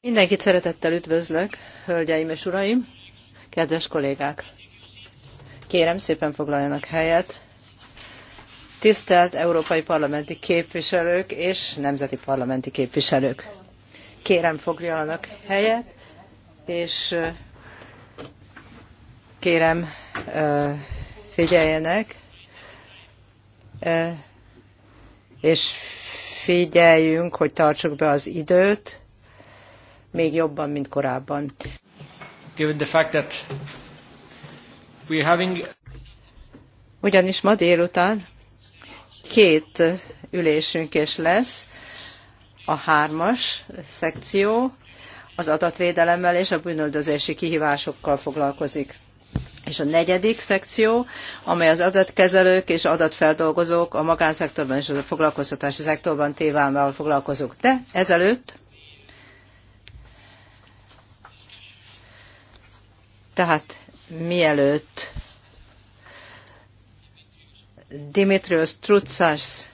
Mindenkit szeretettel üdvözlök, hölgyeim és uraim, kedves kollégák. Kérem, szépen foglaljanak helyet. Tisztelt európai parlamenti képviselők és nemzeti parlamenti képviselők. Kérem, foglaljanak helyet, és kérem, figyeljenek, és figyeljünk, hogy tartsuk be az időt, még jobban, mint korábban. Given the fact that having... Ugyanis ma délután két ülésünk is lesz, a hármas szekció az adatvédelemmel és a bűnöldözési kihívásokkal foglalkozik. És a negyedik szekció, amely az adatkezelők és adatfeldolgozók a magánszektorban és a foglalkoztatási szektorban tévával foglalkozók. De ezelőtt Tehát mielőtt Dimitrios Trutsas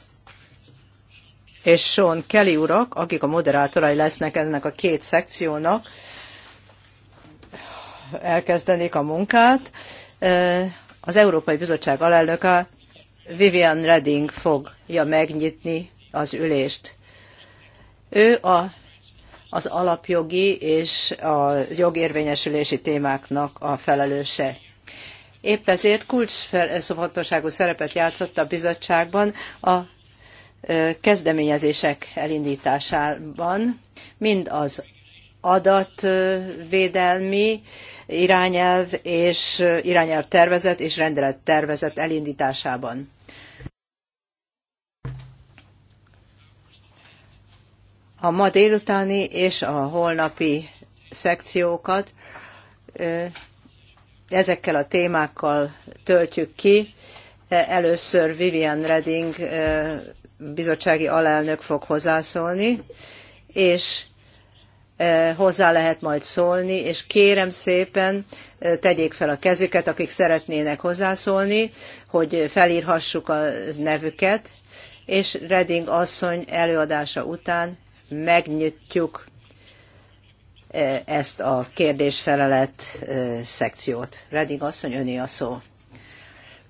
és Sean Kelly urak, akik a moderátorai lesznek ennek a két szekciónak, elkezdenék a munkát. Az Európai Bizottság alelnöke Vivian Redding fogja megnyitni az ülést. Ő a, az alapjogi és a jogérvényesülési témáknak a felelőse. Épp ezért kulcsfontosságú szerepet játszott a bizottságban a kezdeményezések elindításában, mind az adatvédelmi irányelv és irányelv tervezet és rendelet tervezet elindításában. A ma délutáni és a holnapi szekciókat ezekkel a témákkal töltjük ki. E, először Vivian Redding bizottsági alelnök fog hozzászólni, és Eh, hozzá lehet majd szólni, és kérem szépen eh, tegyék fel a kezüket, akik szeretnének hozzászólni, hogy felírhassuk a nevüket, és Reding asszony előadása után megnyitjuk eh, ezt a kérdésfelelet szekciót. Reding asszony, öné a szó.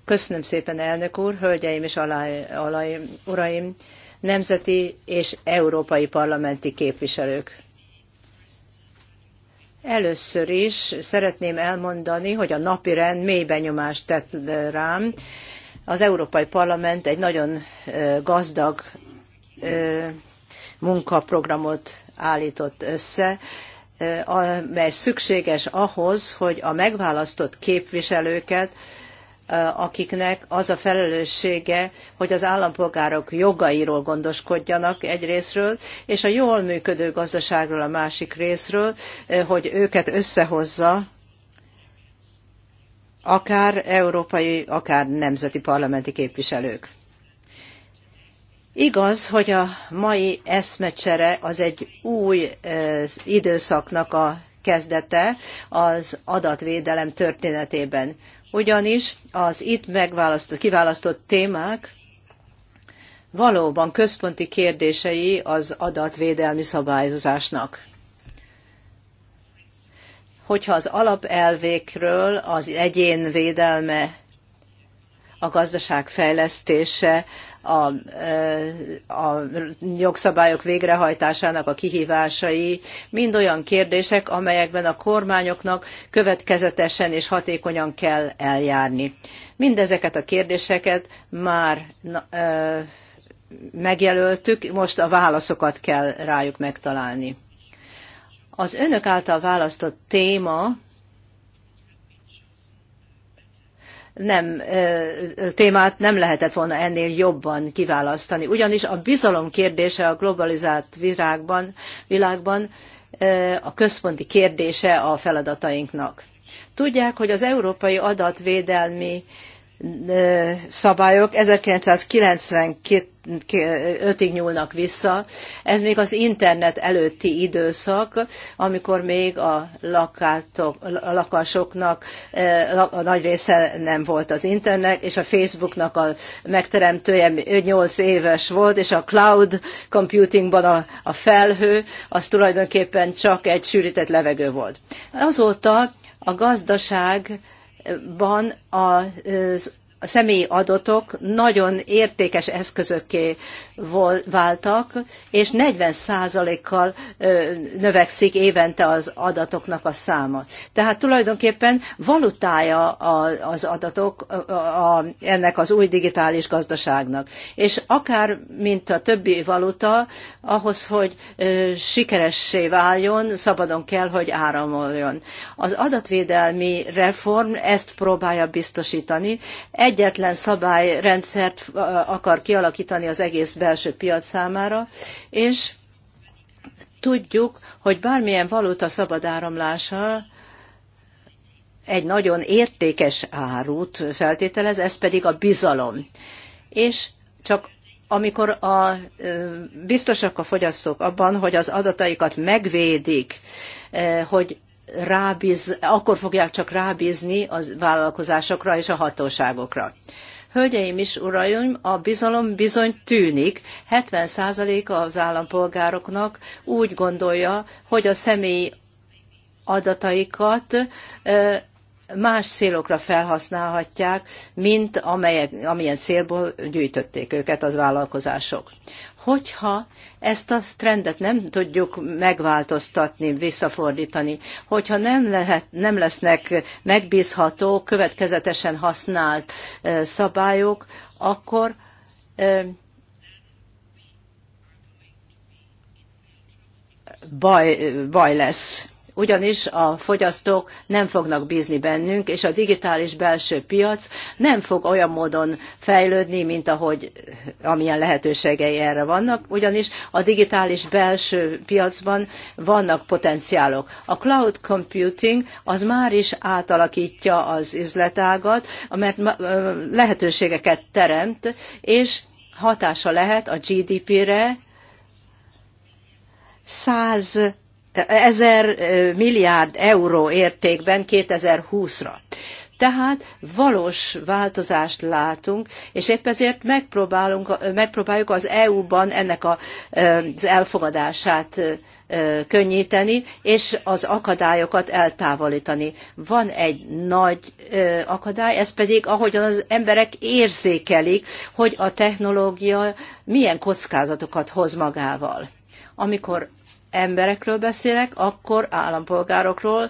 Köszönöm szépen, elnök úr, hölgyeim és alá, alá, uraim, nemzeti és európai parlamenti képviselők. Először is szeretném elmondani, hogy a napi rend mély benyomást tett rám. Az Európai Parlament egy nagyon gazdag munkaprogramot állított össze, amely szükséges ahhoz, hogy a megválasztott képviselőket akiknek az a felelőssége, hogy az állampolgárok jogairól gondoskodjanak egy részről, és a jól működő gazdaságról a másik részről, hogy őket összehozza akár európai, akár nemzeti parlamenti képviselők. Igaz, hogy a mai eszmecsere az egy új időszaknak a kezdete az adatvédelem történetében ugyanis az itt megválasztott, kiválasztott témák valóban központi kérdései az adatvédelmi szabályozásnak. Hogyha az alapelvékről az egyén védelme a gazdaság fejlesztése, a, a jogszabályok végrehajtásának a kihívásai, mind olyan kérdések, amelyekben a kormányoknak következetesen és hatékonyan kell eljárni. Mindezeket a kérdéseket már na, ö, megjelöltük, most a válaszokat kell rájuk megtalálni. Az önök által választott téma nem, témát nem lehetett volna ennél jobban kiválasztani. Ugyanis a bizalom kérdése a globalizált világban, világban a központi kérdése a feladatainknak. Tudják, hogy az európai adatvédelmi szabályok 1995-ig nyúlnak vissza. Ez még az internet előtti időszak, amikor még a, lakátok, a lakásoknak a nagy része nem volt az internet, és a Facebooknak a megteremtője 8 éves volt, és a cloud computingban a, a felhő, az tulajdonképpen csak egy sűrített levegő volt. Azóta a gazdaság ban a, a személyi adatok nagyon értékes eszközökké váltak, és 40%-kal növekszik évente az adatoknak a száma. Tehát tulajdonképpen valutája az adatok ennek az új digitális gazdaságnak. És akár, mint a többi valuta, ahhoz, hogy sikeressé váljon, szabadon kell, hogy áramoljon. Az adatvédelmi reform ezt próbálja biztosítani. Egyetlen szabályrendszert akar kialakítani az egész belső piac számára, és tudjuk, hogy bármilyen valuta szabad áramlása egy nagyon értékes árut feltételez, ez pedig a bizalom. És csak amikor a, biztosak a fogyasztók abban, hogy az adataikat megvédik, hogy rábíz, akkor fogják csak rábízni a vállalkozásokra és a hatóságokra. Hölgyeim is, uraim, a bizalom bizony tűnik. 70%-a az állampolgároknak úgy gondolja, hogy a személy adataikat más célokra felhasználhatják, mint amelyek, amilyen célból gyűjtötték őket az vállalkozások. Hogyha ezt a trendet nem tudjuk megváltoztatni, visszafordítani, hogyha nem, lehet, nem lesznek megbízható, következetesen használt szabályok, akkor baj, baj lesz ugyanis a fogyasztók nem fognak bízni bennünk, és a digitális belső piac nem fog olyan módon fejlődni, mint ahogy amilyen lehetőségei erre vannak, ugyanis a digitális belső piacban vannak potenciálok. A cloud computing az már is átalakítja az üzletágat, mert lehetőségeket teremt, és hatása lehet a GDP-re, 100 ezer milliárd euró értékben 2020-ra. Tehát valós változást látunk, és épp ezért megpróbálunk, megpróbáljuk az EU-ban ennek a, az elfogadását könnyíteni, és az akadályokat eltávolítani. Van egy nagy akadály, ez pedig ahogyan az emberek érzékelik, hogy a technológia milyen kockázatokat hoz magával. Amikor emberekről beszélek, akkor állampolgárokról,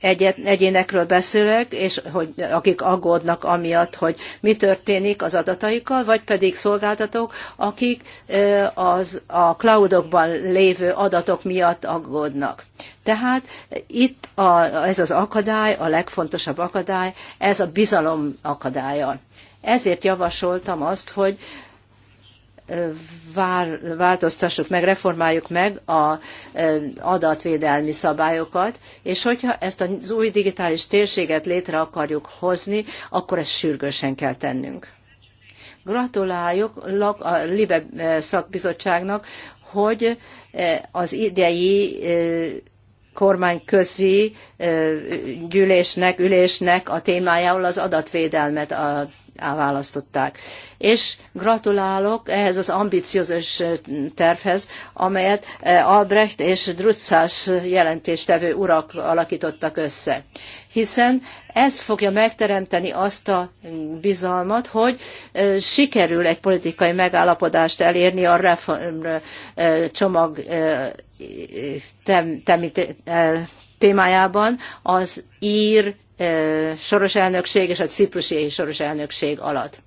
egyet, egyénekről beszélek, és hogy akik aggódnak amiatt, hogy mi történik az adataikkal, vagy pedig szolgáltatók, akik az, a cloudokban lévő adatok miatt aggódnak. Tehát itt a, ez az akadály, a legfontosabb akadály, ez a bizalom akadálya. Ezért javasoltam azt, hogy vár, változtassuk meg, reformáljuk meg a adatvédelmi szabályokat, és hogyha ezt az új digitális térséget létre akarjuk hozni, akkor ezt sürgősen kell tennünk. Gratuláljuk a LIBE szakbizottságnak, hogy az idei kormányközi gyűlésnek, ülésnek a témájául az adatvédelmet választották. És gratulálok ehhez az ambiciózus tervhez, amelyet Albrecht és Drutzás jelentéstevő urak alakítottak össze. Hiszen ez fogja megteremteni azt a bizalmat, hogy sikerül egy politikai megállapodást elérni a reform csomag témájában az ír soros elnökség és a ciprusi soros elnökség alatt.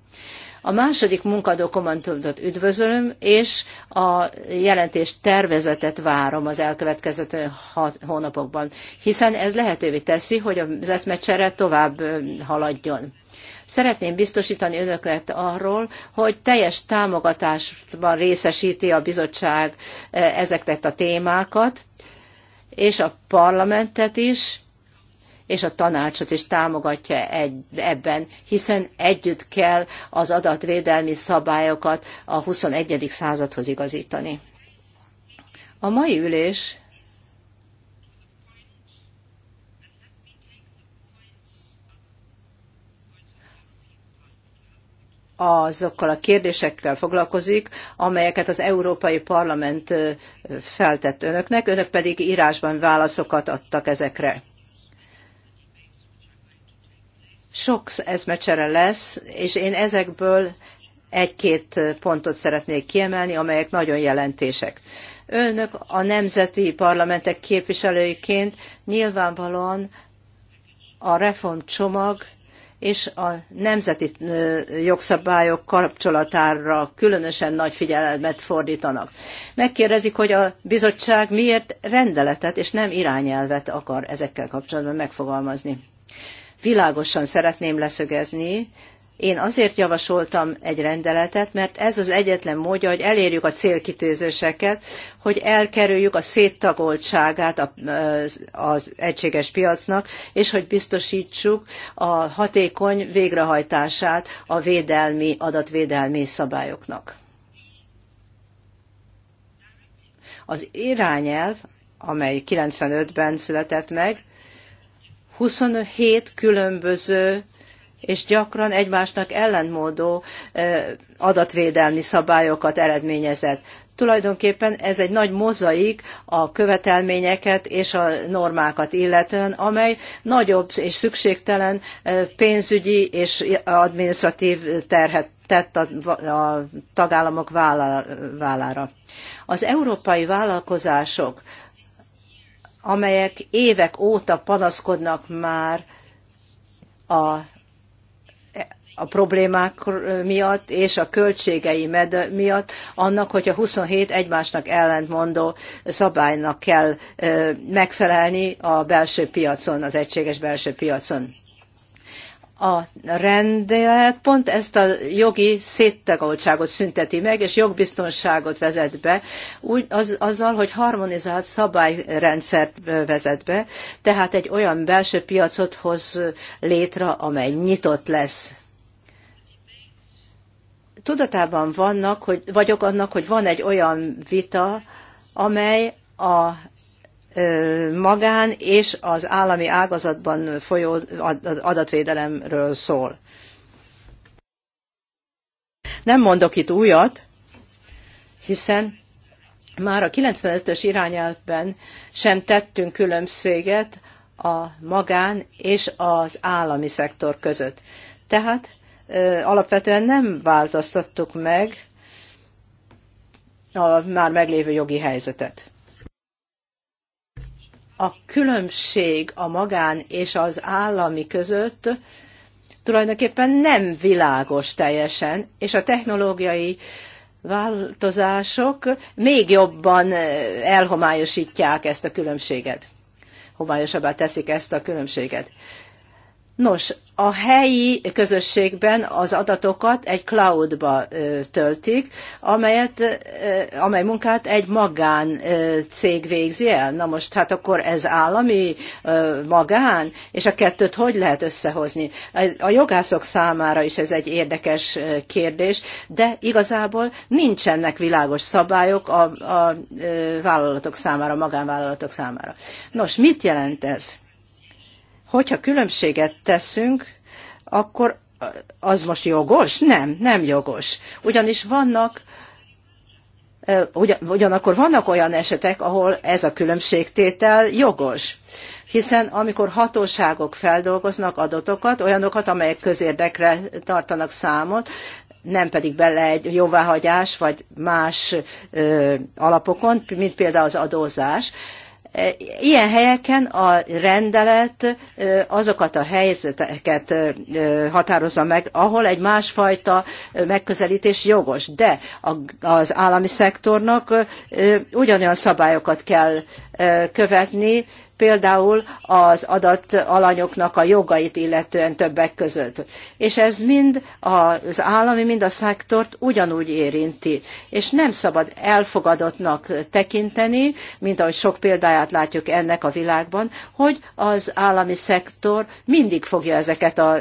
A második munkadokumentumot üdvözölöm, és a jelentés tervezetet várom az elkövetkező hat hónapokban, hiszen ez lehetővé teszi, hogy az eszmecsere tovább haladjon. Szeretném biztosítani önöket arról, hogy teljes támogatásban részesíti a bizottság ezeket a témákat, és a parlamentet is, és a tanácsot is támogatja egy, ebben, hiszen együtt kell az adatvédelmi szabályokat a 21. századhoz igazítani. A mai ülés azokkal a kérdésekkel foglalkozik, amelyeket az Európai Parlament feltett önöknek, önök pedig írásban válaszokat adtak ezekre. Sok eszmecsere lesz, és én ezekből egy-két pontot szeretnék kiemelni, amelyek nagyon jelentések. Önök a nemzeti parlamentek képviselőiként nyilvánvalóan a reformcsomag és a nemzeti jogszabályok kapcsolatára különösen nagy figyelmet fordítanak. Megkérdezik, hogy a bizottság miért rendeletet és nem irányelvet akar ezekkel kapcsolatban megfogalmazni világosan szeretném leszögezni, én azért javasoltam egy rendeletet, mert ez az egyetlen módja, hogy elérjük a célkitűzéseket, hogy elkerüljük a széttagoltságát az egységes piacnak, és hogy biztosítsuk a hatékony végrehajtását a védelmi, adatvédelmi szabályoknak. Az irányelv, amely 95-ben született meg, 27 különböző és gyakran egymásnak ellentmódó adatvédelmi szabályokat eredményezett. Tulajdonképpen ez egy nagy mozaik a követelményeket és a normákat illetően, amely nagyobb és szükségtelen pénzügyi és adminisztratív terhet tett a, a tagállamok vállára. Az európai vállalkozások amelyek évek óta panaszkodnak már a, a problémák miatt és a költségei miatt, annak, hogy a 27 egymásnak ellentmondó szabálynak kell megfelelni a belső piacon, az egységes belső piacon. A rendelet pont ezt a jogi széttagoltságot szünteti meg, és jogbiztonságot vezet be, úgy, az, azzal, hogy harmonizált szabályrendszert vezet be, tehát egy olyan belső piacot hoz létre, amely nyitott lesz tudatában vannak, hogy, vagyok annak, hogy van egy olyan vita, amely a magán és az állami ágazatban folyó adatvédelemről szól. Nem mondok itt újat, hiszen már a 95-ös irányelvben sem tettünk különbséget a magán és az állami szektor között. Tehát alapvetően nem változtattuk meg a már meglévő jogi helyzetet a különbség a magán és az állami között tulajdonképpen nem világos teljesen, és a technológiai változások még jobban eh, elhomályosítják ezt a különbséget, homályosabbá teszik ezt a különbséget. Nos, a helyi közösségben az adatokat egy cloudba töltik, amelyet, amely munkát egy magán cég végzi el. Na most hát akkor ez állami magán, és a kettőt hogy lehet összehozni? A jogászok számára is ez egy érdekes kérdés, de igazából nincsenek világos szabályok a, a vállalatok számára, a magánvállalatok számára. Nos, mit jelent ez? Hogyha különbséget teszünk, akkor az most jogos? Nem, nem jogos. Ugyanis vannak Ugyanakkor vannak olyan esetek, ahol ez a különbségtétel jogos, hiszen amikor hatóságok feldolgoznak adatokat, olyanokat, amelyek közérdekre tartanak számot, nem pedig bele egy jóváhagyás vagy más ö, alapokon, mint például az adózás, Ilyen helyeken a rendelet azokat a helyzeteket határozza meg, ahol egy másfajta megközelítés jogos, de az állami szektornak ugyanolyan szabályokat kell követni, például az adatalanyoknak a jogait illetően többek között. És ez mind az állami, mind a szektort ugyanúgy érinti. És nem szabad elfogadottnak tekinteni, mint ahogy sok példáját látjuk ennek a világban, hogy az állami szektor mindig fogja ezeket a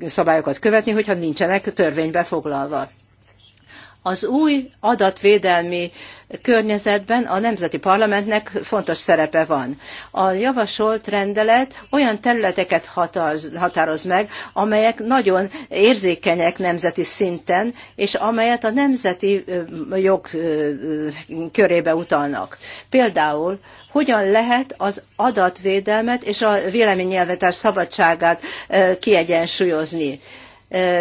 szabályokat követni, hogyha nincsenek törvénybe foglalva. Az új adatvédelmi környezetben a Nemzeti Parlamentnek fontos szerepe van. A javasolt rendelet olyan területeket határoz meg, amelyek nagyon érzékenyek nemzeti szinten, és amelyet a nemzeti jog körébe utalnak. Például, hogyan lehet az adatvédelmet és a véleménynyelvetás szabadságát kiegyensúlyozni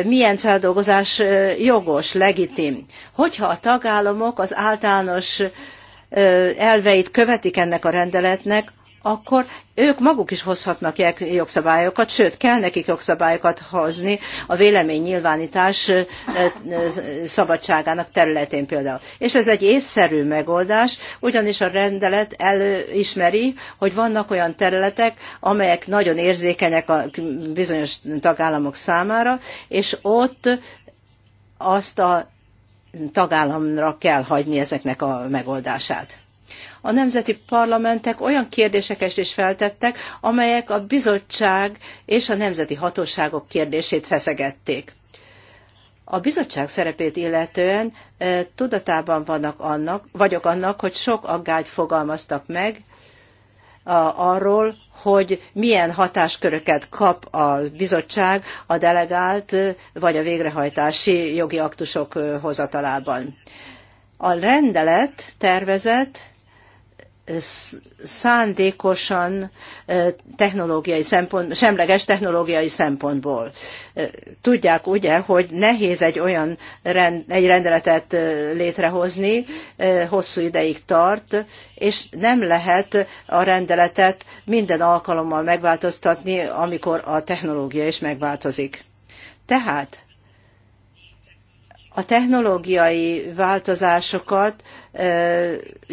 milyen feldolgozás jogos, legitim. Hogyha a tagállamok az általános elveit követik ennek a rendeletnek, akkor ők maguk is hozhatnak jogszabályokat, sőt, kell nekik jogszabályokat hozni a vélemény nyilvánítás szabadságának területén például. És ez egy észszerű megoldás, ugyanis a rendelet elismeri, hogy vannak olyan területek, amelyek nagyon érzékenyek a bizonyos tagállamok számára, és ott azt a tagállamra kell hagyni ezeknek a megoldását. A nemzeti parlamentek olyan kérdéseket is feltettek, amelyek a bizottság és a nemzeti hatóságok kérdését feszegették. A bizottság szerepét illetően tudatában vannak annak, vagyok annak, hogy sok aggályt fogalmaztak meg arról, hogy milyen hatásköröket kap a bizottság a delegált vagy a végrehajtási jogi aktusok hozatalában. A rendelet tervezet szándékosan technológiai szempont, semleges technológiai szempontból. Tudják ugye, hogy nehéz egy olyan rend, egy rendeletet létrehozni, hosszú ideig tart, és nem lehet a rendeletet minden alkalommal megváltoztatni, amikor a technológia is megváltozik. Tehát a technológiai változásokat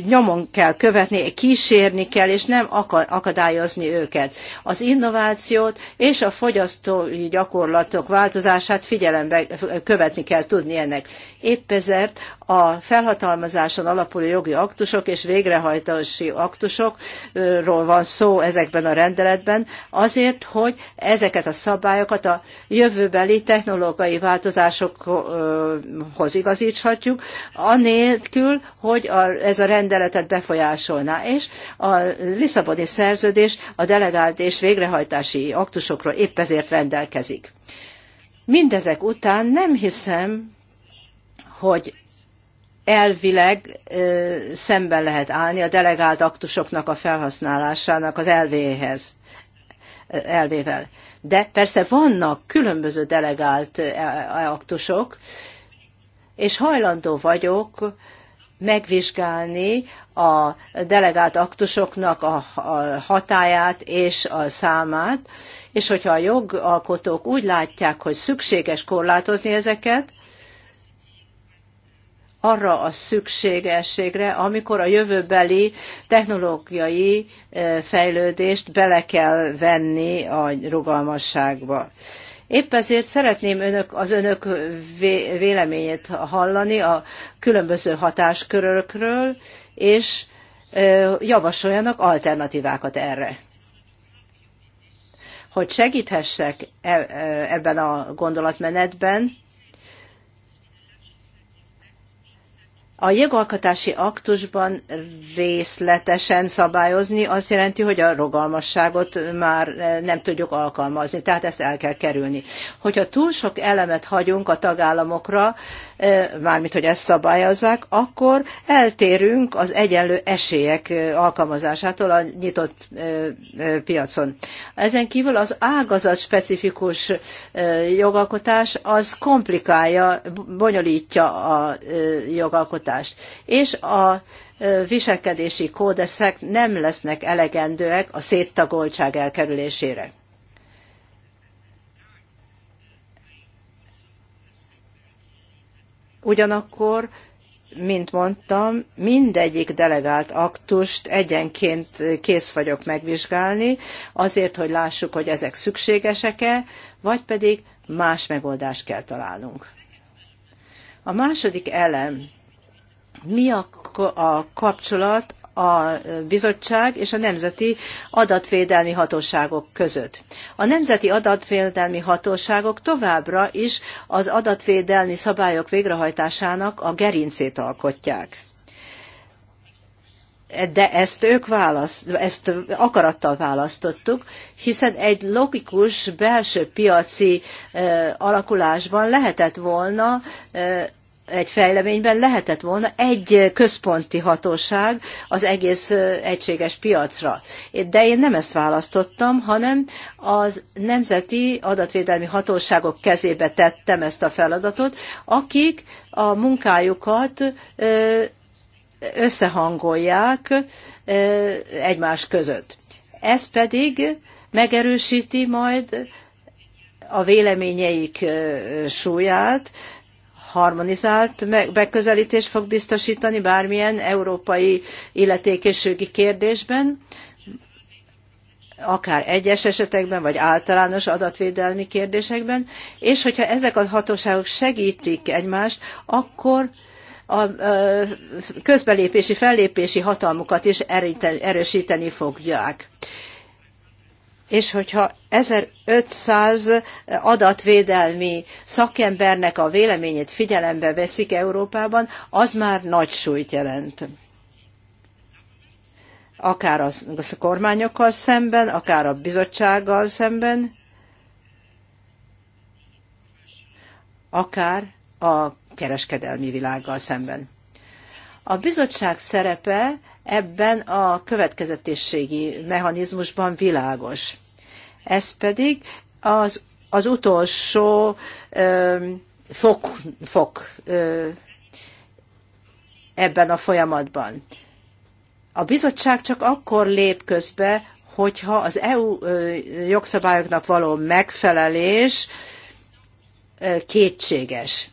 nyomon kell követni, kísérni kell, és nem akadályozni őket. Az innovációt és a fogyasztói gyakorlatok változását figyelembe követni kell tudni ennek. Épp ezért a felhatalmazáson alapuló jogi aktusok és végrehajtási aktusokról van szó ezekben a rendeletben, azért, hogy ezeket a szabályokat a jövőbeli technológiai változásokhoz igazíthatjuk, anélkül, hogy hogy a, ez a rendeletet befolyásolná. És a Lisszaboni szerződés a delegált és végrehajtási aktusokról épp ezért rendelkezik. Mindezek után nem hiszem, hogy elvileg ö, szemben lehet állni a delegált aktusoknak a felhasználásának az elvéhez, elvével. De persze vannak különböző delegált aktusok, és hajlandó vagyok megvizsgálni a delegált aktusoknak a hatáját és a számát, és hogyha a jogalkotók úgy látják, hogy szükséges korlátozni ezeket, arra a szükségességre, amikor a jövőbeli technológiai eh, fejlődést bele kell venni a rugalmasságba. Épp ezért szeretném önök, az önök véleményét hallani a különböző hatáskörökről, és javasoljanak alternatívákat erre. Hogy segíthessek e, e, ebben a gondolatmenetben, A jogalkotási aktusban részletesen szabályozni azt jelenti, hogy a rogalmasságot már eh, nem tudjuk alkalmazni, tehát ezt el kell kerülni. Hogyha túl sok elemet hagyunk a tagállamokra, mármint hogy ezt szabályozzák, akkor eltérünk az egyenlő esélyek alkalmazásától a nyitott piacon. Ezen kívül az ágazat specifikus jogalkotás az komplikálja, bonyolítja a jogalkotást. És a viselkedési kódeszek nem lesznek elegendőek a széttagoltság elkerülésére. Ugyanakkor, mint mondtam, mindegyik delegált aktust egyenként kész vagyok megvizsgálni, azért, hogy lássuk, hogy ezek szükségesek-e, vagy pedig más megoldást kell találnunk. A második elem, mi a, a kapcsolat a bizottság és a nemzeti adatvédelmi hatóságok között. A nemzeti adatvédelmi hatóságok továbbra is az adatvédelmi szabályok végrehajtásának a gerincét alkotják. De ezt ők választ, ezt akarattal választottuk, hiszen egy logikus belső piaci alakulásban lehetett volna egy fejleményben lehetett volna egy központi hatóság az egész egységes piacra. De én nem ezt választottam, hanem az nemzeti adatvédelmi hatóságok kezébe tettem ezt a feladatot, akik a munkájukat összehangolják egymás között. Ez pedig megerősíti majd a véleményeik súlyát, harmonizált megközelítést fog biztosítani bármilyen európai illetékességi kérdésben, akár egyes esetekben, vagy általános adatvédelmi kérdésekben, és hogyha ezek a hatóságok segítik egymást, akkor a közbelépési, fellépési hatalmukat is erősíteni fogják és hogyha 1500 adatvédelmi szakembernek a véleményét figyelembe veszik Európában, az már nagy súlyt jelent. Akár a kormányokkal szemben, akár a bizottsággal szemben, akár a kereskedelmi világgal szemben. A bizottság szerepe ebben a következetességi mechanizmusban világos. Ez pedig az, az utolsó ö, fok, fok ö, ebben a folyamatban. A bizottság csak akkor lép közbe, hogyha az EU jogszabályoknak való megfelelés kétséges.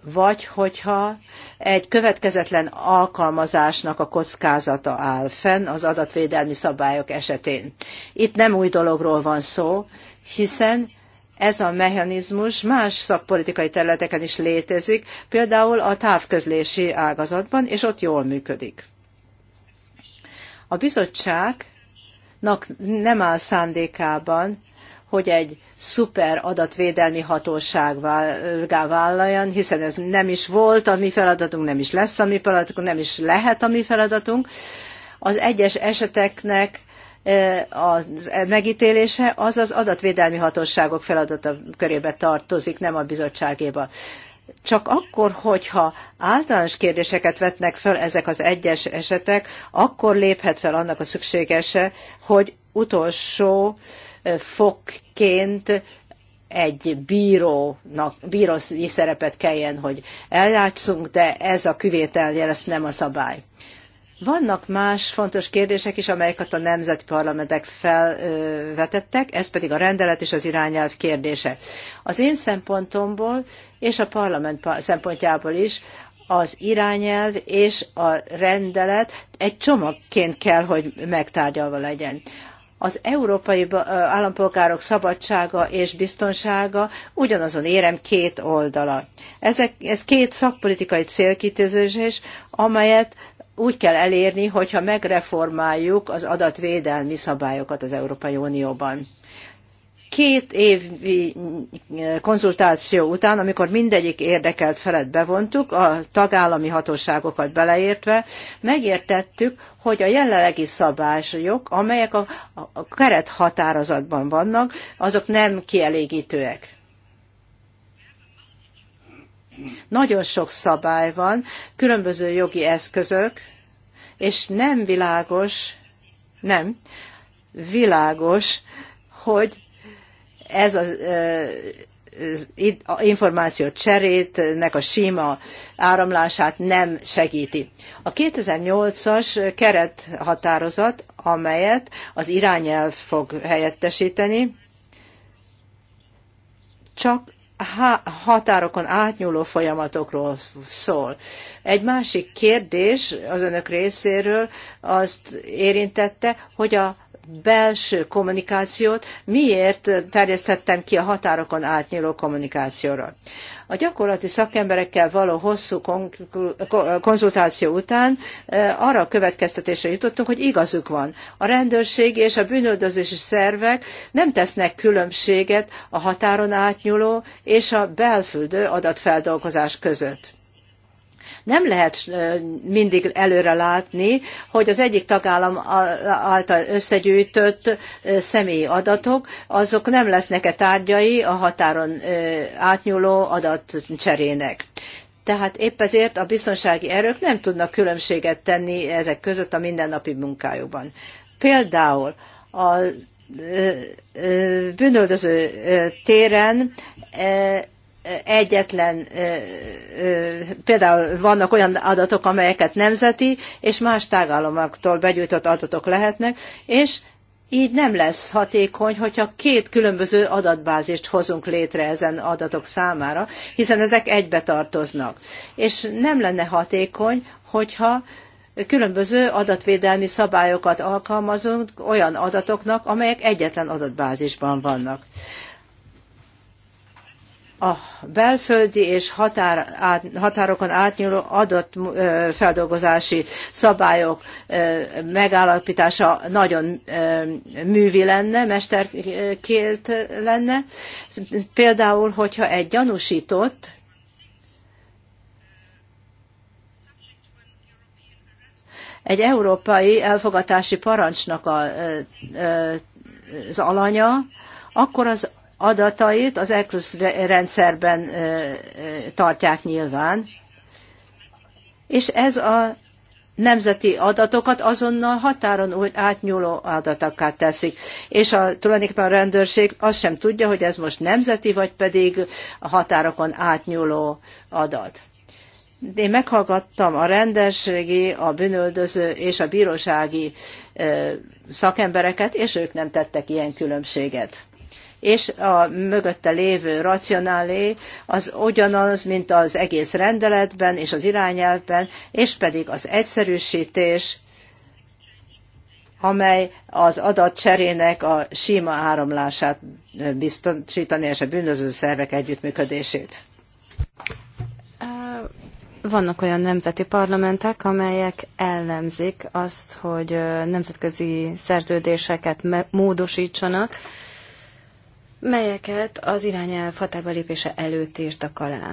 Vagy hogyha egy következetlen alkalmazásnak a kockázata áll fenn az adatvédelmi szabályok esetén. Itt nem új dologról van szó, hiszen ez a mechanizmus más szakpolitikai területeken is létezik, például a távközlési ágazatban, és ott jól működik. A bizottságnak nem áll szándékában hogy egy szuper adatvédelmi hatóság vállaljon, hiszen ez nem is volt a mi feladatunk, nem is lesz a mi feladatunk, nem is lehet a mi feladatunk. Az egyes eseteknek e, a e, megítélése az az adatvédelmi hatóságok feladata körébe tartozik, nem a bizottságéba. Csak akkor, hogyha általános kérdéseket vetnek fel ezek az egyes esetek, akkor léphet fel annak a szükségese, hogy utolsó uh, fokként egy bírónak, bírói szerepet kelljen, hogy ellátszunk, de ez a kivételje lesz nem a szabály. Vannak más fontos kérdések is, amelyeket a nemzeti parlamentek felvetettek, ez pedig a rendelet és az irányelv kérdése. Az én szempontomból és a parlament szempontjából is az irányelv és a rendelet egy csomagként kell, hogy megtárgyalva legyen az európai állampolgárok szabadsága és biztonsága ugyanazon érem két oldala. Ezek, ez két szakpolitikai célkitűzés, amelyet úgy kell elérni, hogyha megreformáljuk az adatvédelmi szabályokat az Európai Unióban két évi konzultáció után, amikor mindegyik érdekelt felet bevontuk, a tagállami hatóságokat beleértve, megértettük, hogy a jelenlegi szabályok, amelyek a, a kerethatározatban vannak, azok nem kielégítőek. Nagyon sok szabály van, különböző jogi eszközök, és nem világos, nem, világos, hogy ez az információ cserétnek a sima áramlását nem segíti. A 2008-as kerethatározat, amelyet az irányelv fog helyettesíteni, csak határokon átnyúló folyamatokról szól. Egy másik kérdés az önök részéről azt érintette, hogy a belső kommunikációt miért terjesztettem ki a határokon átnyúló kommunikációra. A gyakorlati szakemberekkel való hosszú konzultáció után eh, arra a következtetésre jutottunk, hogy igazuk van. A rendőrség és a bűnöldözési szervek nem tesznek különbséget a határon átnyúló és a belföldő adatfeldolgozás között nem lehet mindig előre látni, hogy az egyik tagállam által összegyűjtött személyi adatok, azok nem lesznek-e tárgyai a határon átnyúló adatcserének. Tehát épp ezért a biztonsági erők nem tudnak különbséget tenni ezek között a mindennapi munkájukban. Például a bűnöldöző téren egyetlen, például vannak olyan adatok, amelyeket nemzeti és más tagállamoktól begyűjtött adatok lehetnek, és így nem lesz hatékony, hogyha két különböző adatbázist hozunk létre ezen adatok számára, hiszen ezek egybe tartoznak. És nem lenne hatékony, hogyha különböző adatvédelmi szabályokat alkalmazunk olyan adatoknak, amelyek egyetlen adatbázisban vannak a belföldi és határ, át, határokon átnyúló adott feldolgozási szabályok megállapítása nagyon művi lenne, mesterkélt lenne. Például, hogyha egy gyanúsított egy európai elfogatási parancsnak a, az alanya, akkor az adatait az ECRUS rendszerben tartják nyilván, és ez a nemzeti adatokat azonnal határon átnyúló adatokká teszik. És a, tulajdonképpen a rendőrség azt sem tudja, hogy ez most nemzeti, vagy pedig a határokon átnyúló adat. Én meghallgattam a rendőrségi, a bűnöldöző és a bírósági szakembereket, és ők nem tettek ilyen különbséget és a mögötte lévő racionálé az ugyanaz, mint az egész rendeletben és az irányelvben, és pedig az egyszerűsítés, amely az adatcserének a sima áramlását biztosítani, és a bűnöző szervek együttműködését. Vannak olyan nemzeti parlamentek, amelyek ellenzik azt, hogy nemzetközi szerződéseket módosítsanak, melyeket az irányelv hatába lépése előtt írtak alá.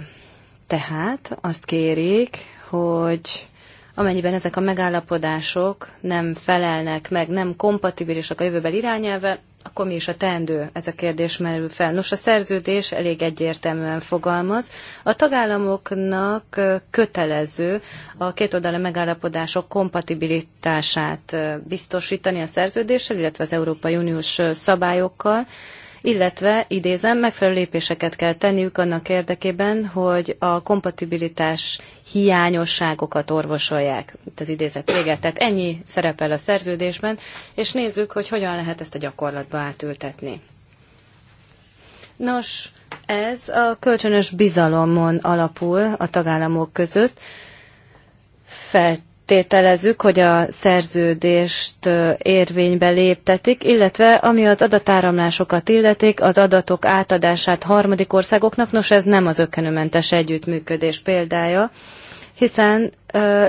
Tehát azt kérik, hogy amennyiben ezek a megállapodások nem felelnek meg, nem kompatibilisak a jövőbeli irányelve, akkor mi is a teendő? Ez a kérdés merül fel. Nos, a szerződés elég egyértelműen fogalmaz. A tagállamoknak kötelező a két kétoldalú megállapodások kompatibilitását biztosítani a szerződéssel, illetve az Európai Uniós szabályokkal illetve, idézem, megfelelő lépéseket kell tenniük annak érdekében, hogy a kompatibilitás hiányosságokat orvosolják. Itt az idézet vége. Tehát ennyi szerepel a szerződésben, és nézzük, hogy hogyan lehet ezt a gyakorlatba átültetni. Nos, ez a kölcsönös bizalomon alapul a tagállamok között. Felt feltételezzük, hogy a szerződést érvénybe léptetik, illetve ami az adatáramlásokat illetik, az adatok átadását harmadik országoknak, nos ez nem az ökkenőmentes együttműködés példája, hiszen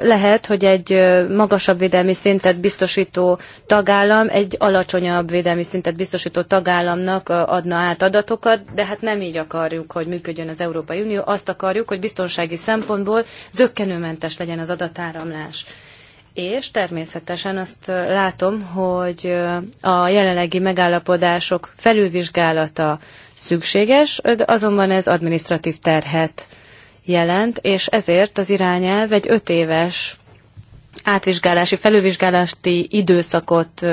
lehet, hogy egy magasabb védelmi szintet biztosító tagállam egy alacsonyabb védelmi szintet biztosító tagállamnak adna át adatokat, de hát nem így akarjuk, hogy működjön az Európai Unió. Azt akarjuk, hogy biztonsági szempontból zöggenőmentes legyen az adatáramlás. És természetesen azt látom, hogy a jelenlegi megállapodások felülvizsgálata szükséges, de azonban ez administratív terhet jelent, és ezért az irányelv egy öt éves átvizsgálási, felülvizsgálási időszakot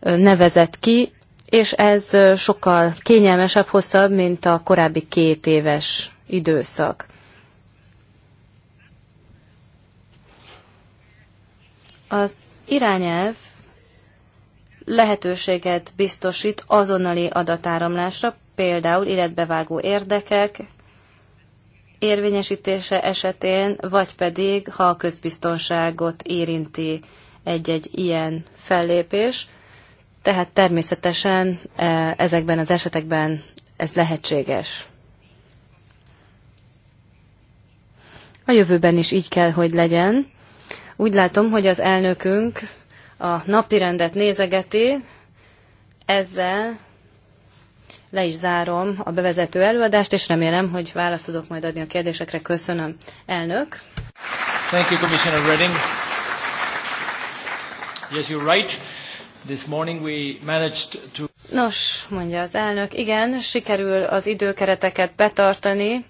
nevezett ki, és ez sokkal kényelmesebb, hosszabb, mint a korábbi két éves időszak. Az irányelv lehetőséget biztosít azonnali adatáramlásra, például életbevágó érdekek, érvényesítése esetén, vagy pedig, ha a közbiztonságot érinti egy-egy ilyen fellépés. Tehát természetesen e, ezekben az esetekben ez lehetséges. A jövőben is így kell, hogy legyen. Úgy látom, hogy az elnökünk a napirendet nézegeti, ezzel le is zárom a bevezető előadást, és remélem, hogy választ tudok majd adni a kérdésekre. Köszönöm, elnök. Thank you, Commissioner Redding. Yes, you're right. This morning we managed to... Nos, mondja az elnök, igen, sikerül az időkereteket betartani.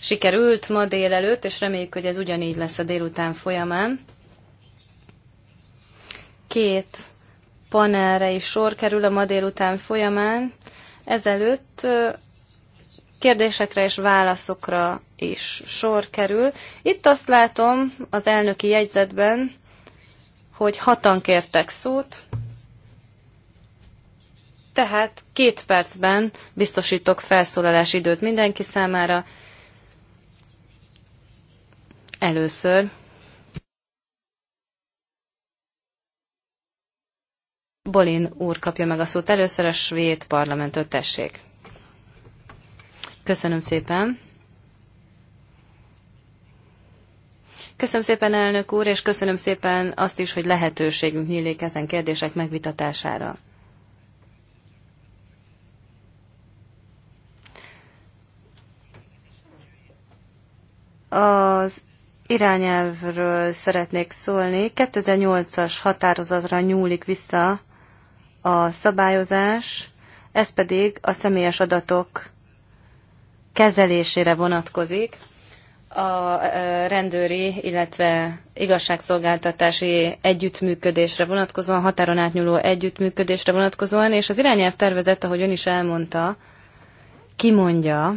Sikerült ma délelőtt, és reméljük, hogy ez ugyanígy lesz a délután folyamán. Két panelre is sor kerül a ma délután folyamán ezelőtt kérdésekre és válaszokra is sor kerül. Itt azt látom az elnöki jegyzetben, hogy hatan kértek szót, tehát két percben biztosítok felszólalási időt mindenki számára. Először Bolin úr kapja meg a szót először a svéd parlamentől, tessék. Köszönöm szépen. Köszönöm szépen, elnök úr, és köszönöm szépen azt is, hogy lehetőségünk nyílik ezen kérdések megvitatására. Az irányelvről szeretnék szólni. 2008-as határozatra nyúlik vissza a szabályozás, ez pedig a személyes adatok kezelésére vonatkozik a rendőri, illetve igazságszolgáltatási együttműködésre vonatkozóan, határon átnyúló együttműködésre vonatkozóan, és az irányelv tervezett, ahogy ön is elmondta, kimondja,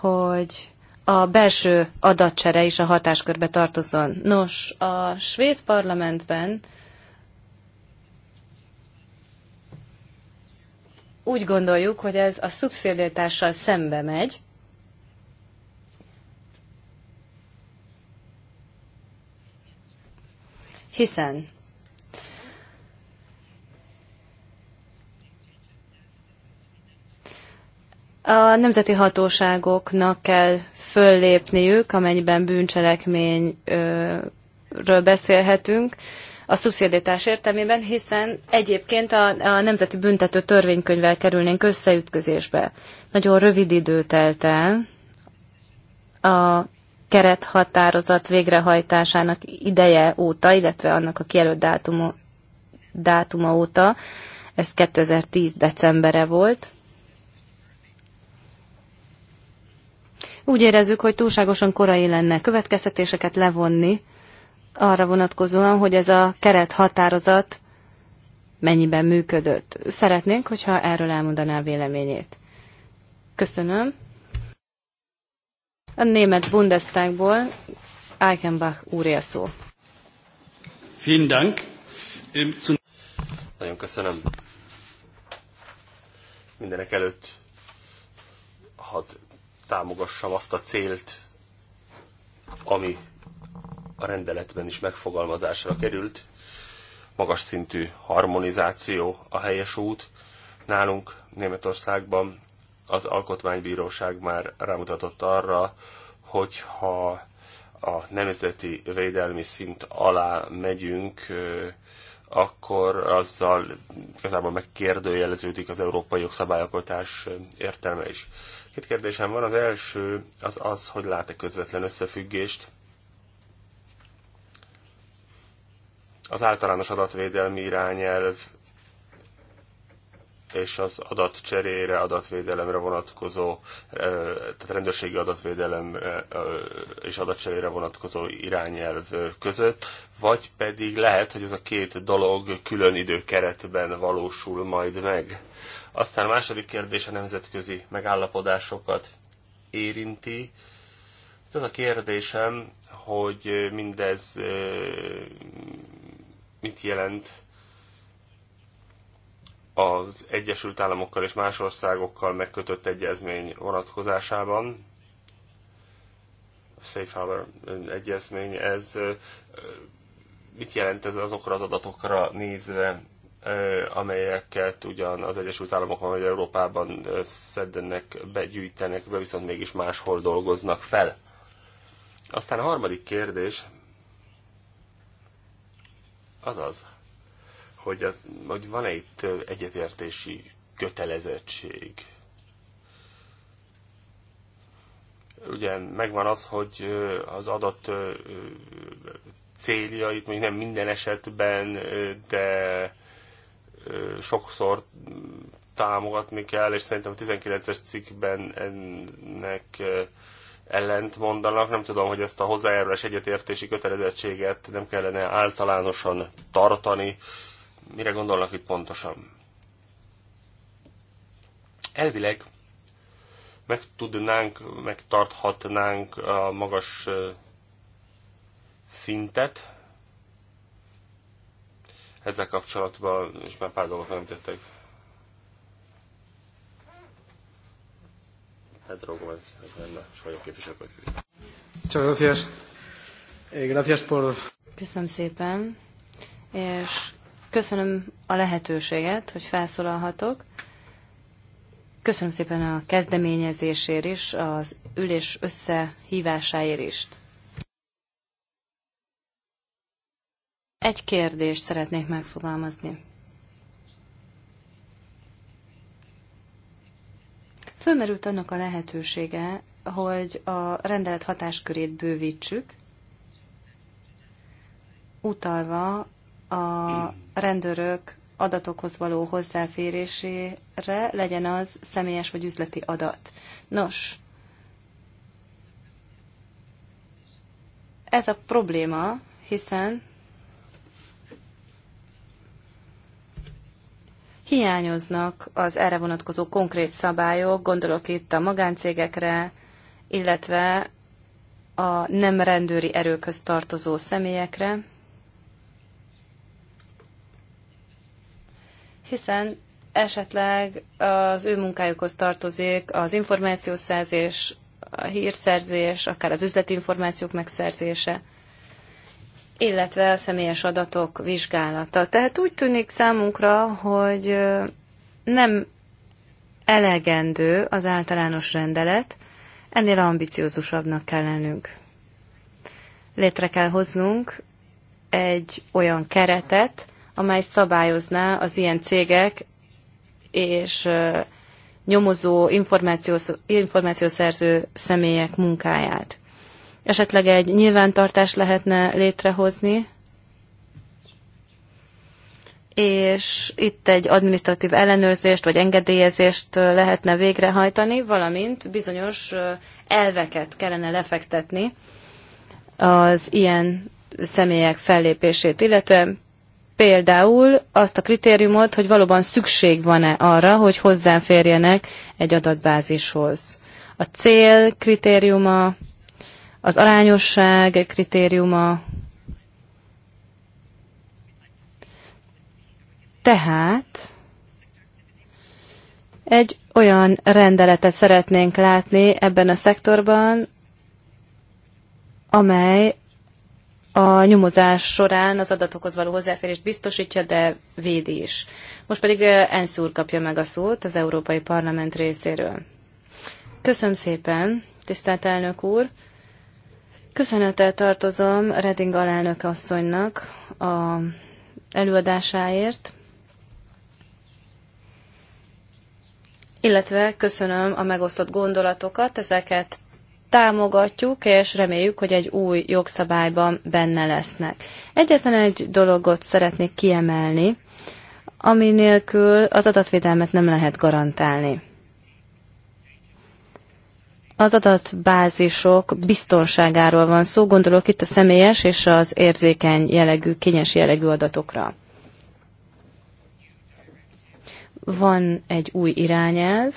hogy a belső adatcsere is a hatáskörbe tartozon. Nos, a svéd parlamentben úgy gondoljuk, hogy ez a szubszidiaritással szembe megy, hiszen A nemzeti hatóságoknak kell föllépniük, amennyiben bűncselekményről beszélhetünk, a szubszidítás értelmében, hiszen egyébként a, a Nemzeti Büntető Törvénykönyvvel kerülnénk összeütközésbe. Nagyon rövid idő telt el a kerethatározat végrehajtásának ideje óta, illetve annak a kijelölt dátuma, dátuma óta, ez 2010 decembere volt, Úgy érezzük, hogy túlságosan korai lenne következtetéseket levonni arra vonatkozóan, hogy ez a keret határozat mennyiben működött. Szeretnénk, hogyha erről elmondaná véleményét. Köszönöm. A német Bundestagból Eichenbach úré a szó. Vielen Dank. Nagyon köszönöm. Mindenek előtt hadd támogassam azt a célt, ami a rendeletben is megfogalmazásra került. Magas szintű harmonizáció a helyes út. Nálunk Németországban az Alkotmánybíróság már rámutatott arra, hogyha a nemzeti védelmi szint alá megyünk, akkor azzal igazából megkérdőjeleződik az európai jogszabályalkotás értelme is. Két kérdésem van. Az első az az, hogy lát-e közvetlen összefüggést az általános adatvédelmi irányelv és az adatcserére, adatvédelemre vonatkozó, eh, tehát rendőrségi adatvédelem eh, eh, és adatcserére vonatkozó irányelv között, vagy pedig lehet, hogy ez a két dolog külön időkeretben valósul majd meg. Aztán a második kérdés a nemzetközi megállapodásokat érinti. Tehát a kérdésem, hogy mindez mit jelent az Egyesült Államokkal és más országokkal megkötött egyezmény vonatkozásában. A Safe Harbor egyezmény, ez mit jelent ez azokra az adatokra nézve, amelyeket ugyan az Egyesült Államokban vagy Európában szednek, begyűjtenek, de viszont mégis máshol dolgoznak fel. Aztán a harmadik kérdés az az, hogy, az, hogy van-e itt egyetértési kötelezettség. Ugye megvan az, hogy az adott céljait még nem minden esetben, de sokszor támogatni kell, és szerintem a 19-es cikkben ennek ellent mondanak. Nem tudom, hogy ezt a hozzájárulás egyetértési kötelezettséget nem kellene általánosan tartani. Mire gondolnak itt pontosan? Elvileg meg tudnánk, megtarthatnánk a magas szintet, ezzel kapcsolatban is már pár dolgot említettek. Pedro Gómez, ez lenne, és vagyok képviselő Csak gracias. Eh, köszönöm szépen, és köszönöm a lehetőséget, hogy felszólalhatok. Köszönöm szépen a kezdeményezésért is, az ülés összehívásáért is. Egy kérdést szeretnék megfogalmazni. Fölmerült annak a lehetősége, hogy a rendelet hatáskörét bővítsük, utalva a rendőrök adatokhoz való hozzáférésére legyen az személyes vagy üzleti adat. Nos, ez a probléma, hiszen hiányoznak az erre vonatkozó konkrét szabályok, gondolok itt a magáncégekre, illetve a nem rendőri erőkhöz tartozó személyekre, hiszen esetleg az ő munkájukhoz tartozik az információszerzés, a hírszerzés, akár az üzleti információk megszerzése illetve a személyes adatok vizsgálata. Tehát úgy tűnik számunkra, hogy nem elegendő az általános rendelet, ennél ambiciózusabbnak kell lennünk. Létre kell hoznunk egy olyan keretet, amely szabályozná az ilyen cégek és nyomozó információs, információszerző személyek munkáját esetleg egy nyilvántartást lehetne létrehozni, és itt egy administratív ellenőrzést vagy engedélyezést lehetne végrehajtani, valamint bizonyos elveket kellene lefektetni az ilyen személyek fellépését, illetve például azt a kritériumot, hogy valóban szükség van-e arra, hogy hozzáférjenek egy adatbázishoz. A cél kritériuma az arányosság kritériuma. Tehát egy olyan rendeletet szeretnénk látni ebben a szektorban, amely a nyomozás során az adatokhoz való hozzáférést biztosítja, de védi is. Most pedig eh, Ensz úr kapja meg a szót az Európai Parlament részéről. Köszönöm szépen, tisztelt elnök úr! Köszönettel tartozom Reding alelnök asszonynak a előadásáért, illetve köszönöm a megosztott gondolatokat, ezeket támogatjuk, és reméljük, hogy egy új jogszabályban benne lesznek. Egyetlen egy dologot szeretnék kiemelni, ami nélkül az adatvédelmet nem lehet garantálni. Az adatbázisok biztonságáról van szó, gondolok itt a személyes és az érzékeny jellegű, kényes jellegű adatokra. Van egy új irányelv,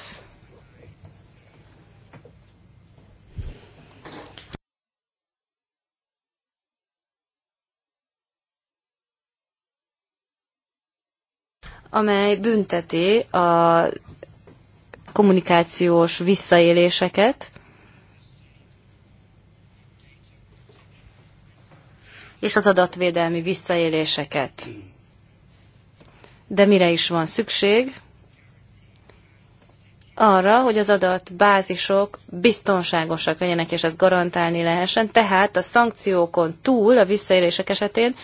amely bünteti a kommunikációs visszaéléseket, és az adatvédelmi visszaéléseket. De mire is van szükség? Arra, hogy az adatbázisok biztonságosak legyenek, és ezt garantálni lehessen, tehát a szankciókon túl a visszaélések esetén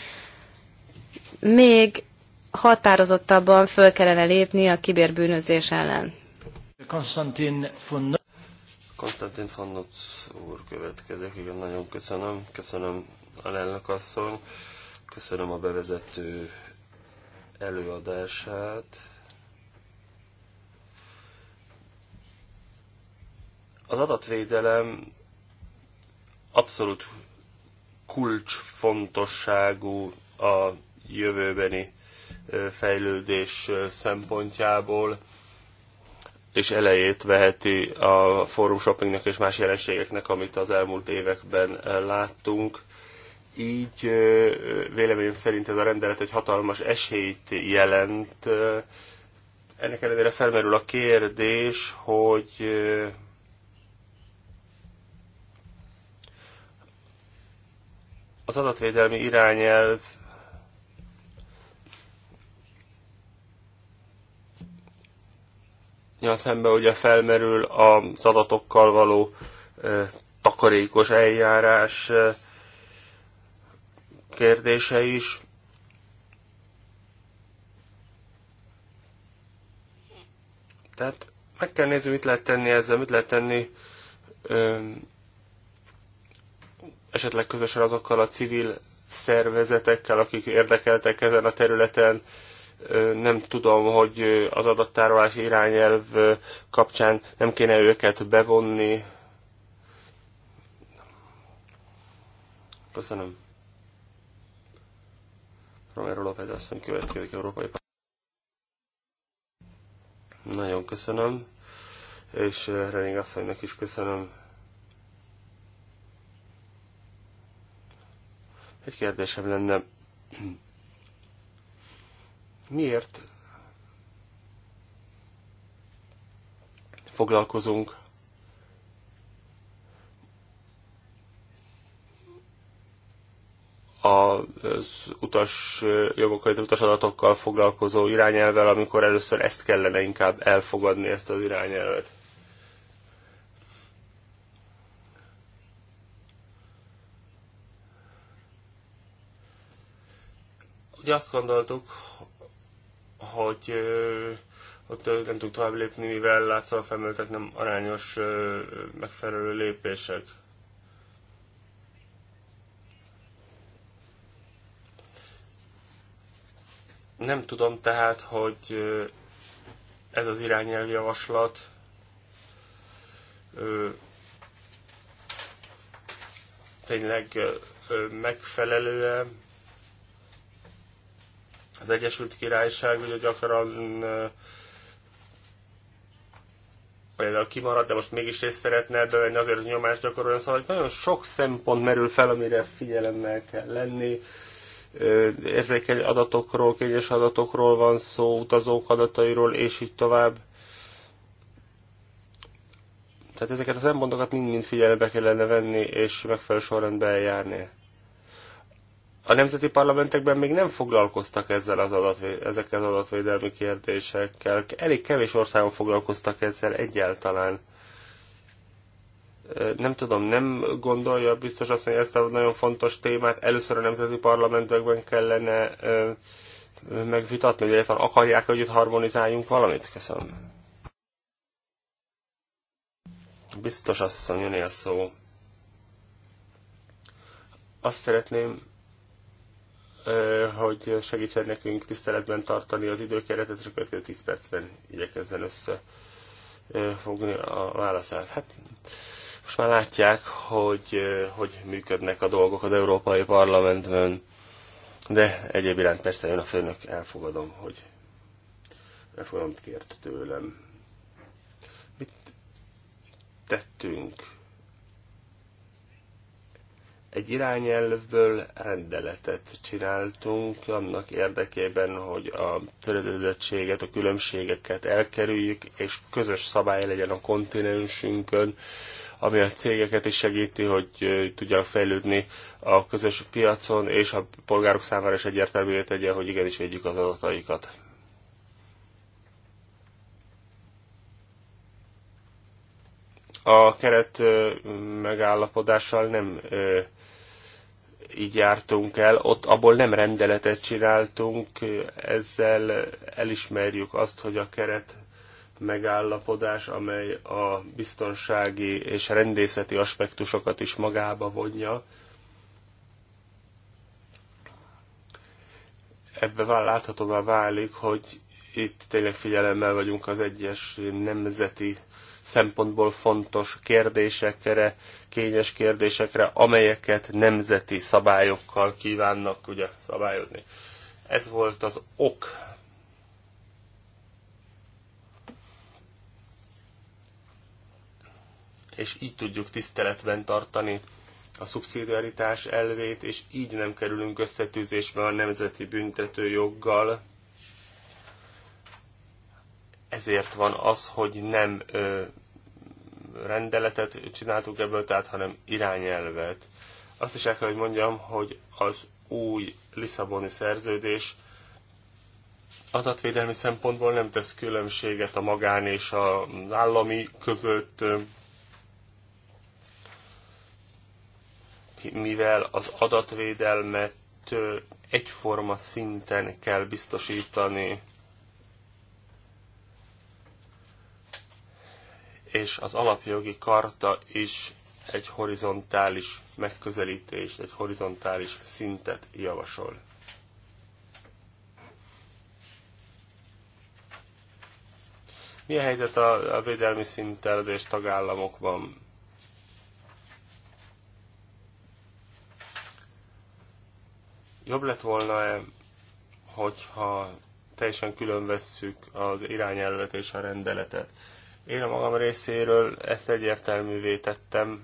még határozottabban föl kellene lépni a kiberbűnözés ellen. Konstantin von Konstantin úr következik, igen, nagyon köszönöm. Köszönöm alelnök asszony. Köszönöm a bevezető előadását. Az adatvédelem abszolút kulcsfontosságú a jövőbeni fejlődés szempontjából, és elejét veheti a fórum shoppingnek és más jelenségeknek, amit az elmúlt években láttunk így véleményem szerint ez a rendelet egy hatalmas esélyt jelent. Ennek ellenére felmerül a kérdés, hogy az adatvédelmi irányelv Ja, szemben ugye felmerül az adatokkal való takarékos eljárás, kérdése is. Tehát meg kell nézni, mit lehet tenni ezzel, mit lehet tenni öm, esetleg közösen azokkal a civil szervezetekkel, akik érdekeltek ezen a területen. Öm, nem tudom, hogy az adattárolási irányelv kapcsán nem kéne őket bevonni. Köszönöm. Romero López asszony következik Európai Nagyon köszönöm, és eh, Rening asszonynak is köszönöm. Egy kérdésem lenne, miért foglalkozunk az utas jogokkal, az utas adatokkal foglalkozó irányelvvel, amikor először ezt kellene inkább elfogadni, ezt az irányelvet. Ugye azt gondoltuk, hogy ott nem tudunk tovább lépni, mivel látszóan felmerültek nem arányos megfelelő lépések. Nem tudom tehát, hogy ez az javaslat tényleg megfelelő az Egyesült Királyság ugye gyakran például kimarad, de most mégis részt szeretne ebbe venni, azért, hogy nyomást gyakoroljon. Szóval nagyon sok szempont merül fel, amire figyelemmel kell lenni érzékeny adatokról, kényes adatokról van szó, utazók adatairól, és így tovább. Tehát ezeket az szempontokat mind-mind figyelembe kellene venni, és megfelelő sorrendben eljárni. A nemzeti parlamentekben még nem foglalkoztak ezzel az ezekkel az adatvédelmi kérdésekkel. Elég kevés országon foglalkoztak ezzel egyáltalán nem tudom, nem gondolja biztos azt, hogy ezt a nagyon fontos témát először a nemzeti parlamentekben kellene megvitatni, hogy egyáltalán akarják, hogy itt harmonizáljunk valamit? Köszönöm. Biztos asszony, a szó. Azt szeretném, hogy segítsen nekünk tiszteletben tartani az időkeretet, és a következő 10 percben igyekezzen összefogni a válaszát. Hát, most már látják, hogy hogy működnek a dolgok az Európai Parlamentben, de egyéb iránt persze jön a főnök, elfogadom, hogy elfogadomt kért tőlem. Mit tettünk? egy irányelvből rendeletet csináltunk annak érdekében, hogy a töredezettséget, a különbségeket elkerüljük, és közös szabály legyen a kontinensünkön, ami a cégeket is segíti, hogy tudjanak fejlődni a közös piacon, és a polgárok számára is egyértelművé tegye, hogy igenis védjük az adataikat. A keret megállapodással nem így jártunk el, ott abból nem rendeletet csináltunk, ezzel elismerjük azt, hogy a keret megállapodás, amely a biztonsági és rendészeti aspektusokat is magába vonja. Ebbe láthatóvá válik, hogy itt tényleg figyelemmel vagyunk az egyes nemzeti szempontból fontos kérdésekre, kényes kérdésekre, amelyeket nemzeti szabályokkal kívánnak ugye szabályozni. Ez volt az ok és így tudjuk tiszteletben tartani a szubszidiaritás elvét, és így nem kerülünk összetűzésbe a nemzeti büntetőjoggal. Ezért van az, hogy nem ö, rendeletet csináltuk ebből, tehát, hanem irányelvet. Azt is el kell, hogy mondjam, hogy az új Lisszaboni szerződés adatvédelmi szempontból nem tesz különbséget a magán és az állami között, mivel az adatvédelmet egyforma szinten kell biztosítani, és az alapjogi karta is egy horizontális megközelítést, egy horizontális szintet javasol. Mi a helyzet a, a védelmi szinttel az és tagállamokban? Jobb lett volna -e, hogyha teljesen külön vesszük az irányelvet és a rendeletet. Én a magam részéről ezt egyértelművé tettem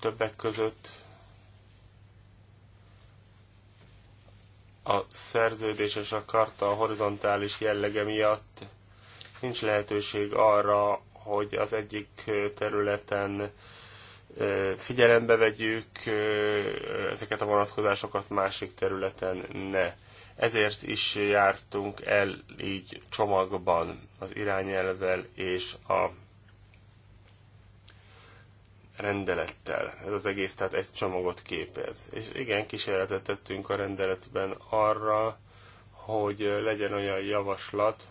többek között a szerződés és a karta a horizontális jellege miatt nincs lehetőség arra, hogy az egyik területen figyelembe vegyük ezeket a vonatkozásokat másik területen ne. Ezért is jártunk el így csomagban az irányelvel és a rendelettel. Ez az egész tehát egy csomagot képez. És igen, kísérletet tettünk a rendeletben arra, hogy legyen olyan javaslat,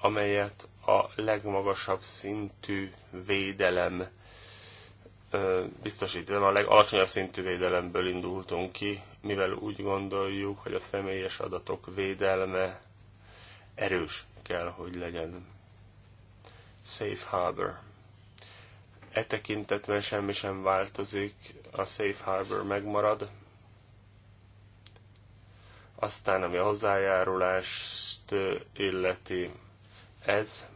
amelyet a legmagasabb szintű védelem biztosítva, a legalacsonyabb szintű védelemből indultunk ki, mivel úgy gondoljuk, hogy a személyes adatok védelme erős kell, hogy legyen. Safe Harbor. E tekintetben semmi sem változik, a Safe Harbor megmarad. Aztán, ami a hozzájárulást illeti, ez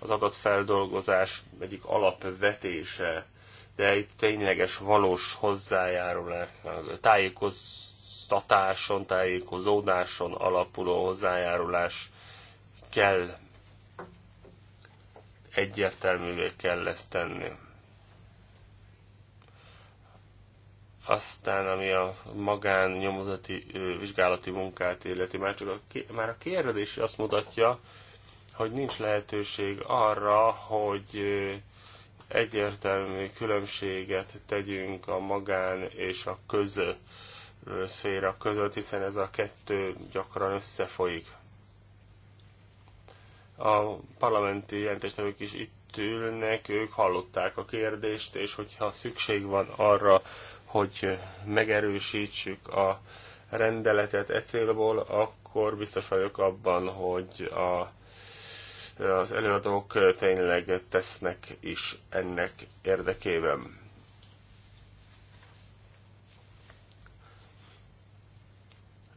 az adatfeldolgozás egyik alapvetése, de itt tényleges, valós hozzájárulás, tájékoztatáson, tájékozódáson alapuló hozzájárulás kell, egyértelművé kell ezt tenni. aztán ami a magán nyomozati vizsgálati munkát illeti, már csak a, már a kérdés azt mutatja, hogy nincs lehetőség arra, hogy egyértelmű különbséget tegyünk a magán és a közö szféra között, hiszen ez a kettő gyakran összefolyik. A parlamenti jelentéstevők is itt ülnek, ők hallották a kérdést, és hogyha szükség van arra, hogy megerősítsük a rendeletet e célból, akkor biztos vagyok abban, hogy a az előadók tényleg tesznek is ennek érdekében.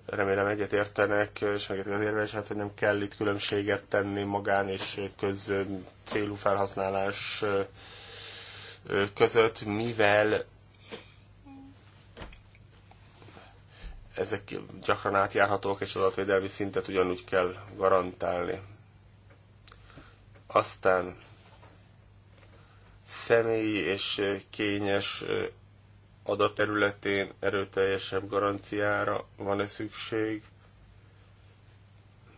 Remélem egyet értenek, és megértik az hát, hogy nem kell itt különbséget tenni magán és köz célú felhasználás között, mivel ezek gyakran átjárhatók, és az adatvédelmi szintet ugyanúgy kell garantálni. Aztán személyi és kényes adaterületén erőteljesebb garanciára van-e szükség?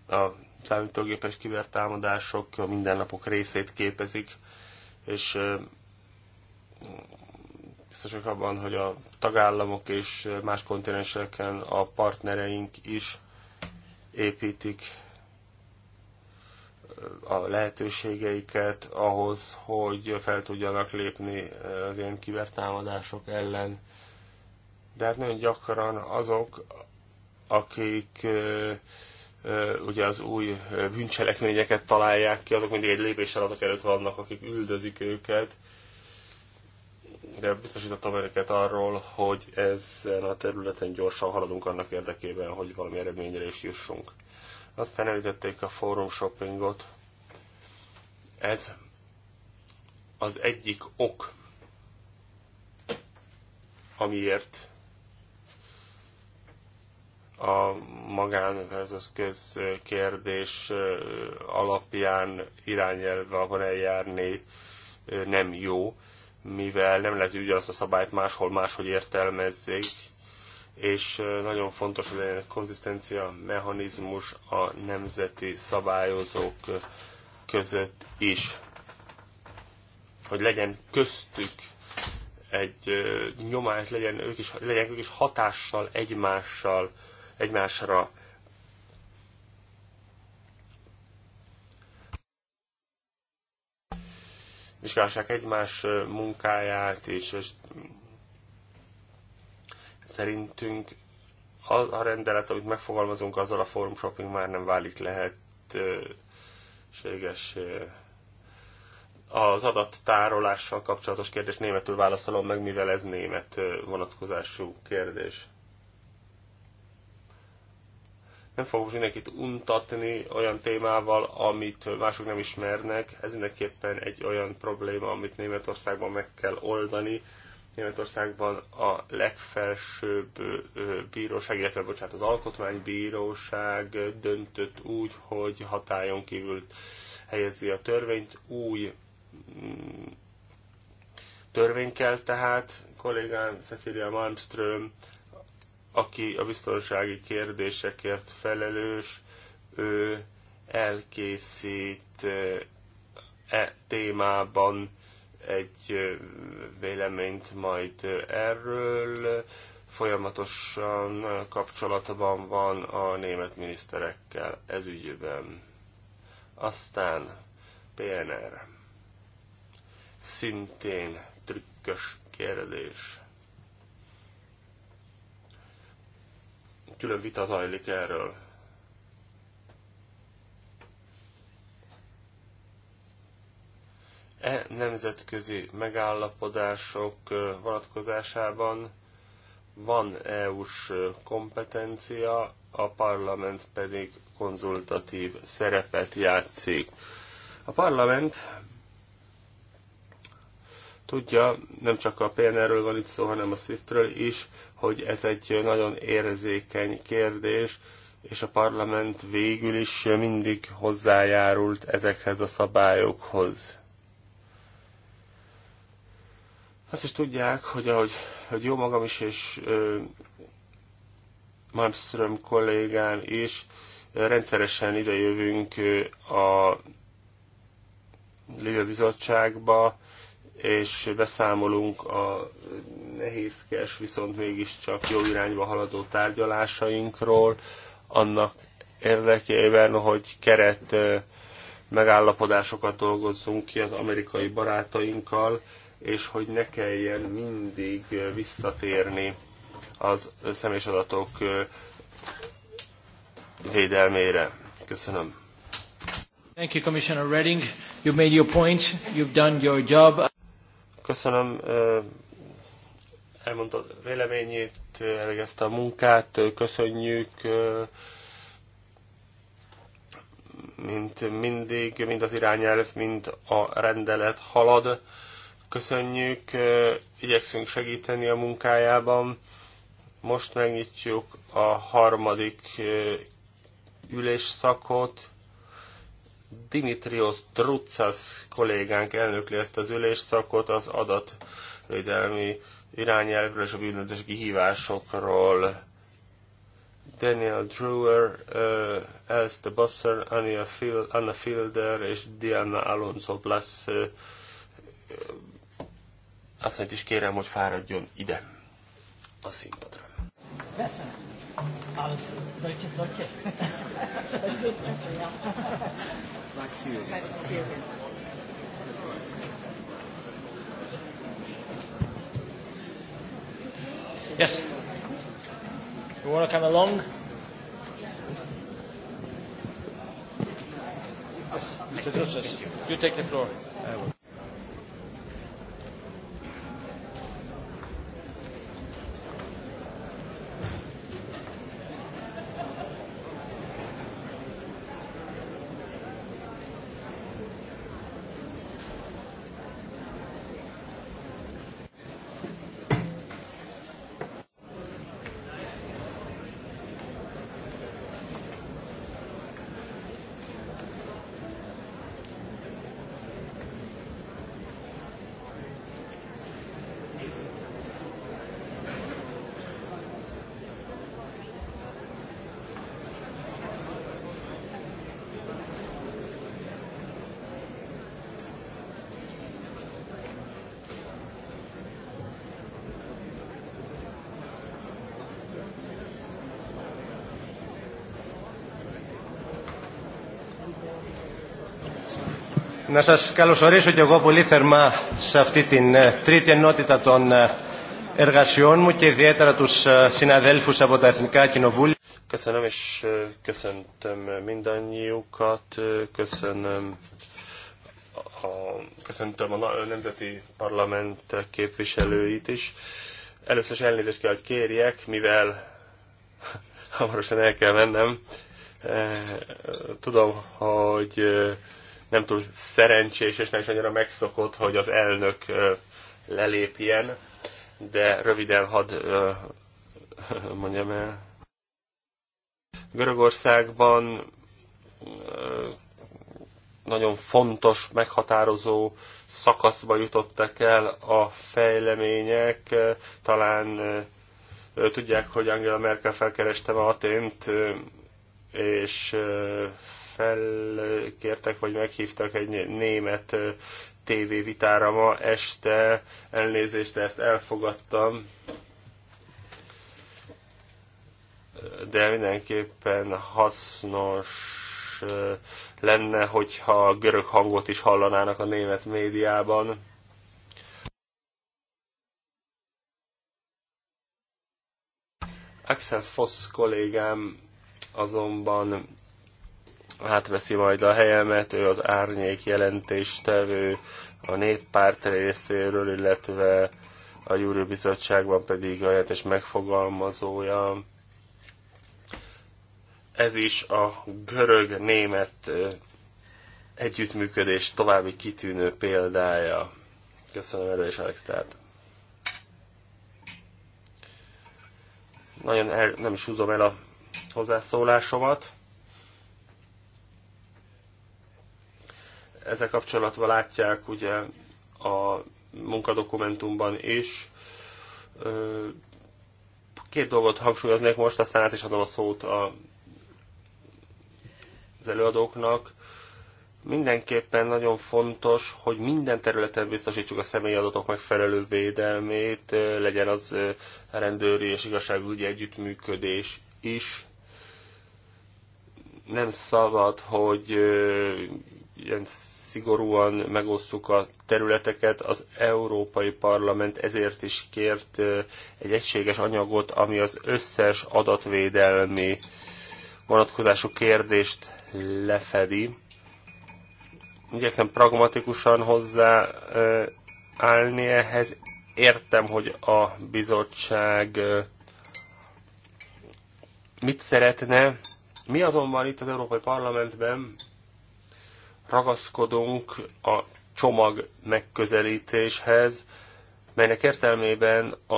A számítógépes kibertámadások a mindennapok részét képezik, és biztosak abban, hogy a tagállamok és más kontinenseken a partnereink is építik a lehetőségeiket ahhoz, hogy fel tudjanak lépni az ilyen kivertámadások ellen. De hát nagyon gyakran azok, akik ugye az új bűncselekményeket találják ki, azok mindig egy lépéssel azok előtt vannak, akik üldözik őket. De biztosítottam önöket arról, hogy ezen a területen gyorsan haladunk annak érdekében, hogy valami eredményre is jussunk. Aztán elütötték a forum shoppingot. Ez az egyik ok, amiért a magán versus köz kérdés alapján irányelve van eljárni nem jó, mivel nem lehet ugyanazt a szabályt máshol máshogy értelmezzék, és nagyon fontos, hogy legyen konzisztencia mechanizmus a nemzeti szabályozók között is. Hogy legyen köztük egy nyomás, legyen ők is, legyenek ők is hatással egymással, egymásra. Vizsgálják egymás munkáját, és, és Szerintünk az a rendelet, amit megfogalmazunk, azzal a forum shopping már nem válik lehetséges. Az adattárolással kapcsolatos kérdés németül válaszolom meg, mivel ez német vonatkozású kérdés. Nem fogok mindenkit untatni olyan témával, amit mások nem ismernek. Ez mindenképpen egy olyan probléma, amit Németországban meg kell oldani Németországban a legfelsőbb bíróság, illetve bocsánat, az alkotmánybíróság döntött úgy, hogy hatályon kívül helyezi a törvényt. Új mm, törvény kell tehát, kollégám Cecilia Malmström, aki a biztonsági kérdésekért felelős, ő elkészít e témában egy véleményt majd erről. Folyamatosan kapcsolatban van a német miniszterekkel ez ügyben. Aztán PNR. Szintén trükkös kérdés. Külön vita zajlik erről e nemzetközi megállapodások vonatkozásában van EU-s kompetencia, a parlament pedig konzultatív szerepet játszik. A parlament tudja, nem csak a PNR-ről van itt szó, hanem a SWIFT-ről is, hogy ez egy nagyon érzékeny kérdés, és a parlament végül is mindig hozzájárult ezekhez a szabályokhoz. Azt is tudják, hogy ahogy hogy jó magam is, és ö, Malmström kollégám is, rendszeresen idejövünk a Lévő Bizottságba, és beszámolunk a nehézkes, viszont mégiscsak jó irányba haladó tárgyalásainkról, annak érdekében, hogy keret megállapodásokat dolgozzunk ki az amerikai barátainkkal, és hogy ne kelljen mindig visszatérni az személyes adatok védelmére. Köszönöm. Thank you, Commissioner Redding. You've made your point. You've done your job. Köszönöm. Elmondta véleményét, elvégezte a munkát. Köszönjük mint mindig, mind az irányelv, mind a rendelet halad. Köszönjük, igyekszünk segíteni a munkájában. Most megnyitjuk a harmadik ülésszakot. Dimitrios Drucas kollégánk elnökli ezt az ülésszakot az adatvédelmi irányelvről és a bűnözés kihívásokról. Daniel Drewer, uh, Els de Basser, Anna, Field, Anna Fielder és Diana Alonso Blas uh, azt is kérem, hogy fáradjon ide a színpadra. Köszönöm. Yes. You want to come along? Mr. Drutzes, you take the floor. I will. Να σας καλωσορίσω και εγώ πολύ θερμά σε αυτή την τρίτη ενότητα των εργασιών μου και ιδιαίτερα τους συναδέλφους από τα Εθνικά Κοινοβούλια. Köszönöm és köszöntöm mindannyiukat, köszönöm a, köszöntöm a Nemzeti Parlament képviselőit is. Először is elnézést kell, hogy kérjek, mivel hamarosan el kell mennem. Eh, tudom, hogy nem túl szerencsés, és nem is annyira megszokott, hogy az elnök lelépjen, de röviden hadd mondjam el. Görögországban nagyon fontos, meghatározó szakaszba jutottak el a fejlemények. Talán tudják, hogy Angela Merkel felkereste ma Atént, és felkértek, vagy meghívtak egy német vitára ma este. Elnézést, de ezt elfogadtam. De mindenképpen hasznos lenne, hogyha a görög hangot is hallanának a német médiában. Axel Foss kollégám azonban átveszi majd a helyemet, ő az árnyék jelentéstevő a néppárt részéről, illetve a Júri Bizottságban pedig a jelentés megfogalmazója. Ez is a görög-német együttműködés további kitűnő példája. Köszönöm erről is, Alex Tárd. Nagyon el, nem is húzom el a hozzászólásomat. ezzel kapcsolatban látják ugye a munkadokumentumban is. Két dolgot hangsúlyoznék most, aztán át is adom a szót a, az előadóknak. Mindenképpen nagyon fontos, hogy minden területen biztosítsuk a személyi adatok megfelelő védelmét, legyen az rendőri és igazságügyi együttműködés is. Nem szabad, hogy ilyen szigorúan megosztuk a területeket, az Európai Parlament ezért is kért egy egységes anyagot, ami az összes adatvédelmi vonatkozású kérdést lefedi. Igyekszem pragmatikusan hozzá állni ehhez. Értem, hogy a bizottság mit szeretne. Mi azonban itt az Európai Parlamentben ragaszkodunk a csomag megközelítéshez, melynek értelmében a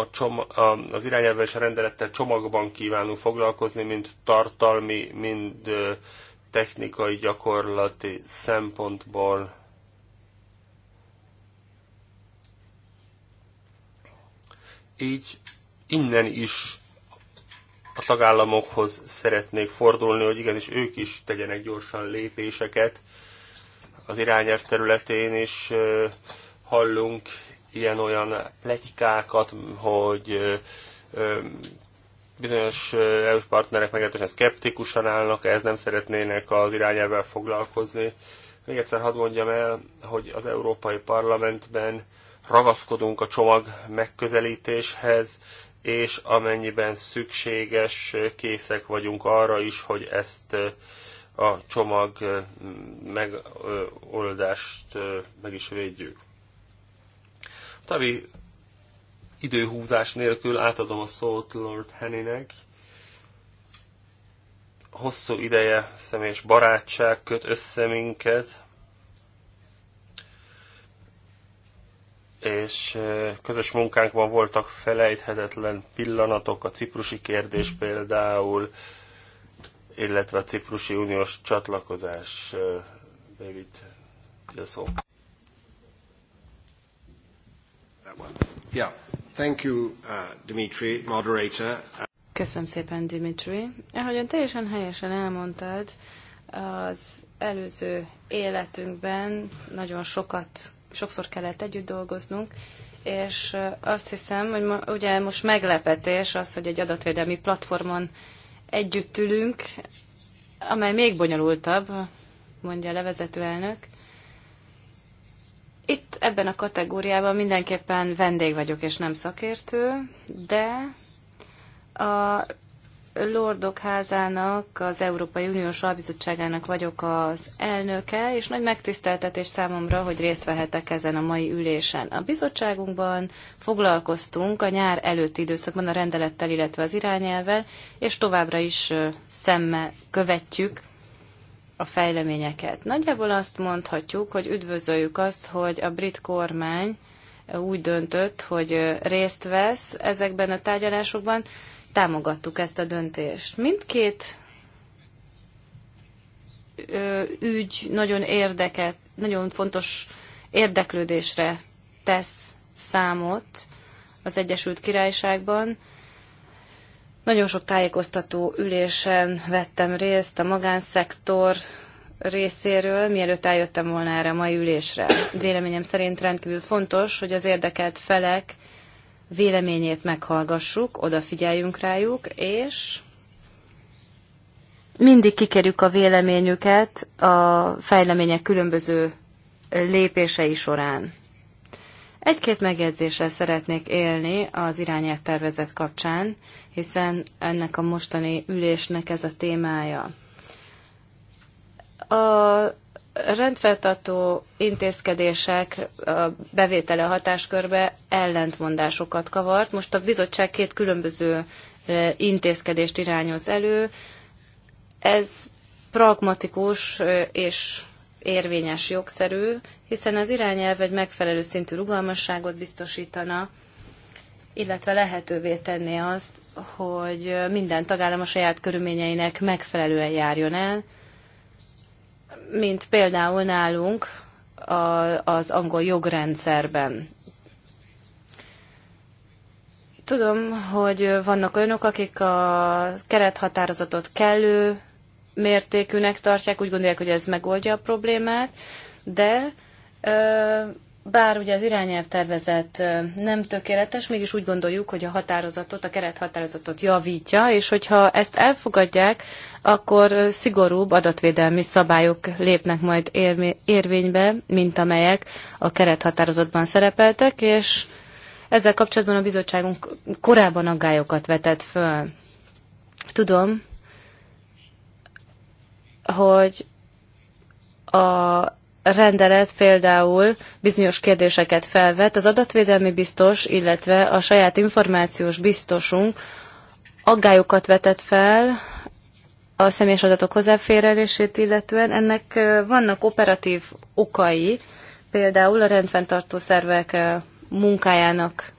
a az irányelvvel és a rendelettel csomagban kívánunk foglalkozni, mind tartalmi, mind technikai, gyakorlati szempontból. Így innen is a tagállamokhoz szeretnék fordulni, hogy igenis ők is tegyenek gyorsan lépéseket, az irányelv területén is hallunk ilyen-olyan pletikákat, hogy bizonyos EU-s partnerek meglehetősen szkeptikusan állnak, ez nem szeretnének az irányelvvel foglalkozni. Még egyszer hadd mondjam el, hogy az Európai Parlamentben ragaszkodunk a csomag megközelítéshez, és amennyiben szükséges, készek vagyunk arra is, hogy ezt a csomag megoldást meg is védjük. Tavi időhúzás nélkül átadom a szót Lord Henninek. Hosszú ideje személyes barátság köt össze minket, és közös munkánkban voltak felejthetetlen pillanatok, a ciprusi kérdés például, illetve a ciprusi uniós csatlakozás. David, a szó. Yeah. Thank you, uh, Dimitri, moderator. Köszönöm szépen, Dimitri. Ahogyan teljesen helyesen elmondtad, az előző életünkben nagyon sokat, sokszor kellett együtt dolgoznunk, és azt hiszem, hogy ma, ugye most meglepetés az, hogy egy adatvédelmi platformon együtt ülünk, amely még bonyolultabb, mondja a levezető elnök. Itt ebben a kategóriában mindenképpen vendég vagyok és nem szakértő, de a Lordok házának, az Európai Uniós Albizottságának vagyok az elnöke, és nagy megtiszteltetés számomra, hogy részt vehetek ezen a mai ülésen. A bizottságunkban foglalkoztunk a nyár előtti időszakban a rendelettel, illetve az irányelvel, és továbbra is szemmel követjük a fejleményeket. Nagyjából azt mondhatjuk, hogy üdvözöljük azt, hogy a brit kormány úgy döntött, hogy részt vesz ezekben a tárgyalásokban, támogattuk ezt a döntést. Mindkét ügy nagyon érdeket, nagyon fontos érdeklődésre tesz számot az Egyesült Királyságban. Nagyon sok tájékoztató ülésen vettem részt a magánszektor részéről, mielőtt eljöttem volna erre a mai ülésre. Véleményem szerint rendkívül fontos, hogy az érdekelt felek véleményét meghallgassuk, odafigyeljünk rájuk, és mindig kikerjük a véleményüket a fejlemények különböző lépései során. Egy-két megjegyzésre szeretnék élni az irányelv tervezet kapcsán, hiszen ennek a mostani ülésnek ez a témája. A rendfeltartó intézkedések a bevétele a hatáskörbe ellentmondásokat kavart. Most a bizottság két különböző intézkedést irányoz elő. Ez pragmatikus és érvényes jogszerű, hiszen az irányelv egy megfelelő szintű rugalmasságot biztosítana, illetve lehetővé tenné azt, hogy minden tagállam a saját körülményeinek megfelelően járjon el, mint például nálunk a, az angol jogrendszerben. Tudom, hogy vannak olyanok, akik a kerethatározatot kellő mértékűnek tartják, úgy gondolják, hogy ez megoldja a problémát, de bár ugye az irányelv tervezet nem tökéletes, mégis úgy gondoljuk, hogy a határozatot, a kerethatározatot javítja, és hogyha ezt elfogadják, akkor szigorúbb adatvédelmi szabályok lépnek majd érvénybe, mint amelyek a kerethatározatban szerepeltek, és ezzel kapcsolatban a bizottságunk korábban aggályokat vetett föl. Tudom, hogy a rendelet például bizonyos kérdéseket felvet, az adatvédelmi biztos, illetve a saját információs biztosunk aggályokat vetett fel a személyes adatok hozzáférelését illetően. Ennek vannak operatív okai, például a rendfenntartó szervek munkájának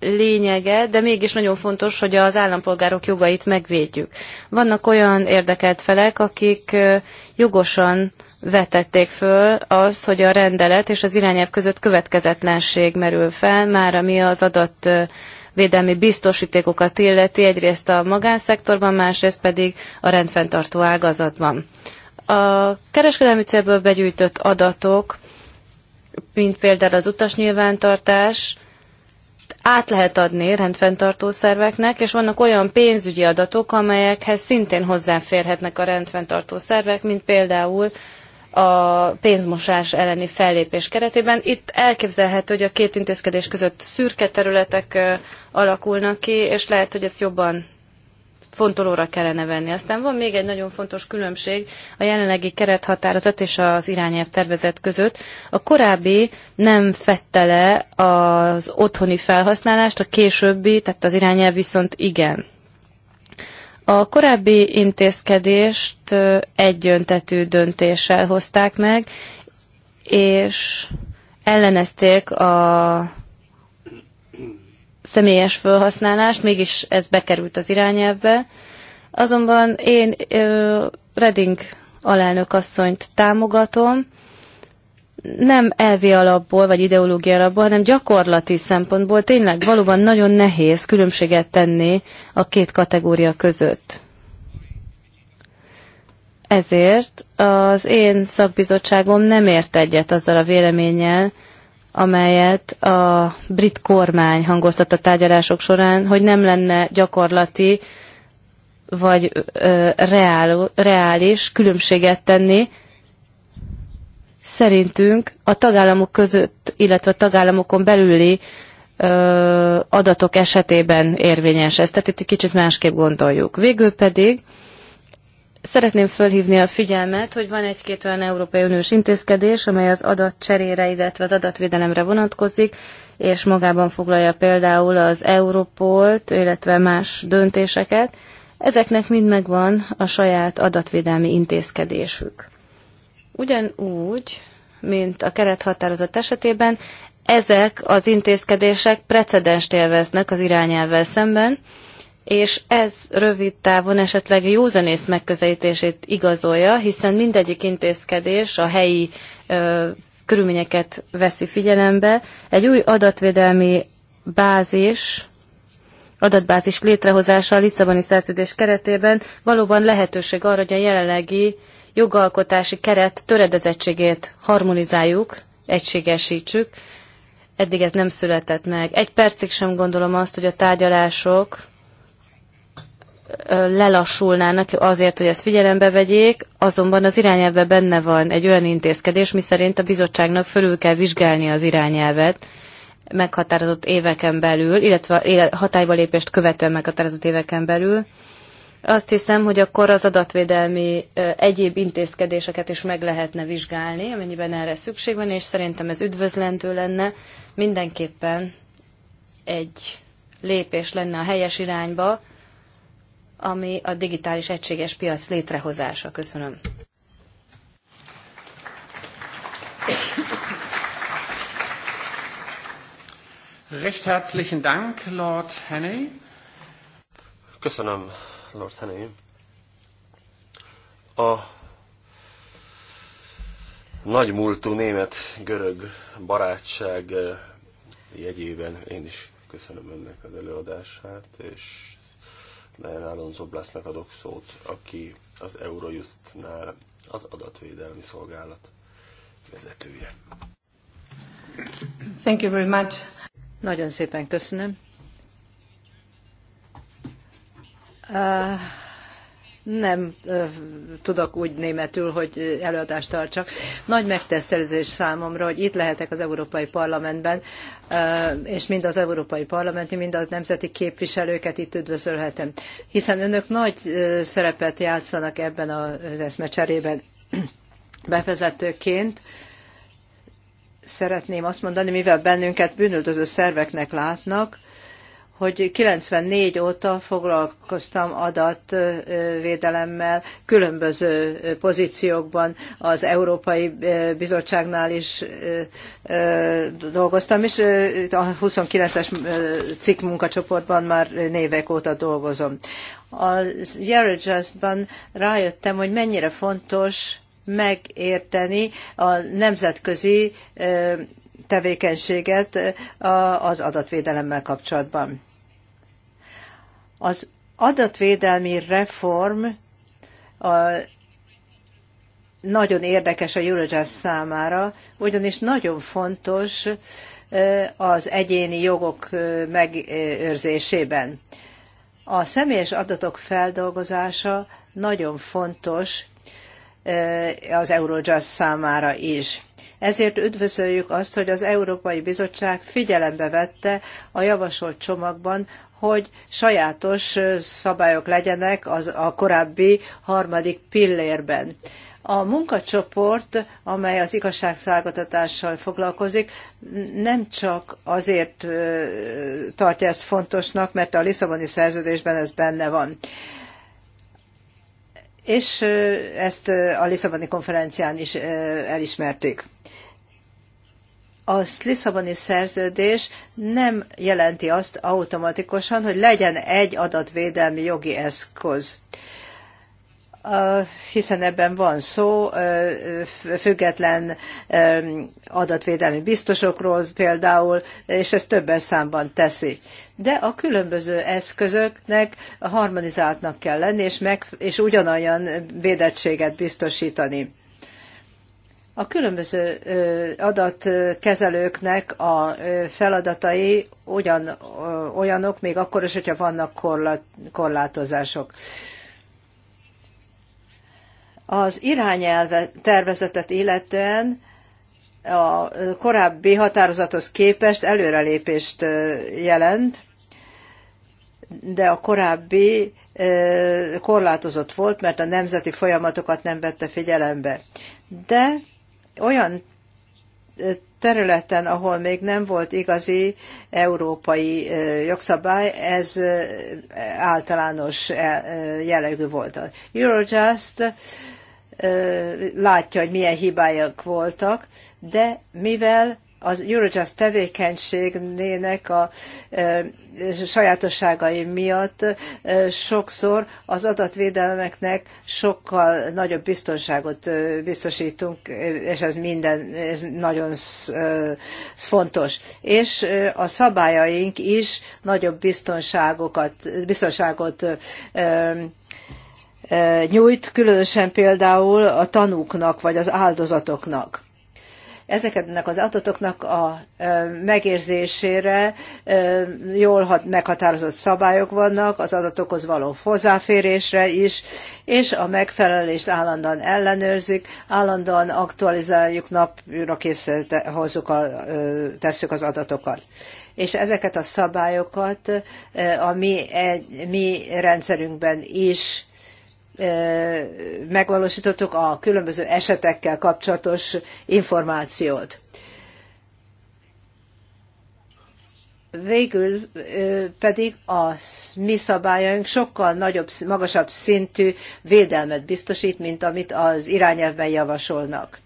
lényege, de mégis nagyon fontos, hogy az állampolgárok jogait megvédjük. Vannak olyan érdekelt felek, akik jogosan vetették föl azt, hogy a rendelet és az irányelv között következetlenség merül fel, már ami az adat védelmi biztosítékokat illeti, egyrészt a magánszektorban, másrészt pedig a rendfenntartó ágazatban. A kereskedelmi célból begyűjtött adatok, mint például az utasnyilvántartás, át lehet adni rendfenntartó szerveknek, és vannak olyan pénzügyi adatok, amelyekhez szintén hozzáférhetnek a rendfenntartó szervek, mint például a pénzmosás elleni fellépés keretében. Itt elképzelhető, hogy a két intézkedés között szürke területek alakulnak ki, és lehet, hogy ezt jobban fontolóra kellene venni. Aztán van még egy nagyon fontos különbség a jelenlegi kerethatározat és az irányelv tervezet között. A korábbi nem fette le az otthoni felhasználást, a későbbi, tehát az irányelv viszont igen. A korábbi intézkedést egyöntetű döntéssel hozták meg, és ellenezték a személyes felhasználást, mégis ez bekerült az irányelvbe. Azonban én ö, Reding alelnök asszonyt támogatom, nem elvi alapból, vagy ideológia alapból, hanem gyakorlati szempontból tényleg valóban nagyon nehéz különbséget tenni a két kategória között. Ezért az én szakbizottságom nem ért egyet azzal a véleménnyel, amelyet a brit kormány hangoztat a tárgyalások során, hogy nem lenne gyakorlati vagy ö, reál, reális különbséget tenni. Szerintünk a tagállamok között, illetve a tagállamokon belüli ö, adatok esetében érvényes ez. Tehát itt egy kicsit másképp gondoljuk. Végül pedig Szeretném fölhívni a figyelmet, hogy van egy-két olyan Európai Uniós intézkedés, amely az adatcserére, illetve az adatvédelemre vonatkozik, és magában foglalja például az Europolt, illetve más döntéseket. Ezeknek mind megvan a saját adatvédelmi intézkedésük. Ugyanúgy, mint a kerethatározat esetében, ezek az intézkedések precedenst élveznek az irányelvvel szemben, és ez rövid távon esetleg a józanész megközelítését igazolja, hiszen mindegyik intézkedés a helyi ö, körülményeket veszi figyelembe. Egy új adatvédelmi bázis, adatbázis létrehozása a Lisszaboni szerződés keretében valóban lehetőség arra, hogy a jelenlegi jogalkotási keret töredezettségét harmonizáljuk, egységesítsük. Eddig ez nem született meg. Egy percig sem gondolom azt, hogy a tárgyalások lelassulnának azért, hogy ezt figyelembe vegyék, azonban az irányelvben benne van egy olyan intézkedés, miszerint a bizottságnak fölül kell vizsgálni az irányelvet meghatározott éveken belül, illetve hatályba lépést követően meghatározott éveken belül. Azt hiszem, hogy akkor az adatvédelmi egyéb intézkedéseket is meg lehetne vizsgálni, amennyiben erre szükség van, és szerintem ez üdvözlendő lenne. Mindenképpen egy lépés lenne a helyes irányba, ami a digitális egységes piac létrehozása. Köszönöm. Recht herzlichen Dank, Lord Henney. Köszönöm, Lord Henney. A nagymúltú német-görög barátság eh, jegyében én is köszönöm önnek az előadását, és Alonso Blasznak adok szót, aki az Eurojustnál az adatvédelmi szolgálat vezetője. Thank you very much. Nagyon szépen köszönöm. Uh, nem tudok úgy németül, hogy előadást tartsak. Nagy megtesztelés számomra, hogy itt lehetek az Európai Parlamentben, és mind az Európai Parlamenti, mind a nemzeti képviselőket itt üdvözölhetem. Hiszen önök nagy szerepet játszanak ebben az eszmecserében bevezetőként szeretném azt mondani, mivel bennünket bűnöldöző szerveknek látnak, hogy 94 óta foglalkoztam adatvédelemmel különböző pozíciókban, az Európai Bizottságnál is dolgoztam, és a 29-es cikk munkacsoportban már névek óta dolgozom. A Eurojustban rájöttem, hogy mennyire fontos megérteni a nemzetközi tevékenységet az adatvédelemmel kapcsolatban az adatvédelmi reform a, nagyon érdekes a Eurojust számára, ugyanis nagyon fontos az egyéni jogok megőrzésében. A személyes adatok feldolgozása nagyon fontos az Eurojust számára is. Ezért üdvözöljük azt, hogy az Európai Bizottság figyelembe vette a javasolt csomagban hogy sajátos szabályok legyenek az, a korábbi harmadik pillérben. A munkacsoport, amely az igazságszolgáltatással foglalkozik, nem csak azért tartja ezt fontosnak, mert a Lisszaboni szerződésben ez benne van. És ezt a Lisszaboni konferencián is elismerték a Lisszaboni szerződés nem jelenti azt automatikusan, hogy legyen egy adatvédelmi jogi eszköz. Hiszen ebben van szó független adatvédelmi biztosokról például, és ez többen számban teszi. De a különböző eszközöknek harmonizáltnak kell lenni, és, meg, és ugyanolyan védettséget biztosítani a különböző adatkezelőknek a feladatai ugyan, olyanok, még akkor is, hogyha vannak korlátozások. Az irányelve tervezetet illetően a korábbi határozathoz képest előrelépést jelent, de a korábbi korlátozott volt, mert a nemzeti folyamatokat nem vette figyelembe. De olyan területen, ahol még nem volt igazi európai jogszabály, ez általános e, jellegű volt. A Eurojust látja, hogy milyen hibájak voltak, de mivel az Eurojust tevékenységnének a e, sajátosságai miatt e, sokszor az adatvédelmeknek sokkal nagyobb biztonságot e, biztosítunk, és ez minden, ez nagyon fontos. És a szabályaink is nagyobb biztonságokat, biztonságot nyújt, különösen például a tanúknak vagy az áldozatoknak ezeknek az adatoknak a megérzésére jól meghatározott szabályok vannak, az adatokhoz való hozzáférésre is, és a megfelelést állandóan ellenőrzik, állandóan aktualizáljuk, napra készül, a, tesszük az adatokat és ezeket a szabályokat a mi, mi rendszerünkben is megvalósítottuk a különböző esetekkel kapcsolatos információt. Végül pedig a mi szabályaink sokkal nagyobb, magasabb szintű védelmet biztosít, mint amit az irányelvben javasolnak.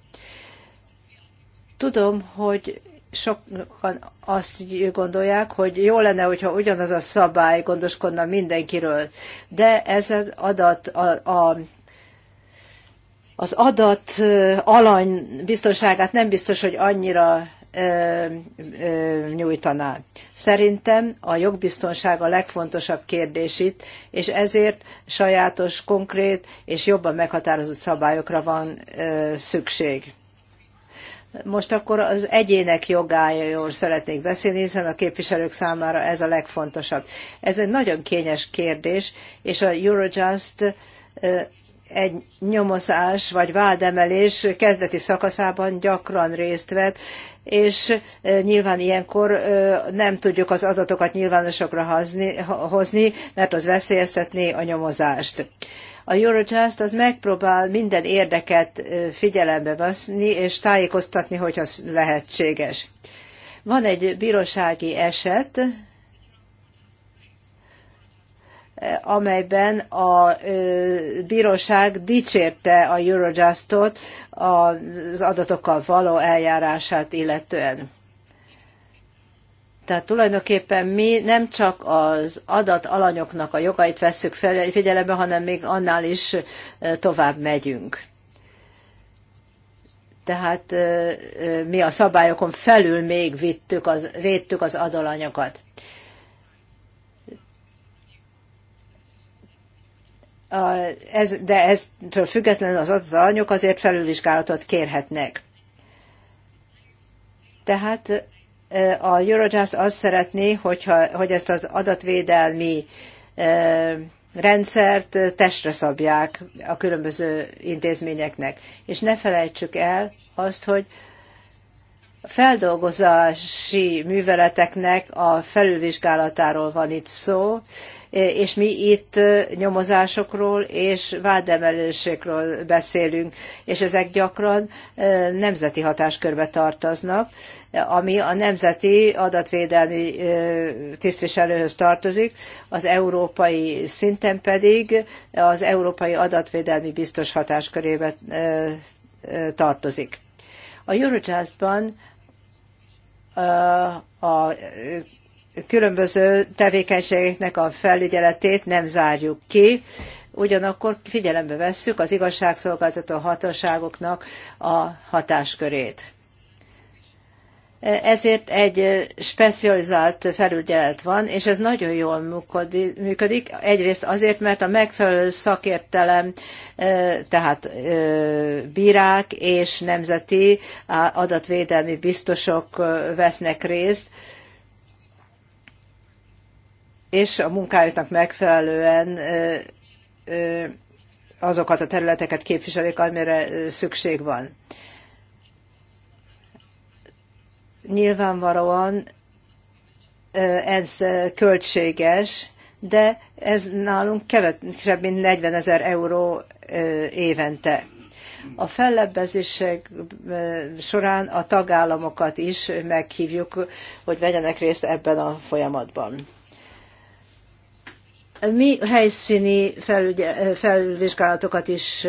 Tudom, hogy sokan azt gondolják, hogy jó lenne, hogyha ugyanaz a szabály gondoskodna mindenkiről, de ez az adat, a, a, az adat alany biztonságát nem biztos, hogy annyira ö, ö, nyújtaná. Szerintem a jogbiztonság a legfontosabb kérdés itt, és ezért sajátos, konkrét és jobban meghatározott szabályokra van ö, szükség most akkor az egyének jogájáról szeretnék beszélni, hiszen a képviselők számára ez a legfontosabb. Ez egy nagyon kényes kérdés, és a Eurojust egy nyomozás vagy vádemelés kezdeti szakaszában gyakran részt vett, és nyilván ilyenkor nem tudjuk az adatokat nyilvánosokra hozni, mert az veszélyeztetné a nyomozást. A Eurojust az megpróbál minden érdeket figyelembe veszni és tájékoztatni, hogyha lehetséges. Van egy bírósági eset, amelyben a bíróság dicsérte a Eurojustot az adatokkal való eljárását illetően. Tehát tulajdonképpen mi nem csak az adat alanyoknak a jogait vesszük fel, figyelembe, hanem még annál is tovább megyünk. Tehát mi a szabályokon felül még vittük az, védtük az adalanyagot. ez, de eztől függetlenül az adott anyok azért felülvizsgálatot kérhetnek. Tehát a Eurojust azt szeretné, hogyha, hogy ezt az adatvédelmi rendszert testre szabják a különböző intézményeknek. És ne felejtsük el azt, hogy feldolgozási műveleteknek a felülvizsgálatáról van itt szó, és mi itt nyomozásokról és vádemelőségről beszélünk, és ezek gyakran nemzeti hatáskörbe tartoznak, ami a nemzeti adatvédelmi tisztviselőhöz tartozik, az európai szinten pedig az európai adatvédelmi biztos hatáskörébe tartozik. A Eurojustban a különböző tevékenységeknek a felügyeletét nem zárjuk ki, ugyanakkor figyelembe vesszük az igazságszolgáltató hatóságoknak a hatáskörét. Ezért egy specializált felügyelet van, és ez nagyon jól működik. Egyrészt azért, mert a megfelelő szakértelem, tehát bírák és nemzeti adatvédelmi biztosok vesznek részt, és a munkájuknak megfelelően azokat a területeket képviselik, amire szükség van nyilvánvalóan ez költséges, de ez nálunk kevesebb, mint 40 ezer euró évente. A fellebbezések során a tagállamokat is meghívjuk, hogy vegyenek részt ebben a folyamatban. Mi helyszíni felvizsgálatokat is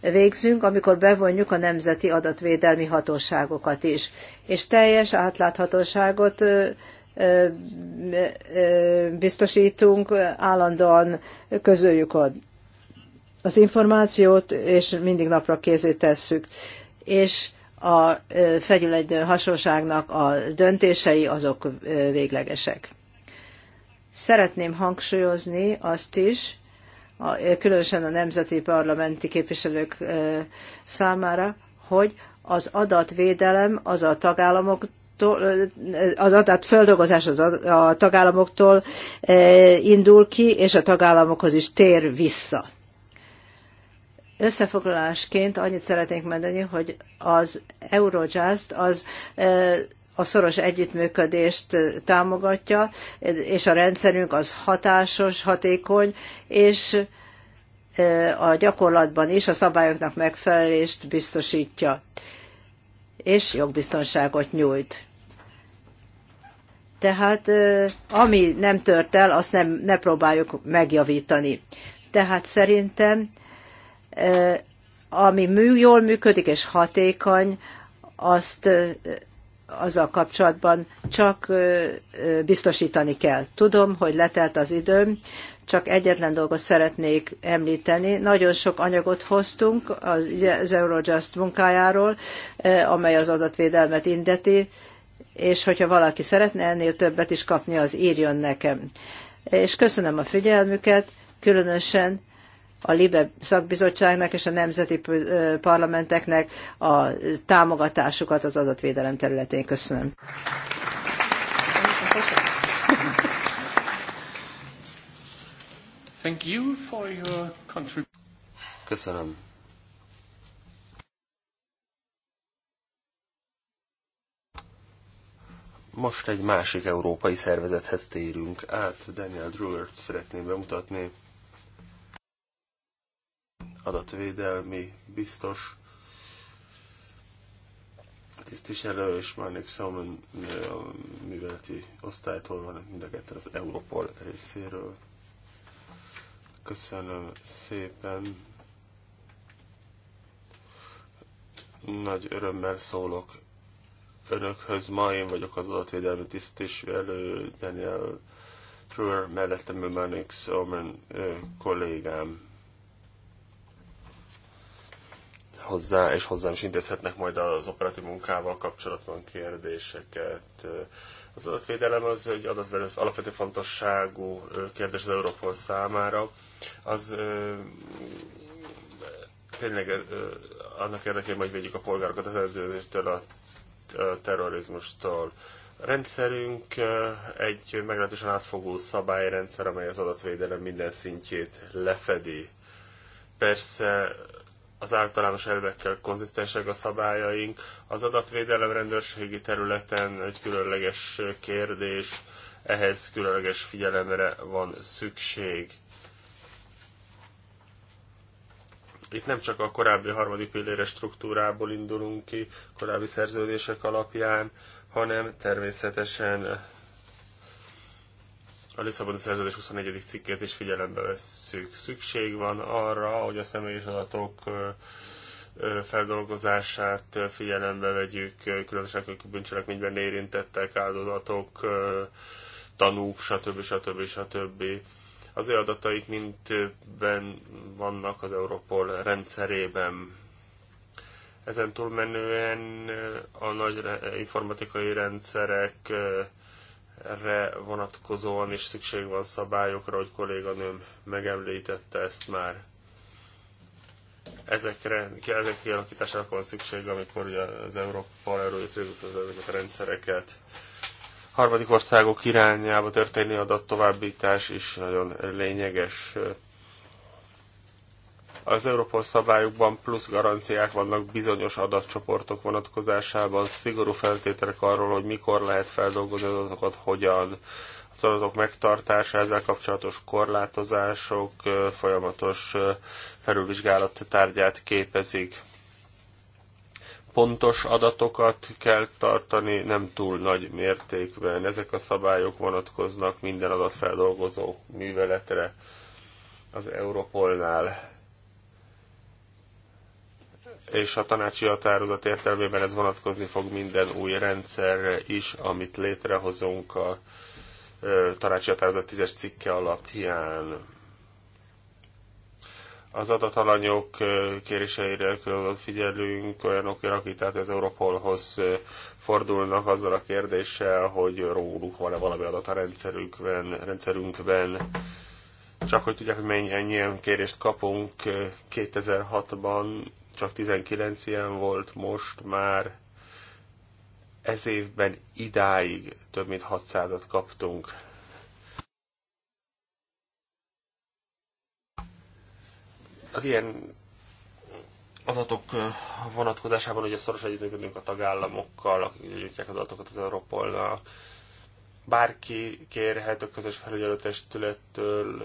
végzünk, amikor bevonjuk a nemzeti adatvédelmi hatóságokat is. És teljes átláthatóságot biztosítunk, állandóan közöljük az információt, és mindig napra kézé tesszük. És a fegyülegydő hasonságnak a döntései azok véglegesek. Szeretném hangsúlyozni azt is, különösen a nemzeti parlamenti képviselők számára, hogy az adatvédelem az a az az a tagállamoktól indul ki, és a tagállamokhoz is tér vissza. Összefoglalásként annyit szeretnénk mondani, hogy az Eurojust az a szoros együttműködést támogatja, és a rendszerünk az hatásos, hatékony, és a gyakorlatban is a szabályoknak megfelelést biztosítja, és jogbiztonságot nyújt. Tehát ami nem tört el, azt nem, ne próbáljuk megjavítani. Tehát szerintem ami mű, jól működik és hatékony, azt azzal kapcsolatban csak biztosítani kell. Tudom, hogy letelt az időm, csak egyetlen dolgot szeretnék említeni. Nagyon sok anyagot hoztunk az Eurojust munkájáról, amely az adatvédelmet indeti, és hogyha valaki szeretne ennél többet is kapni, az írjon nekem. És köszönöm a figyelmüket, különösen a LIBE szakbizottságnak és a nemzeti parlamenteknek a támogatásukat az adatvédelem területén. Köszönöm. Thank you for your contribution. Köszönöm. Most egy másik európai szervezethez térünk át. Daniel Drewert szeretném bemutatni adatvédelmi biztos tisztviselő és Marnik Salmon műveleti osztálytól van mind a ketten az Europol részéről. Köszönöm szépen. Nagy örömmel szólok önökhöz. Ma én vagyok az adatvédelmi tisztviselő Daniel Truer, mellettem Marnik omen kollégám. hozzá, és hozzám is intézhetnek majd az operatív munkával kapcsolatban kérdéseket. Az adatvédelem az egy adatvédelem alapvető fontosságú kérdés az Európol számára. Az tényleg annak érdekében, hogy védjük a polgárokat az előzőtől a terrorizmustól. A rendszerünk egy meglehetősen átfogó szabályrendszer, amely az adatvédelem minden szintjét lefedi. Persze az általános elvekkel konzisztensek a szabályaink. Az adatvédelem rendőrségi területen egy különleges kérdés, ehhez különleges figyelemre van szükség. Itt nem csak a korábbi harmadik pillére struktúrából indulunk ki, korábbi szerződések alapján, hanem természetesen a Lisszaboni Szerződés 24. cikkét is figyelembe veszük. Szükség van arra, hogy a személyes adatok feldolgozását figyelembe vegyük, különösen a bűncselekményben érintettek, áldozatok, tanúk, stb. stb. stb. Az ő adataik mindben vannak az Europol rendszerében. Ezen túlmenően a nagy informatikai rendszerek re vonatkozóan is szükség van szabályokra, hogy kolléganőm megemlítette ezt már. Ezekre, ezek kialakítására van szükség, amikor ugye az Európa erős ezeket rendszereket harmadik országok irányába történő adattovábbítás is nagyon lényeges. Az Europol szabályokban plusz garanciák vannak bizonyos adatcsoportok vonatkozásában, szigorú feltételek arról, hogy mikor lehet feldolgozni az adatokat, hogyan, az adatok megtartása, ezzel kapcsolatos korlátozások folyamatos felülvizsgálat tárgyát képezik. Pontos adatokat kell tartani, nem túl nagy mértékben. Ezek a szabályok vonatkoznak minden adatfeldolgozó műveletre az Europolnál és a tanácsi határozat értelmében ez vonatkozni fog minden új rendszerre is, amit létrehozunk a tanácsi határozat 10-es cikke alapján. Az adatalanyok kéréseire külön figyelünk, olyanok, akik tehát az Europolhoz fordulnak azzal a kérdéssel, hogy róluk van-e valami adat a rendszerünkben, rendszerünkben csak hogy tudják, hogy mennyi, ennyien kérést kapunk 2006-ban csak 19 ilyen volt, most már ez évben idáig több mint 600-at kaptunk. Az ilyen adatok vonatkozásában ugye szoros együttműködünk a tagállamokkal, akik gyűjtják az adatokat az Europolnak. Bárki kérhet a közös felügyelőtestülettől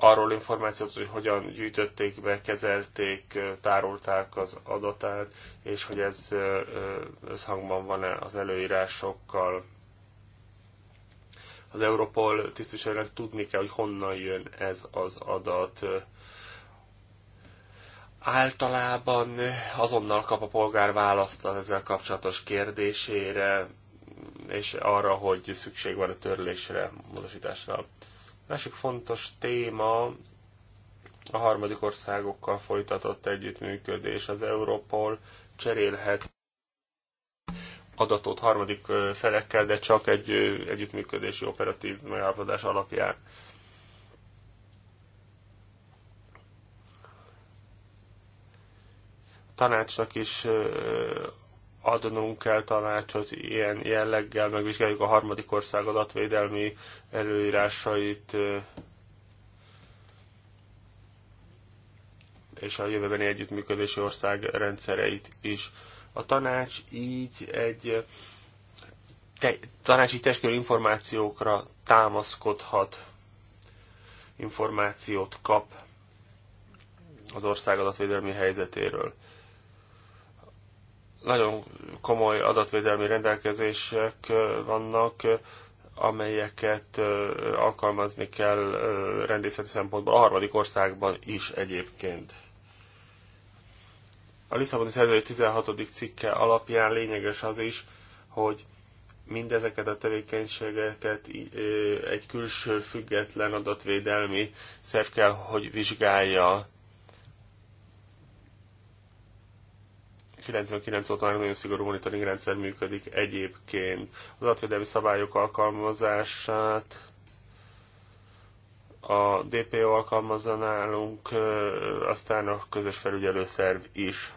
arról információt, hogy hogyan gyűjtötték be, kezelték, tárolták az adatát, és hogy ez összhangban van-e az előírásokkal. Az Europol tisztviselőnek tudni kell, hogy honnan jön ez az adat. Általában azonnal kap a polgár választ az ezzel kapcsolatos kérdésére, és arra, hogy szükség van a törlésre, módosításra. Másik fontos téma a harmadik országokkal folytatott együttműködés. Az Europol cserélhet adatot harmadik felekkel, de csak egy együttműködési operatív megállapodás alapján. tanácsnak is adnunk kell tanácsot ilyen jelleggel, megvizsgáljuk a harmadik ország adatvédelmi előírásait, és a jövőbeni együttműködési ország rendszereit is. A tanács így egy te, tanácsi testkör információkra támaszkodhat, információt kap az ország adatvédelmi helyzetéről. Nagyon komoly adatvédelmi rendelkezések vannak, amelyeket alkalmazni kell rendészeti szempontból a harmadik országban is egyébként. A Lisszaboni Szerződés 16. cikke alapján lényeges az is, hogy mindezeket a tevékenységeket egy külső független adatvédelmi szerv kell, hogy vizsgálja. 99 óta nagyon szigorú monitoring rendszer működik egyébként. Az adatvédelmi szabályok alkalmazását a DPO alkalmazza nálunk, aztán a közös felügyelőszerv is.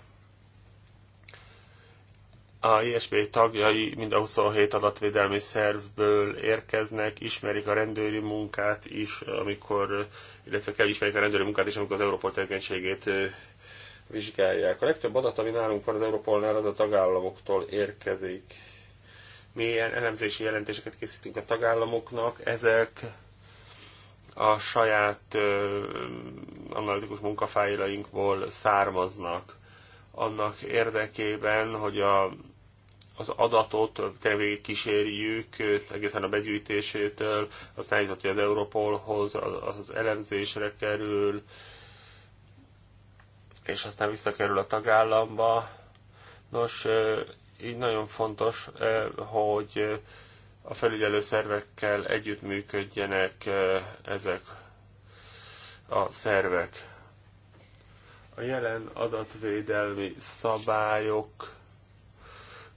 A ISP tagjai mind a 27 adatvédelmi szervből érkeznek, ismerik a rendőri munkát is, amikor, illetve kell ismerik a rendőri munkát is, amikor az Európol tevékenységét vizsgálják. A legtöbb adat, ami nálunk van az Európolnál, az a tagállamoktól érkezik. Mi ilyen elemzési jelentéseket készítünk a tagállamoknak, ezek a saját ö, analitikus munkafájlainkból származnak annak érdekében, hogy a, az adatot tényleg kísérjük egészen a begyűjtésétől, aztán jutott, hogy az Europolhoz, az, az elemzésre kerül, és aztán visszakerül a tagállamba. Nos, így nagyon fontos, hogy a felügyelő szervekkel együttműködjenek ezek a szervek. A jelen adatvédelmi szabályok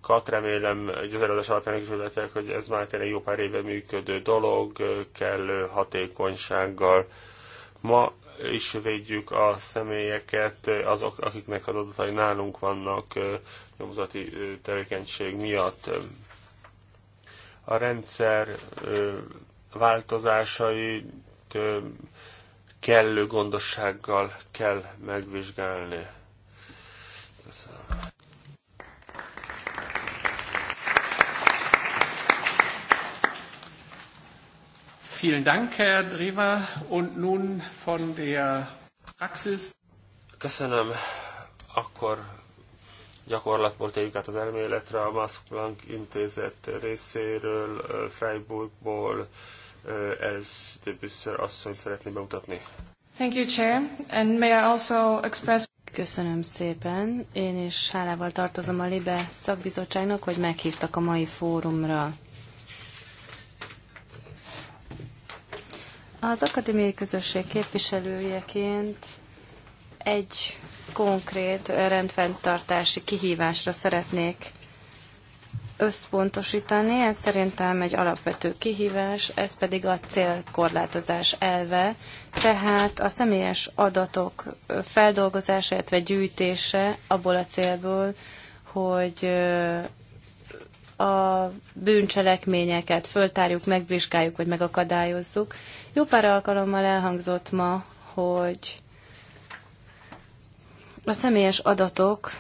kat remélem, hogy az előadás alapján is mondhatják, hogy ez már tényleg jó pár éve működő dolog, kellő hatékonysággal. Ma is védjük a személyeket, azok, akiknek az adatai nálunk vannak nyomozati tevékenység miatt. A rendszer változásait kellő gondossággal kell megvizsgálni. Köszönöm. Vielen Dank, Herr Drewer. Und nun von der Praxis. Köszönöm. Akkor gyakorlatból tegyük át az elméletre a Max Planck intézet részéről, Freiburgból. Ez Büsser asszony szeretné bemutatni. Thank you, Chair. And may I also express... Köszönöm szépen. Én is hálával tartozom a LIBE szakbizottságnak, hogy meghívtak a mai fórumra. Az akadémiai közösség képviselőjeként egy konkrét rendfenntartási kihívásra szeretnék összpontosítani. Ez szerintem egy alapvető kihívás, ez pedig a célkorlátozás elve, tehát a személyes adatok feldolgozása, illetve gyűjtése abból a célból, hogy a bűncselekményeket föltárjuk, megvizsgáljuk, vagy megakadályozzuk. Jó pár alkalommal elhangzott ma, hogy a személyes adatok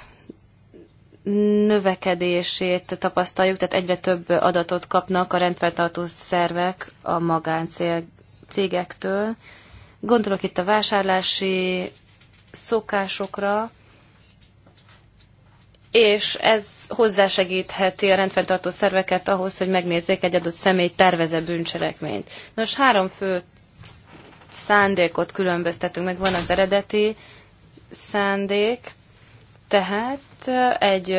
növekedését tapasztaljuk, tehát egyre több adatot kapnak a rendfeltartó szervek a cégektől. Gondolok itt a vásárlási szokásokra, és ez hozzásegítheti a rendfenntartó szerveket ahhoz, hogy megnézzék egy adott személy terveze bűncselekményt. Nos, három fő szándékot különböztetünk meg. Van az eredeti szándék, tehát egy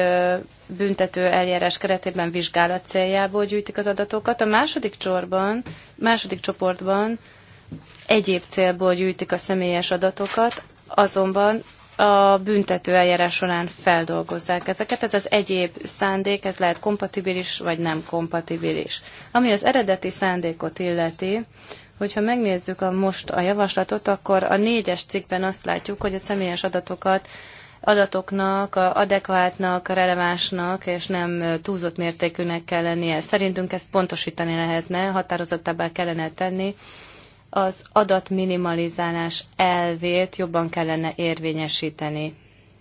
büntető eljárás keretében vizsgálat céljából gyűjtik az adatokat. A második, csorban, második csoportban egyéb célból gyűjtik a személyes adatokat, azonban a büntető eljárás során feldolgozzák ezeket. Ez az egyéb szándék, ez lehet kompatibilis vagy nem kompatibilis. Ami az eredeti szándékot illeti, hogyha megnézzük a most a javaslatot, akkor a négyes cikkben azt látjuk, hogy a személyes adatokat adatoknak, adekvátnak, relevánsnak és nem túlzott mértékűnek kell lennie. Szerintünk ezt pontosítani lehetne, határozottabbá kellene tenni, az adatminimalizálás elvét jobban kellene érvényesíteni,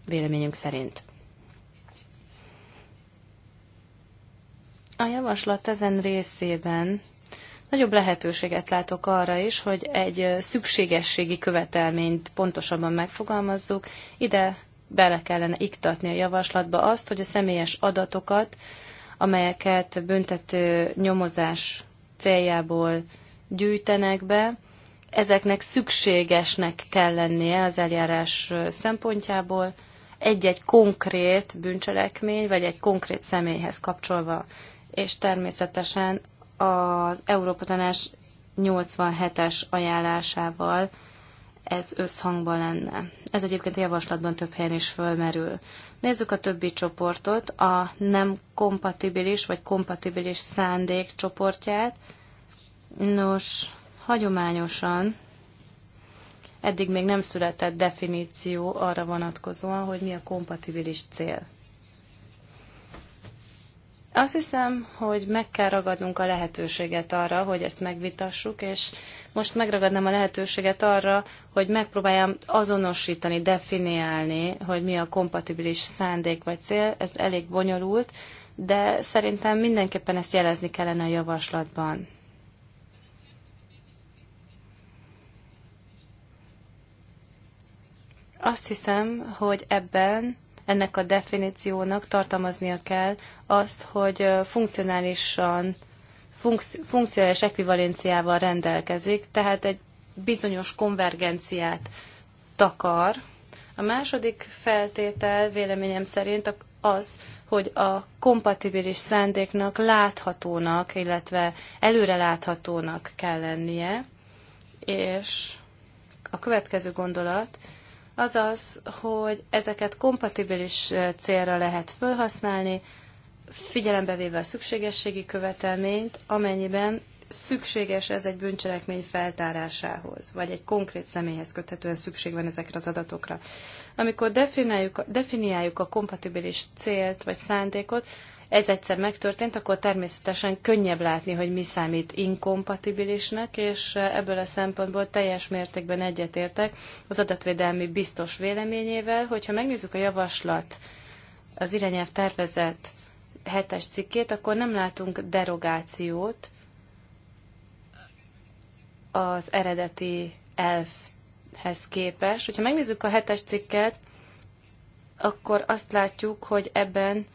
véleményünk szerint. A javaslat ezen részében nagyobb lehetőséget látok arra is, hogy egy szükségességi követelményt pontosabban megfogalmazzuk. Ide bele kellene iktatni a javaslatba azt, hogy a személyes adatokat, amelyeket büntető nyomozás céljából gyűjtenek be, ezeknek szükségesnek kell lennie az eljárás szempontjából, egy-egy konkrét bűncselekmény, vagy egy konkrét személyhez kapcsolva. És természetesen az Európa Tanás 87-es ajánlásával ez összhangban lenne. Ez egyébként a javaslatban több helyen is fölmerül. Nézzük a többi csoportot, a nem kompatibilis vagy kompatibilis szándék csoportját. Nos, Hagyományosan eddig még nem született definíció arra vonatkozóan, hogy mi a kompatibilis cél. Azt hiszem, hogy meg kell ragadnunk a lehetőséget arra, hogy ezt megvitassuk, és most megragadnám a lehetőséget arra, hogy megpróbáljam azonosítani, definiálni, hogy mi a kompatibilis szándék vagy cél. Ez elég bonyolult, de szerintem mindenképpen ezt jelezni kellene a javaslatban. Azt hiszem, hogy ebben ennek a definíciónak tartalmaznia kell azt, hogy funkcionálisan, funkci funkcionális ekvivalenciával rendelkezik, tehát egy bizonyos konvergenciát takar. A második feltétel véleményem szerint az, hogy a kompatibilis szándéknak láthatónak, illetve előreláthatónak kell lennie, és a következő gondolat, azaz, hogy ezeket kompatibilis célra lehet felhasználni, figyelembe véve a szükségességi követelményt, amennyiben szükséges ez egy bűncselekmény feltárásához, vagy egy konkrét személyhez köthetően szükség van ezekre az adatokra. Amikor definiáljuk, definiáljuk a kompatibilis célt vagy szándékot, ez egyszer megtörtént, akkor természetesen könnyebb látni, hogy mi számít inkompatibilisnek, és ebből a szempontból teljes mértékben egyetértek az adatvédelmi biztos véleményével, hogyha megnézzük a javaslat, az irányelv tervezett hetes cikkét, akkor nem látunk derogációt az eredeti elfhez képest. Hogyha megnézzük a hetes cikket, akkor azt látjuk, hogy ebben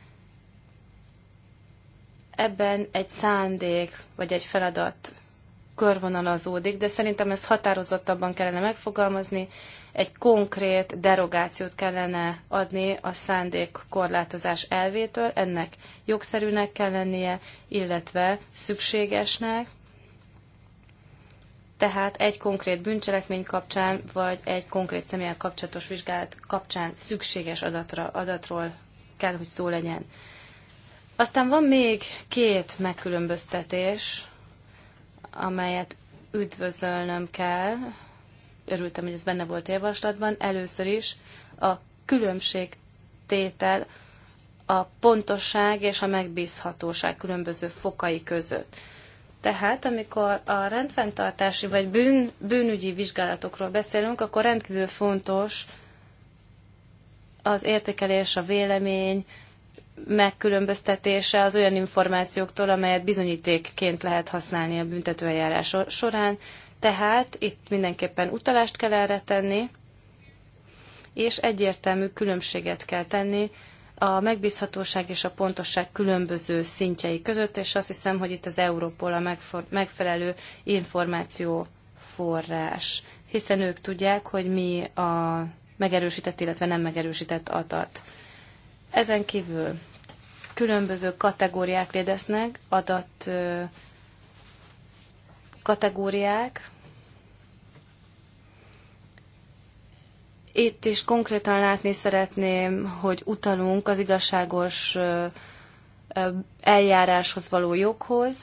ebben egy szándék vagy egy feladat körvonalazódik, de szerintem ezt határozottabban kellene megfogalmazni, egy konkrét derogációt kellene adni a szándék korlátozás elvétől, ennek jogszerűnek kell lennie, illetve szükségesnek, tehát egy konkrét bűncselekmény kapcsán, vagy egy konkrét személyen kapcsolatos vizsgálat kapcsán szükséges adatra, adatról kell, hogy szó legyen. Aztán van még két megkülönböztetés, amelyet üdvözölnöm kell. Örültem, hogy ez benne volt a javaslatban. Először is a különbségtétel a pontosság és a megbízhatóság különböző fokai között. Tehát, amikor a rendfenntartási vagy bűn, bűnügyi vizsgálatokról beszélünk, akkor rendkívül fontos az értékelés, a vélemény, megkülönböztetése az olyan információktól, amelyet bizonyítékként lehet használni a büntetőeljárás során. Tehát itt mindenképpen utalást kell erre tenni, és egyértelmű különbséget kell tenni a megbízhatóság és a pontosság különböző szintjei között, és azt hiszem, hogy itt az Európol a megfelelő információ forrás, hiszen ők tudják, hogy mi a megerősített, illetve nem megerősített adat. Ezen kívül különböző kategóriák léteznek, adat kategóriák. Itt is konkrétan látni szeretném, hogy utalunk az igazságos eljáráshoz való joghoz,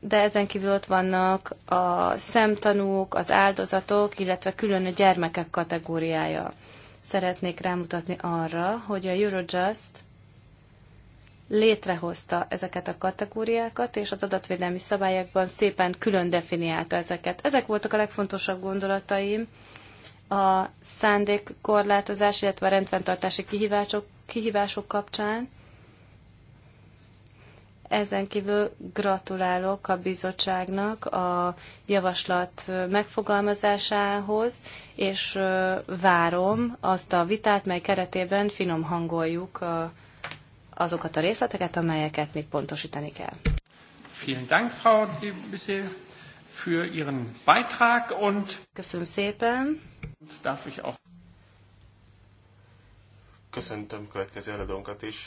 de ezen kívül ott vannak a szemtanúk, az áldozatok, illetve külön a gyermekek kategóriája szeretnék rámutatni arra, hogy a Eurojust létrehozta ezeket a kategóriákat, és az adatvédelmi szabályokban szépen külön definiálta ezeket. Ezek voltak a legfontosabb gondolataim a szándékkorlátozás, illetve a rendfenntartási kihívások, kihívások kapcsán. Ezen kívül gratulálok a bizottságnak a javaslat megfogalmazásához, és várom azt a vitát, mely keretében finom hangoljuk azokat a részleteket, amelyeket még pontosítani kell. Vielen Dank, Frau für Ihren Beitrag und Köszönöm szépen. Darf ich auch. Köszöntöm következő előadónkat is,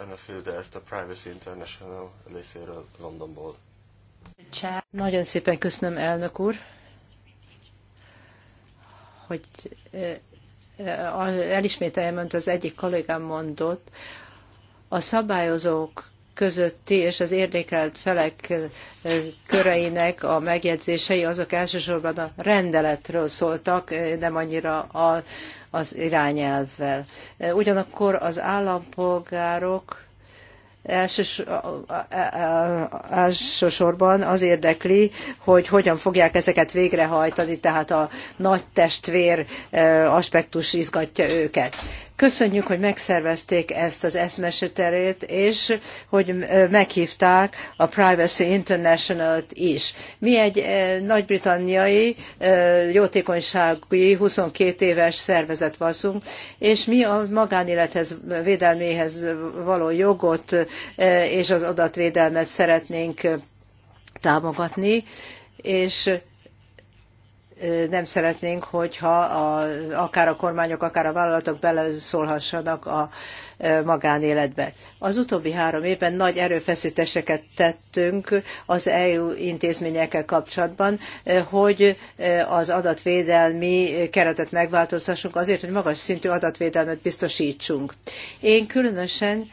Anna Fildert a Privacy International részéről Londonból. Nagyon szépen köszönöm, elnök úr, hogy eh, eh, elismételjem, amit az egyik kollégám mondott, a szabályozók közötti és az érdekelt felek eh, köreinek a megjegyzései azok elsősorban a rendeletről szóltak, eh, nem annyira a, az irányelvvel. Eh, ugyanakkor az állampolgárok elsősorban az érdekli, hogy hogyan fogják ezeket végrehajtani, tehát a nagy testvér aspektus izgatja őket. Köszönjük, hogy megszervezték ezt az eszmeseterét, és hogy meghívták a Privacy International-t is. Mi egy nagy-britanniai jótékonysági 22 éves szervezet vagyunk, és mi a magánélethez, védelméhez való jogot E, és az adatvédelmet szeretnénk e, támogatni, és e, nem szeretnénk, hogyha a, akár a kormányok, akár a vállalatok beleszólhassanak a magánéletbe. Az utóbbi három évben nagy erőfeszítéseket tettünk az EU intézményekkel kapcsolatban, hogy az adatvédelmi keretet megváltoztassunk azért, hogy magas szintű adatvédelmet biztosítsunk. Én különösen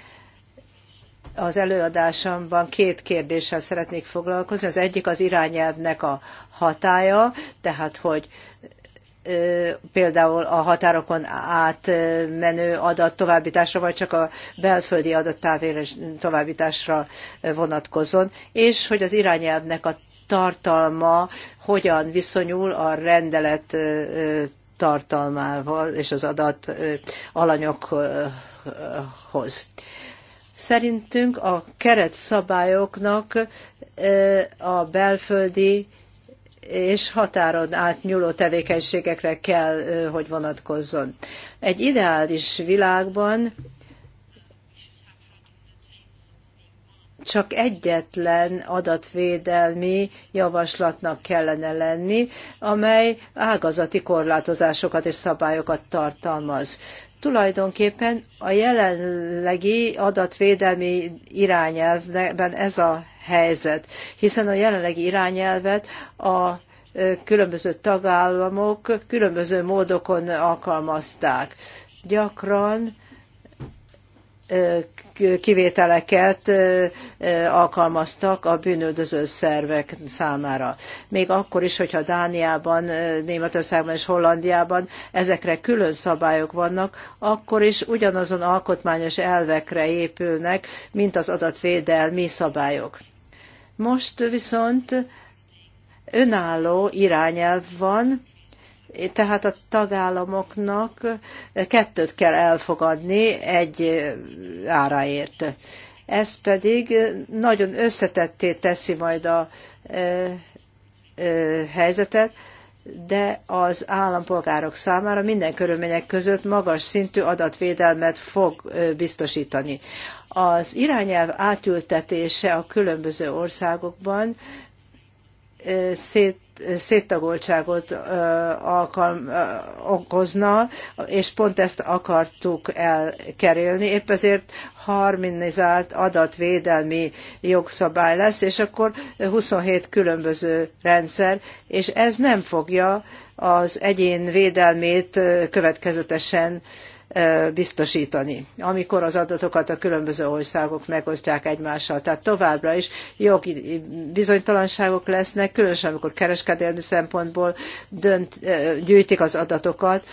az előadásomban két kérdéssel szeretnék foglalkozni. Az egyik az irányelvnek a hatája, tehát hogy például a határokon átmenő adat továbbításra, vagy csak a belföldi adat továbbításra vonatkozon, és hogy az irányelvnek a tartalma hogyan viszonyul a rendelet tartalmával és az adat alanyokhoz. Szerintünk a keretszabályoknak a belföldi és határon átnyúló tevékenységekre kell, hogy vonatkozzon. Egy ideális világban csak egyetlen adatvédelmi javaslatnak kellene lenni, amely ágazati korlátozásokat és szabályokat tartalmaz. Tulajdonképpen a jelenlegi adatvédelmi irányelvben ez a helyzet, hiszen a jelenlegi irányelvet a különböző tagállamok különböző módokon alkalmazták. Gyakran kivételeket alkalmaztak a bűnöldöző szervek számára. Még akkor is, hogyha Dániában, Németországban és Hollandiában ezekre külön szabályok vannak, akkor is ugyanazon alkotmányos elvekre épülnek, mint az adatvédelmi szabályok. Most viszont önálló irányelv van, tehát a tagállamoknak kettőt kell elfogadni egy áraért. Ez pedig nagyon összetetté teszi majd a e, e, helyzetet, de az állampolgárok számára minden körülmények között magas szintű adatvédelmet fog e, biztosítani. Az irányelv átültetése a különböző országokban szét széttagoltságot alkalm, okozna, és pont ezt akartuk elkerülni. Épp ezért harmonizált adatvédelmi jogszabály lesz, és akkor 27 különböző rendszer, és ez nem fogja az egyén védelmét következetesen biztosítani, amikor az adatokat a különböző országok megosztják egymással. Tehát továbbra is jogi bizonytalanságok lesznek, különösen amikor kereskedelmi szempontból dönt, gyűjtik az adatokat,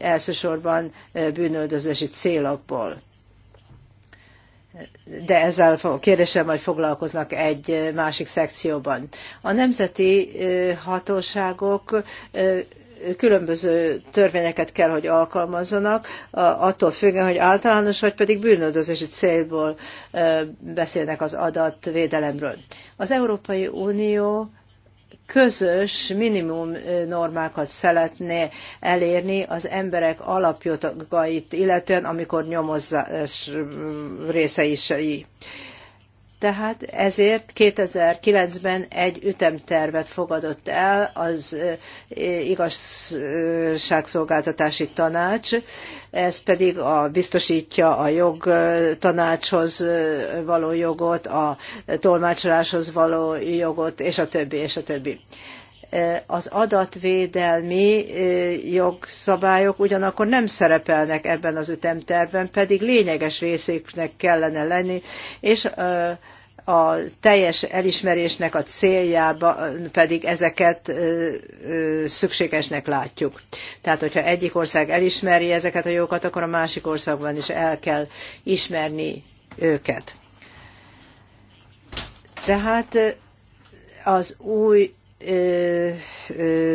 elsősorban bűnöldözési célokból de ezzel a kérdéssel majd foglalkoznak egy másik szekcióban. A nemzeti hatóságok különböző törvényeket kell, hogy alkalmazzanak, attól függően, hogy általános vagy pedig bűnöldözési célból beszélnek az adatvédelemről. Az Európai Unió közös minimum normákat szeretné elérni az emberek alapjogait, illetően amikor nyomozás részei is. Tehát ezért 2009-ben egy ütemtervet fogadott el az igazságszolgáltatási tanács, ez pedig a, biztosítja a jogtanácshoz való jogot, a tolmácsoláshoz való jogot, és a többi, és a többi az adatvédelmi jogszabályok ugyanakkor nem szerepelnek ebben az ütemterben, pedig lényeges részéknek kellene lenni, és a teljes elismerésnek a céljában pedig ezeket szükségesnek látjuk. Tehát, hogyha egyik ország elismeri ezeket a jogokat, akkor a másik országban is el kell ismerni őket. Tehát az új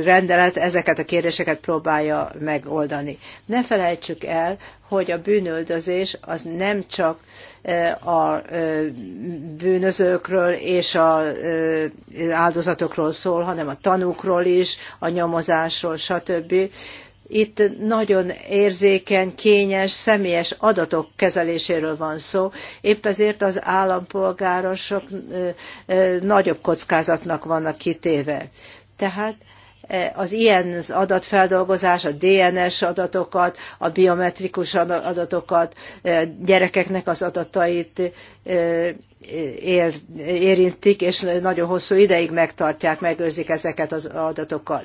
rendelet ezeket a kérdéseket próbálja megoldani. Ne felejtsük el, hogy a bűnöldözés az nem csak a bűnözőkről és az áldozatokról szól, hanem a tanúkról is, a nyomozásról, stb. Itt nagyon érzékeny, kényes, személyes adatok kezeléséről van szó. Épp ezért az állampolgárosok nagyobb kockázatnak vannak kitéve. Tehát az ilyen adatfeldolgozás, a DNS adatokat, a biometrikus adatokat, gyerekeknek az adatait érintik, és nagyon hosszú ideig megtartják, megőrzik ezeket az adatokat.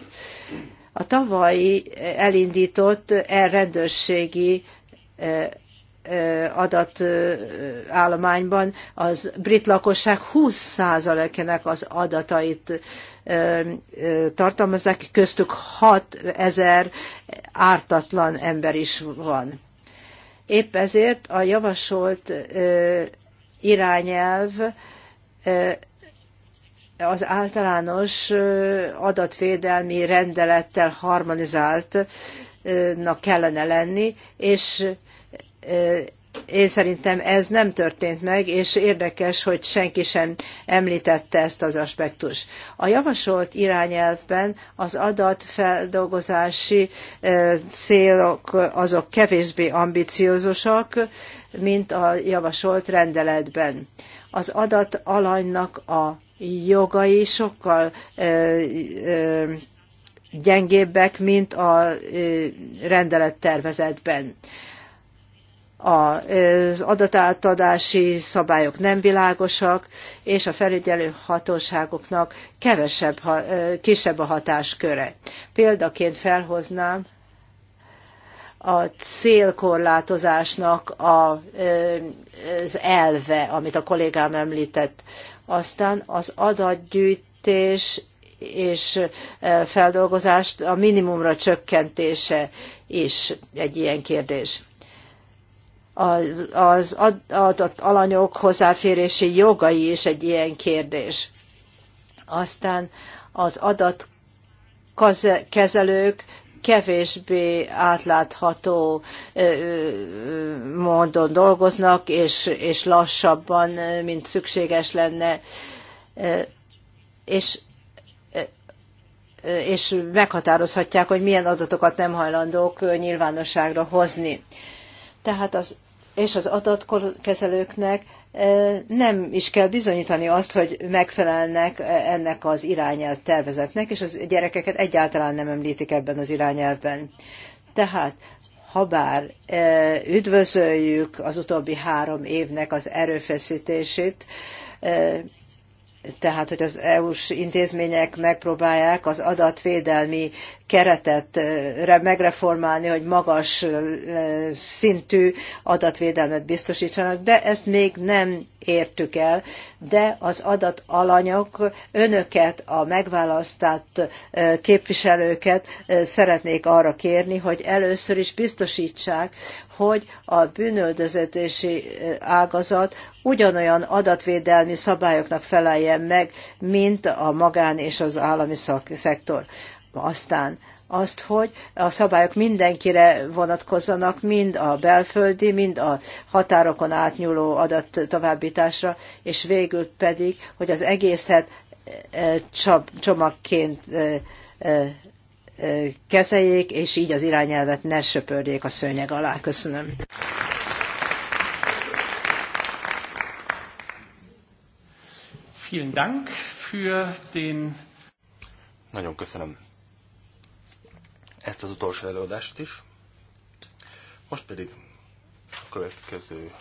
A tavalyi elindított elrendőrségi e, e, adatállományban az brit lakosság 20%-ának az adatait e, tartalmaznak, köztük 6 ezer ártatlan ember is van. Épp ezért a javasolt irányelv az általános adatvédelmi rendelettel harmonizáltnak kellene lenni, és én szerintem ez nem történt meg, és érdekes, hogy senki sem említette ezt az aspektus. A javasolt irányelvben az adatfeldolgozási célok azok kevésbé ambiciózusak, mint a javasolt rendeletben. Az adat alanynak a jogai sokkal gyengébbek, mint a rendelettervezetben. Az adatátadási szabályok nem világosak, és a felügyelő hatóságoknak kevesebb, kisebb a hatásköre. Példaként felhoznám a célkorlátozásnak az elve, amit a kollégám említett, aztán az adatgyűjtés és feldolgozást a minimumra csökkentése is egy ilyen kérdés. Az adott alanyok hozzáférési jogai is egy ilyen kérdés. Aztán az adatkezelők kevésbé átlátható módon dolgoznak, és, és lassabban, mint szükséges lenne. És és meghatározhatják, hogy milyen adatokat nem hajlandók nyilvánosságra hozni. Tehát az és az adatkezelőknek nem is kell bizonyítani azt, hogy megfelelnek ennek az irányelv tervezetnek, és az gyerekeket egyáltalán nem említik ebben az irányelvben. Tehát habár üdvözöljük az utóbbi három évnek az erőfeszítését, tehát hogy az EU-s intézmények megpróbálják az adatvédelmi keretet megreformálni, hogy magas szintű adatvédelmet biztosítsanak, de ezt még nem értük el, de az adatalanyok önöket, a megválasztott képviselőket szeretnék arra kérni, hogy először is biztosítsák, hogy a bűnüldözési eh, ágazat ugyanolyan adatvédelmi szabályoknak feleljen meg, mint a magán és az állami szektor. Aztán azt, hogy a szabályok mindenkire vonatkozzanak, mind a belföldi, mind a határokon átnyúló adat továbbításra, és végül pedig, hogy az egészet eh, eh, csomagként kezeljék, és így az irányelvet ne söpörjék a szőnyeg alá. Köszönöm. Vielen Dank für den... Nagyon köszönöm ezt az utolsó előadást is. Most pedig a következő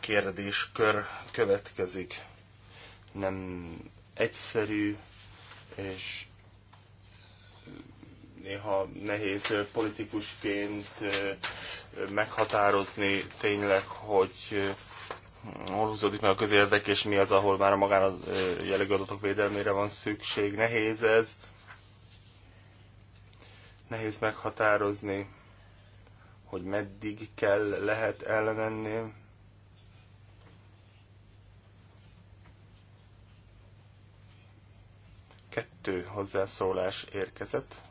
kérdéskör következik. Nem egyszerű, és néha nehéz politikusként meghatározni tényleg, hogy hol húzódik meg a közérdek, és mi az, ahol már a magán jellegű adatok védelmére van szükség. Nehéz ez. Nehéz meghatározni, hogy meddig kell, lehet ellenenni. Kettő hozzászólás érkezett.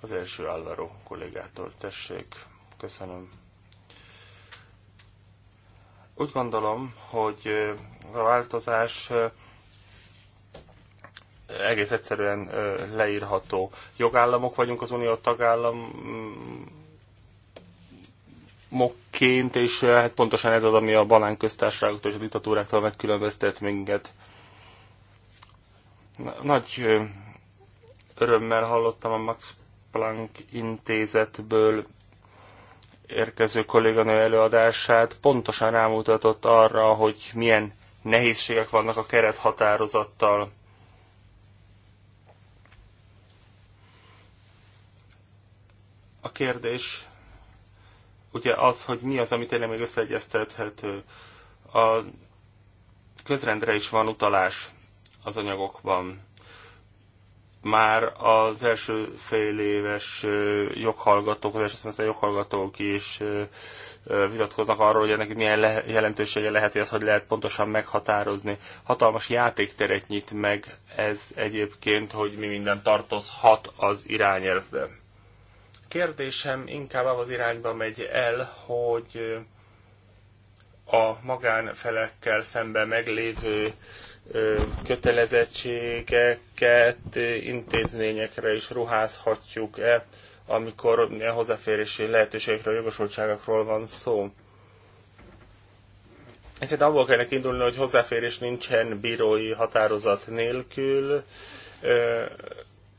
Az első Álvaro kollégától tessék. Köszönöm. Úgy gondolom, hogy a változás egész egyszerűen leírható. Jogállamok vagyunk az unió tagállam mokként, és hát pontosan ez az, ami a balán köztársaságoktól és a diktatúráktól megkülönböztet minket. Nagy örömmel hallottam a Max Planck intézetből érkező kolléganő előadását pontosan rámutatott arra, hogy milyen nehézségek vannak a kerethatározattal. A kérdés ugye az, hogy mi az, amit tényleg még összeegyeztethető. A közrendre is van utalás az anyagokban már az első fél éves joghallgatók, az első szemeszter joghallgatók is vitatkoznak arról, hogy ennek milyen le- jelentősége lehet, hogy ezt hogy lehet pontosan meghatározni. Hatalmas játékteret nyit meg ez egyébként, hogy mi minden tartozhat az irányelvbe. Kérdésem inkább az irányba megy el, hogy a magánfelekkel szemben meglévő kötelezettségeket intézményekre is ruházhatjuk-e, amikor hozzáférési lehetőségekről, jogosultságokról van szó. Ezért abból kellene indulni, hogy hozzáférés nincsen bírói határozat nélkül.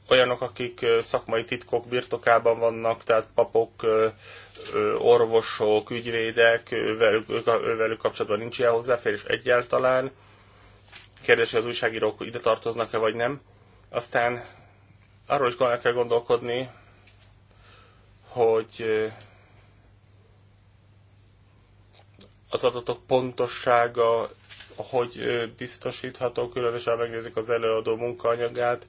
Olyanok, akik szakmai titkok birtokában vannak, tehát papok, orvosok, ügyvédek, velük, velük kapcsolatban nincs ilyen hozzáférés egyáltalán Kérdés, hogy az újságírók ide tartoznak-e vagy nem. Aztán arról is el kell gondolkodni, hogy az adatok pontossága, hogy biztosítható, különösen megnézik az előadó munkaanyagát.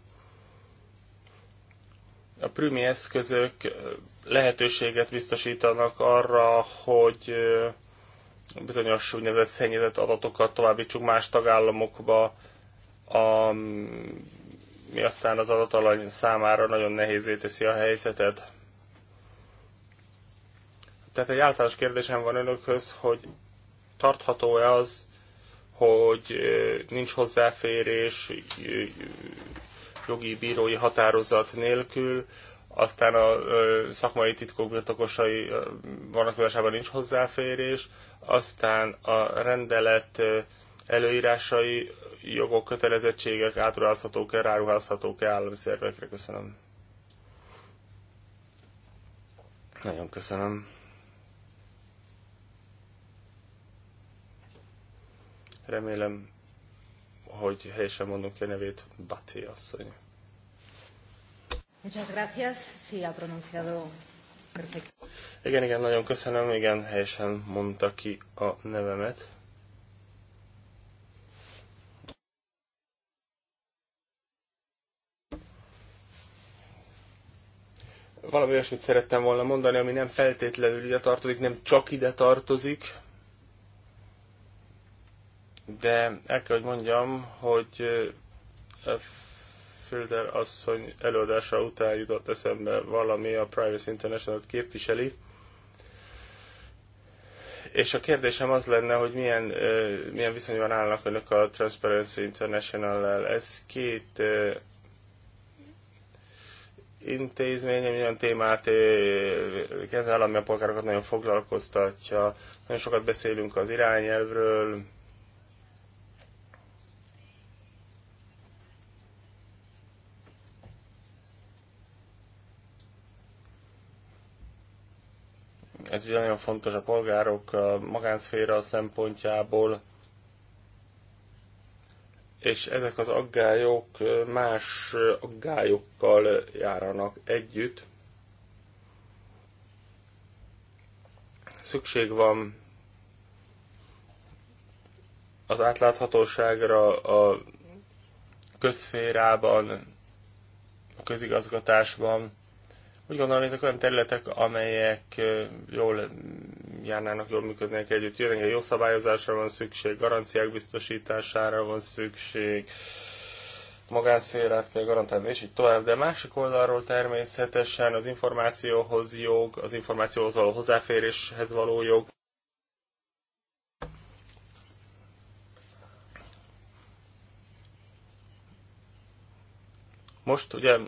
A prümi eszközök lehetőséget biztosítanak arra, hogy bizonyos úgynevezett szennyezett adatokat továbbítsuk más tagállamokba, a, mi aztán az adatalany számára nagyon nehézé teszi a helyzetet. Tehát egy általános kérdésem van önökhöz, hogy tartható-e az, hogy nincs hozzáférés jogi bírói határozat nélkül aztán a szakmai titkok birtokosai vonatkozásában nincs hozzáférés, aztán a rendelet előírásai, jogok, kötelezettségek átruházhatók-e, ráruházhatók-e állami szervekre. Köszönöm. Nagyon köszönöm. Remélem, hogy helyesen mondunk ki a nevét, Bati asszony. Muchas gracias. Sí, ha pronunciado Igen, igen, nagyon köszönöm, igen, helyesen mondta ki a nevemet. valami olyasmit szerettem volna mondani, ami nem feltétlenül ide tartozik, nem csak ide tartozik, de el kell, hogy mondjam, hogy Fielder asszony előadása után jutott eszembe valami, a Privacy International-t képviseli. És a kérdésem az lenne, hogy milyen, milyen viszonyban állnak önök a Transparency International-lel. Ez két intézmény egy olyan témát kezel, ami a polgárokat nagyon foglalkoztatja. Nagyon sokat beszélünk az irányelvről, Ez ugye nagyon fontos a polgárok a magánszféra szempontjából, és ezek az aggályok más aggályokkal járanak együtt. Szükség van az átláthatóságra a közszférában, a közigazgatásban, úgy gondolom, ezek olyan területek, amelyek jól járnának, jól működnek együtt. Jönnek, jó szabályozásra van szükség, garanciák biztosítására van szükség, magánszférát kell garantálni, és így tovább. De másik oldalról természetesen az információhoz jog, az információhoz való hozzáféréshez való jog, Most ugye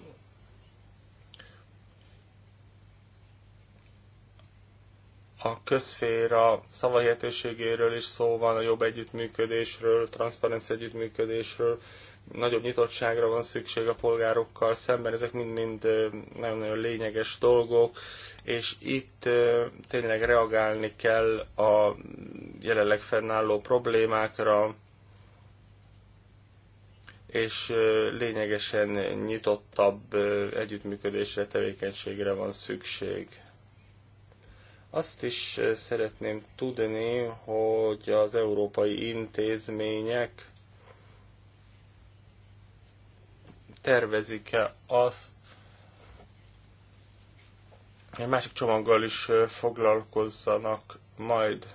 a közféra szavahihetőségéről is szó van, a jobb együttműködésről, transzparenc együttműködésről, nagyobb nyitottságra van szükség a polgárokkal szemben, ezek mind-mind nagyon-nagyon lényeges dolgok, és itt tényleg reagálni kell a jelenleg fennálló problémákra, és lényegesen nyitottabb együttműködésre, tevékenységre van szükség. Azt is eh, szeretném tudni, hogy az európai intézmények tervezik-e azt, egy másik csomaggal is eh, foglalkozzanak majd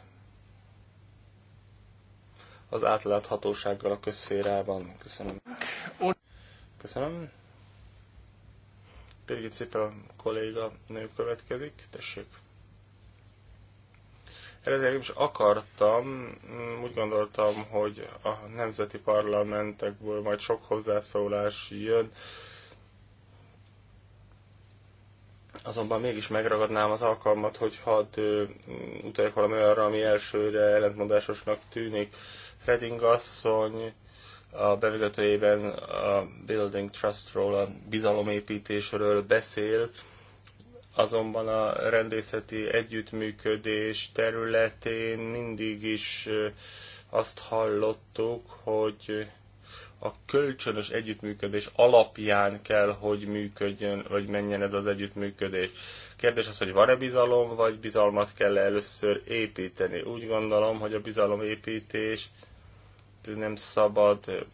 az átláthatósággal a közférában. Köszönöm. Köszönöm. Birgit Cipel kolléga nő következik. Tessék. Eredetileg is akartam, mm, úgy gondoltam, hogy a nemzeti parlamentekből majd sok hozzászólás jön, azonban mégis megragadnám az alkalmat, hogy hadd mm, utaljak valami arra, ami elsőre ellentmondásosnak tűnik. Redding asszony a bevezetőjében a Building Trustról, a bizalomépítésről beszél, azonban a rendészeti együttműködés területén mindig is azt hallottuk, hogy a kölcsönös együttműködés alapján kell, hogy működjön, vagy menjen ez az együttműködés. Kérdés az, hogy van-e bizalom, vagy bizalmat kell -e először építeni. Úgy gondolom, hogy a bizalomépítés nem szabad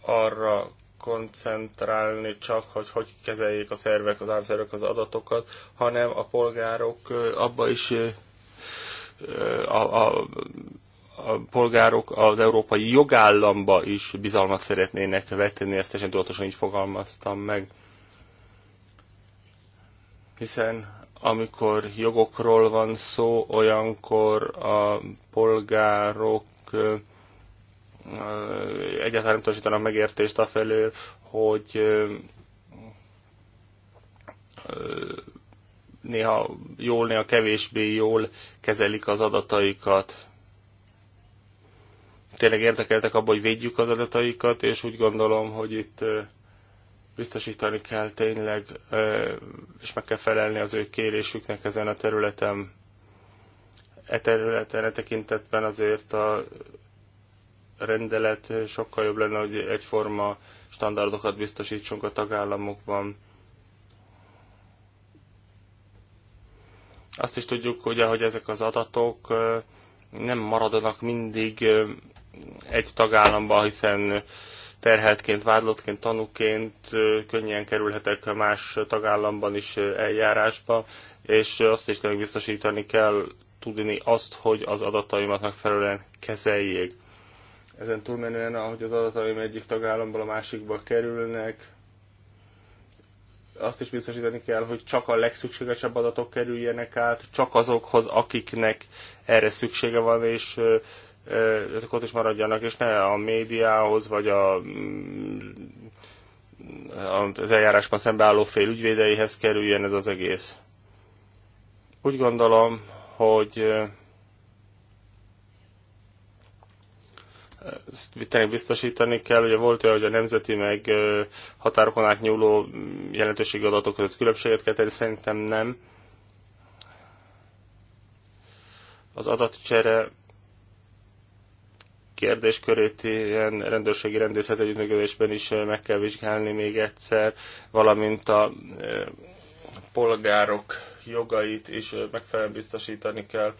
arra koncentrálni csak, hogy hogy kezeljék a szervek, az álszervek az adatokat, hanem a polgárok abba is a, a, a polgárok az európai jogállamba is bizalmat szeretnének vetni, ezt teljesen tudatosan így fogalmaztam meg. Hiszen amikor jogokról van szó, olyankor a polgárok egyáltalán nem tanúsítanak megértést a felő, hogy néha jól, néha kevésbé jól kezelik az adataikat. Tényleg érdekeltek abban, hogy védjük az adataikat, és úgy gondolom, hogy itt biztosítani kell tényleg, és meg kell felelni az ő kérésüknek ezen a területen. E területen, e tekintetben azért a rendelet sokkal jobb lenne, hogy egyforma standardokat biztosítsunk a tagállamokban. Azt is tudjuk, hogy ezek az adatok nem maradnak mindig egy tagállamban, hiszen terheltként, vádlottként, tanúként könnyen kerülhetek más tagállamban is eljárásba, és azt is tényleg biztosítani kell tudni azt, hogy az adataimat megfelelően kezeljék ezen túlmenően, ahogy az adataim egyik tagállamból a másikba kerülnek, azt is biztosítani kell, hogy csak a legszükségesebb adatok kerüljenek át, csak azokhoz, akiknek erre szüksége van, és ezek ott is maradjanak, és ne a médiához, vagy a, mm, az eljárásban szembeálló fél ügyvédeihez kerüljen ez az egész. Úgy gondolom, hogy tényleg biztosítani kell, ugye volt olyan, hogy a nemzeti meg határokon átnyúló jelentőségi adatok között különbséget kell tenni, szerintem nem. Az adatcsere kérdéskörét ilyen rendőrségi rendészet együttműködésben is meg kell vizsgálni még egyszer, valamint a polgárok jogait is megfelelően biztosítani kell.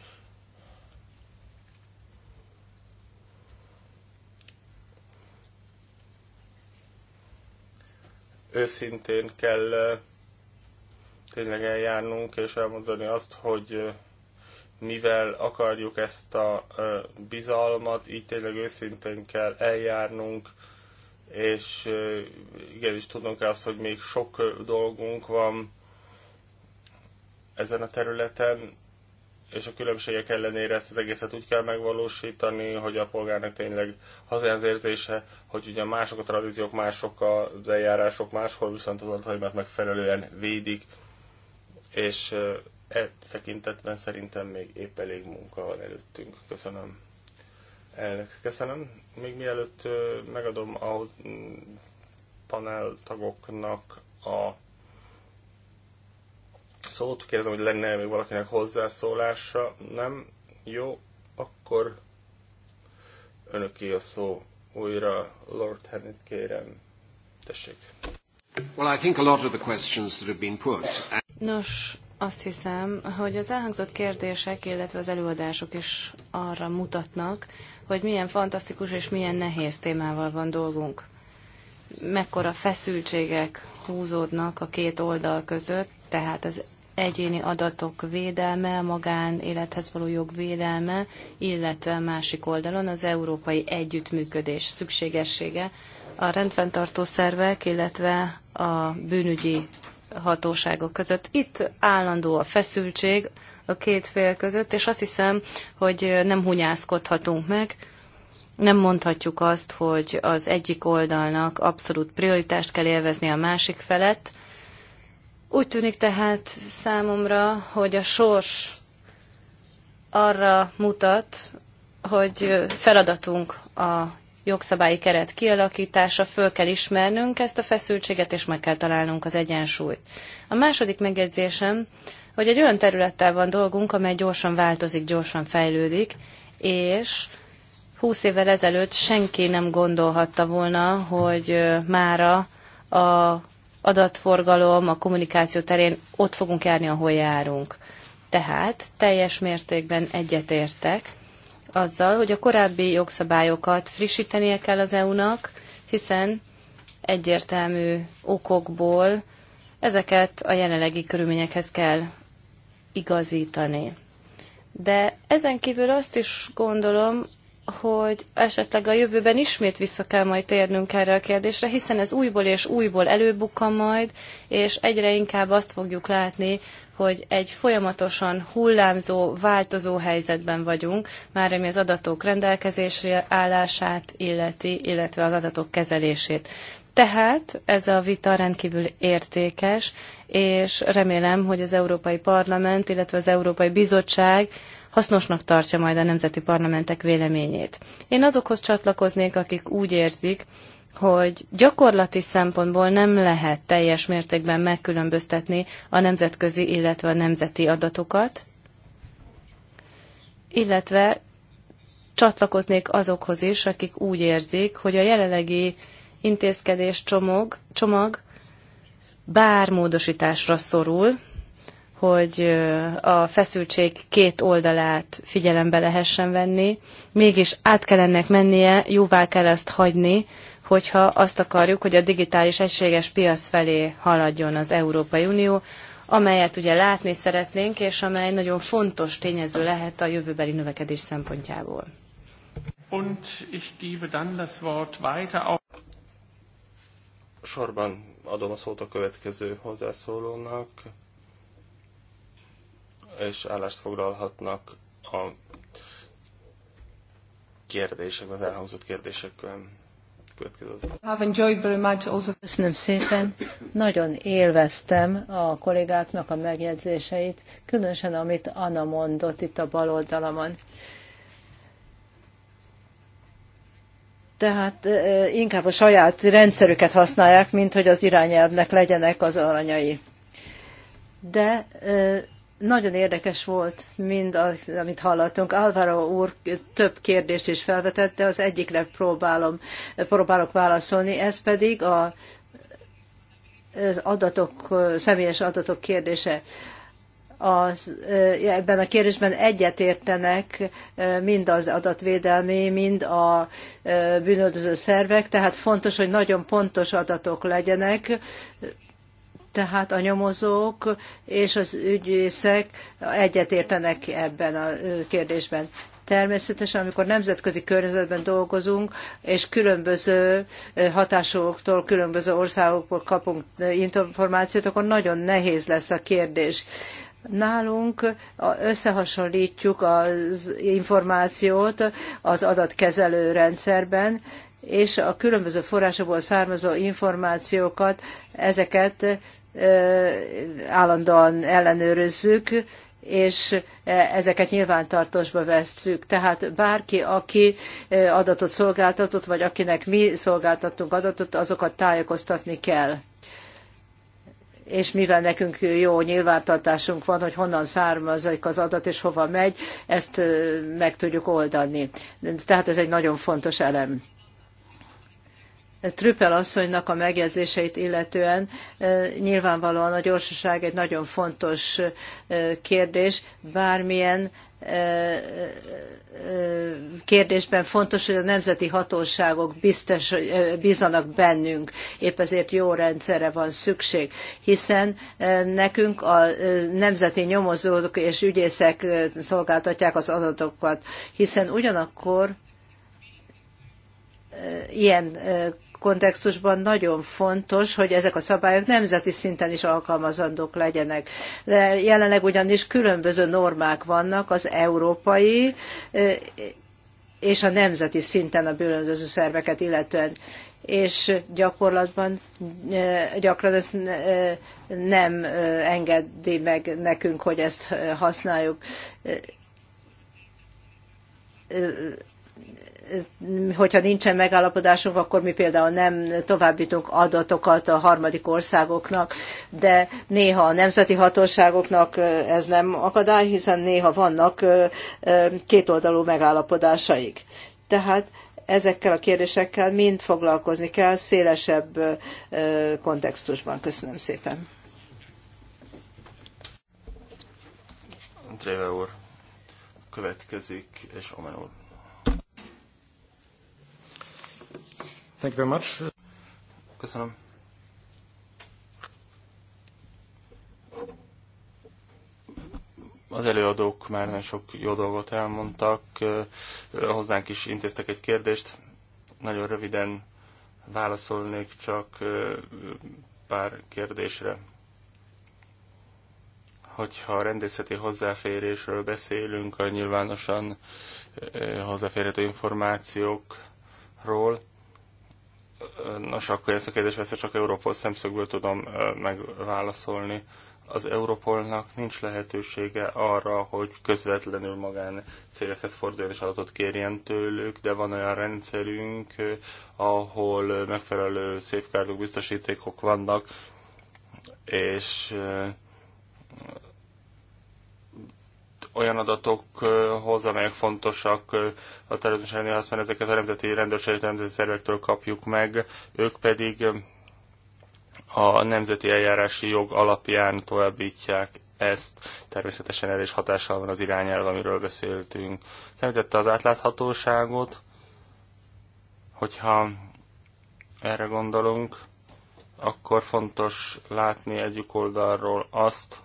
Őszintén kell tényleg eljárnunk és elmondani azt, hogy mivel akarjuk ezt a bizalmat, így tényleg őszintén kell eljárnunk, és igenis tudnunk azt, hogy még sok dolgunk van ezen a területen, és a különbségek ellenére ezt az egészet úgy kell megvalósítani, hogy a polgárnak tényleg az az érzése, hogy ugye mások a tradíciók, mások az eljárások, máshol viszont az adataimat megfelelően védik, és e tekintetben szerintem még épp elég munka van előttünk. Köszönöm. Elnök, köszönöm. Még mielőtt megadom a mm, panel tagoknak a szót. Kérdezem, hogy lenne még valakinek hozzászólása. Nem? Jó, akkor önöké a szó újra. Lord Hennit kérem. Tessék. Well, I think a lot of the questions that have been put. Nos, azt hiszem, hogy az elhangzott kérdések, illetve az előadások is arra mutatnak, hogy milyen fantasztikus és milyen nehéz témával van dolgunk. Mekkora feszültségek húzódnak a két oldal között, tehát az egyéni adatok védelme, a magánélethez való jog védelme, illetve másik oldalon az európai együttműködés szükségessége a rendfenntartó szervek, illetve a bűnügyi hatóságok között. Itt állandó a feszültség a két fél között, és azt hiszem, hogy nem hunyászkodhatunk meg, nem mondhatjuk azt, hogy az egyik oldalnak abszolút prioritást kell élvezni a másik felett, úgy tűnik tehát számomra, hogy a sors arra mutat, hogy feladatunk a jogszabályi keret kialakítása, föl kell ismernünk ezt a feszültséget, és meg kell találnunk az egyensúlyt. A második megjegyzésem, hogy egy olyan területtel van dolgunk, amely gyorsan változik, gyorsan fejlődik, és húsz évvel ezelőtt senki nem gondolhatta volna, hogy mára a adatforgalom, a kommunikáció terén ott fogunk járni, ahol járunk. Tehát teljes mértékben egyetértek azzal, hogy a korábbi jogszabályokat frissítenie kell az EU-nak, hiszen egyértelmű okokból ezeket a jelenlegi körülményekhez kell igazítani. De ezen kívül azt is gondolom, hogy esetleg a jövőben ismét vissza kell majd térnünk erre a kérdésre, hiszen ez újból és újból előbukkan majd, és egyre inkább azt fogjuk látni, hogy egy folyamatosan hullámzó, változó helyzetben vagyunk, már ami az adatok rendelkezésre állását illeti, illetve az adatok kezelését. Tehát ez a vita rendkívül értékes, és remélem, hogy az Európai Parlament, illetve az Európai Bizottság hasznosnak tartja majd a nemzeti parlamentek véleményét. Én azokhoz csatlakoznék, akik úgy érzik, hogy gyakorlati szempontból nem lehet teljes mértékben megkülönböztetni a nemzetközi, illetve a nemzeti adatokat, illetve csatlakoznék azokhoz is, akik úgy érzik, hogy a jelenlegi intézkedés csomag, csomag bár módosításra szorul, hogy a feszültség két oldalát figyelembe lehessen venni, mégis át kell ennek mennie, jóvá kell ezt hagyni, hogyha azt akarjuk, hogy a digitális egységes piac felé haladjon az Európai Unió, amelyet ugye látni szeretnénk, és amely nagyon fontos tényező lehet a jövőbeli növekedés szempontjából. Und ich gebe dann das Wort weiter auf. Sorban adom a szót a következő hozzászólónak és állást foglalhatnak a kérdések, az elhangzott kérdésekben. Köszönöm szépen. Nagyon élveztem a kollégáknak a megjegyzéseit, különösen amit Anna mondott itt a bal oldalamon. Tehát inkább a saját rendszerüket használják, mint hogy az irányelvnek legyenek az aranyai. De nagyon érdekes volt mind, az, amit hallottunk. Álvaro úr több kérdést is felvetett, de az egyikre próbálom, próbálok válaszolni. Ez pedig a, az adatok, személyes adatok kérdése az, ebben a kérdésben egyetértenek mind az adatvédelmi, mind a bűnöldöző szervek, tehát fontos, hogy nagyon pontos adatok legyenek, tehát a nyomozók és az ügyészek egyetértenek ebben a kérdésben. Természetesen, amikor nemzetközi környezetben dolgozunk, és különböző hatásoktól, különböző országokból kapunk információt, akkor nagyon nehéz lesz a kérdés. Nálunk összehasonlítjuk az információt az adatkezelő rendszerben, és a különböző forrásokból származó információkat, ezeket állandóan ellenőrözzük, és ezeket nyilvántartásba vesszük. Tehát bárki, aki adatot szolgáltatott, vagy akinek mi szolgáltattunk adatot, azokat tájékoztatni kell. És mivel nekünk jó nyilvántartásunk van, hogy honnan származik az adat és hova megy, ezt meg tudjuk oldani. Tehát ez egy nagyon fontos elem. Trüppel asszonynak a megjegyzéseit illetően eh, nyilvánvalóan a gyorsaság egy nagyon fontos eh, kérdés, bármilyen eh, kérdésben fontos, hogy a nemzeti hatóságok biztos, bízanak bennünk. Épp ezért jó rendszerre van szükség, hiszen nekünk a nemzeti nyomozók és ügyészek szolgáltatják az adatokat, hiszen ugyanakkor ilyen kontextusban nagyon fontos, hogy ezek a szabályok nemzeti szinten is alkalmazandók legyenek. De jelenleg ugyanis különböző normák vannak az európai és a nemzeti szinten a bűnöző szerveket illetően és gyakorlatban gyakran ezt nem engedi meg nekünk, hogy ezt használjuk hogyha nincsen megállapodásunk, akkor mi például nem továbbítunk adatokat a harmadik országoknak, de néha a nemzeti hatóságoknak ez nem akadály, hiszen néha vannak kétoldalú megállapodásaik. Tehát ezekkel a kérdésekkel mind foglalkozni kell szélesebb kontextusban. Köszönöm szépen. Dréve úr, következik, és Omen úr. Thank you very much. Köszönöm. Az előadók már nagyon sok jó dolgot elmondtak, hozzánk is intéztek egy kérdést. Nagyon röviden válaszolnék csak pár kérdésre. Hogyha rendészeti hozzáférésről beszélünk, a nyilvánosan hozzáférhető információkról, Nos, akkor ezt a kérdést persze csak Európol szemszögből tudom megválaszolni. Az Európolnak nincs lehetősége arra, hogy közvetlenül magán cégekhez forduljon és adatot kérjen tőlük, de van olyan rendszerünk, ahol megfelelő safeguardok, biztosítékok vannak, és olyan adatokhoz, amelyek fontosak a területen azt mert ezeket a nemzeti rendőrségek, nemzeti szervektől kapjuk meg, ők pedig a nemzeti eljárási jog alapján továbbítják ezt. Természetesen el is hatással van az irányelv, amiről beszéltünk. Szerintette az átláthatóságot, hogyha erre gondolunk, akkor fontos látni egyik oldalról azt,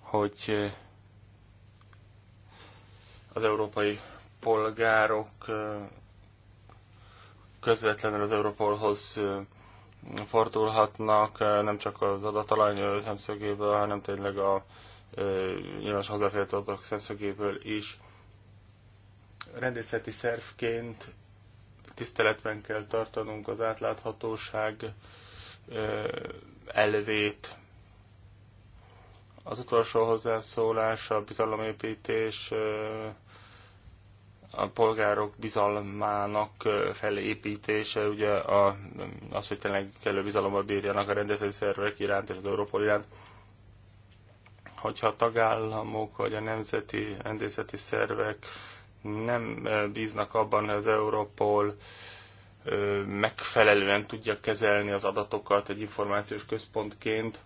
hogy az európai polgárok közvetlenül az Europolhoz fordulhatnak, nem csak az adatalány szemszögéből, hanem tényleg a nyilvános hozzáférhető adatok szemszögéből is. Rendészeti szervként tiszteletben kell tartanunk az átláthatóság elvét. Az utolsó hozzászólás, a bizalomépítés a polgárok bizalmának felépítése, ugye a, az, hogy tényleg kellő bizalommal bírjanak a rendezői szervek iránt és az Európol iránt. Hogyha a tagállamok vagy a nemzeti rendészeti szervek nem bíznak abban, hogy az Európol megfelelően tudja kezelni az adatokat egy információs központként,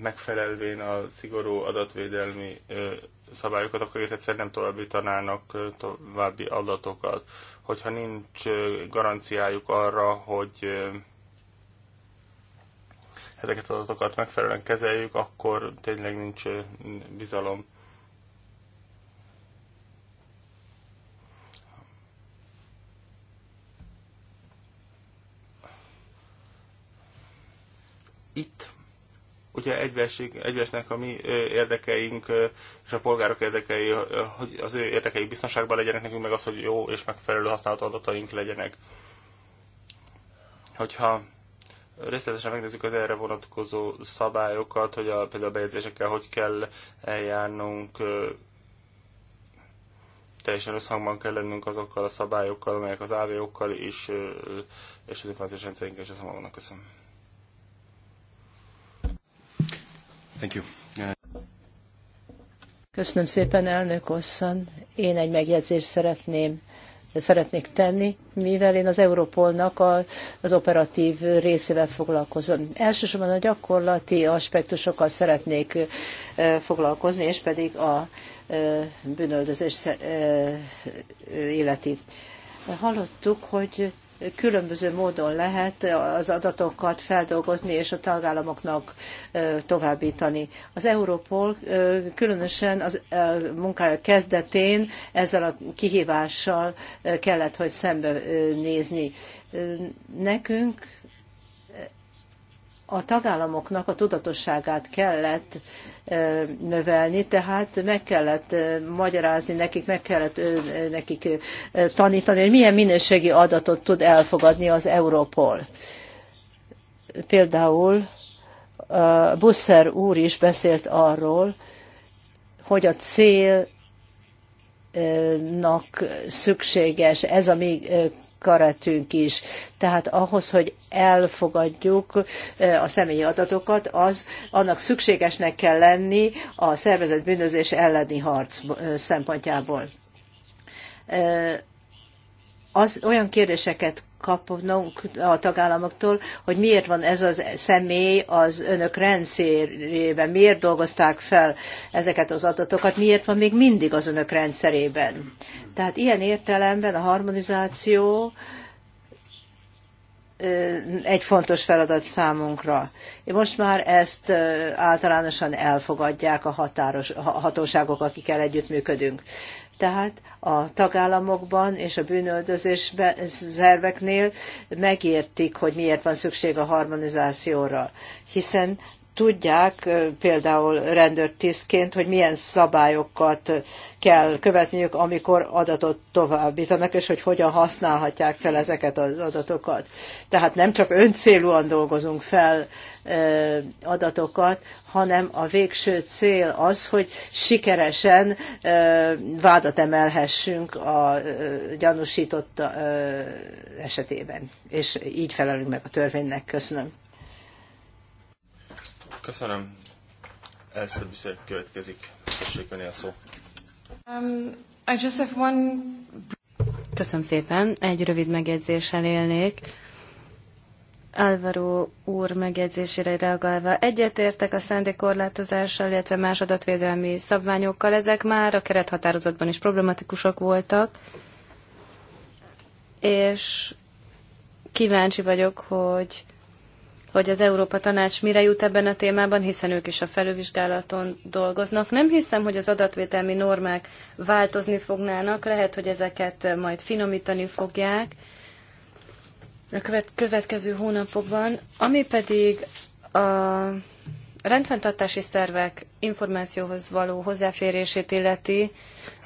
megfelelvén a szigorú adatvédelmi szabályokat, akkor egész egyszerűen nem továbbítanának további adatokat. Hogyha nincs garanciájuk arra, hogy ezeket az adatokat megfelelően kezeljük, akkor tényleg nincs bizalom. Itt ugye egyverség, egyversnek a mi érdekeink és a polgárok érdekei, hogy az ő érdekeik biztonságban legyenek, nekünk meg az, hogy jó és megfelelő használható adataink legyenek. Hogyha részletesen megnézzük az erre vonatkozó szabályokat, hogy a, például a bejegyzésekkel hogy kell eljárnunk, teljesen összhangban kell lennünk azokkal a szabályokkal, amelyek az AV-okkal és, és az információs rendszerünk is összhangban vannak. Köszönöm. Thank you. Köszönöm szépen, elnök Osszan. Én egy megjegyzést szeretném szeretnék tenni, mivel én az Europolnak a, az operatív részével foglalkozom. Elsősorban a gyakorlati aspektusokkal szeretnék foglalkozni, és pedig a bűnöldözés illeti. Hallottuk, hogy különböző módon lehet az adatokat feldolgozni és a tagállamoknak továbbítani. Az Europol különösen az munkája kezdetén ezzel a kihívással kellett, hogy szembenézni. Nekünk a tagállamoknak a tudatosságát kellett növelni, tehát meg kellett magyarázni nekik, meg kellett nekik tanítani, hogy milyen minőségi adatot tud elfogadni az Europol. Például Busser úr is beszélt arról, hogy a célnak szükséges ez a mi keretünk is. Tehát ahhoz, hogy elfogadjuk a személyi adatokat, az annak szükségesnek kell lenni a szervezet bűnözés elleni harc szempontjából. Az olyan kérdéseket kapnunk a tagállamoktól, hogy miért van ez a személy az önök rendszerében, miért dolgozták fel ezeket az adatokat, miért van még mindig az önök rendszerében. Tehát ilyen értelemben a harmonizáció egy fontos feladat számunkra. Most már ezt általánosan elfogadják a, határos, a hatóságok, akikkel együttműködünk. Tehát a tagállamokban és a bűnöldözés szerveknél megértik, hogy miért van szükség a harmonizációra, hiszen tudják például rendőrtisztként, hogy milyen szabályokat kell követniük, amikor adatot továbbítanak, és hogy hogyan használhatják fel ezeket az adatokat. Tehát nem csak öncélúan dolgozunk fel adatokat, hanem a végső cél az, hogy sikeresen vádat emelhessünk a gyanúsított esetében. És így felelünk meg a törvénynek. Köszönöm. Köszönöm. Ezt a következik. a szó. Um, I just have one... Köszönöm szépen. Egy rövid megjegyzéssel élnék. Álvaro úr megjegyzésére reagálva egyetértek a korlátozással, illetve más adatvédelmi szabványokkal. Ezek már a kerethatározatban is problematikusak voltak, és kíváncsi vagyok, hogy hogy az Európa Tanács mire jut ebben a témában, hiszen ők is a felülvizsgálaton dolgoznak. Nem hiszem, hogy az adatvételmi normák változni fognának, lehet, hogy ezeket majd finomítani fogják a következő hónapokban. Ami pedig a rendfenntartási szervek információhoz való hozzáférését illeti,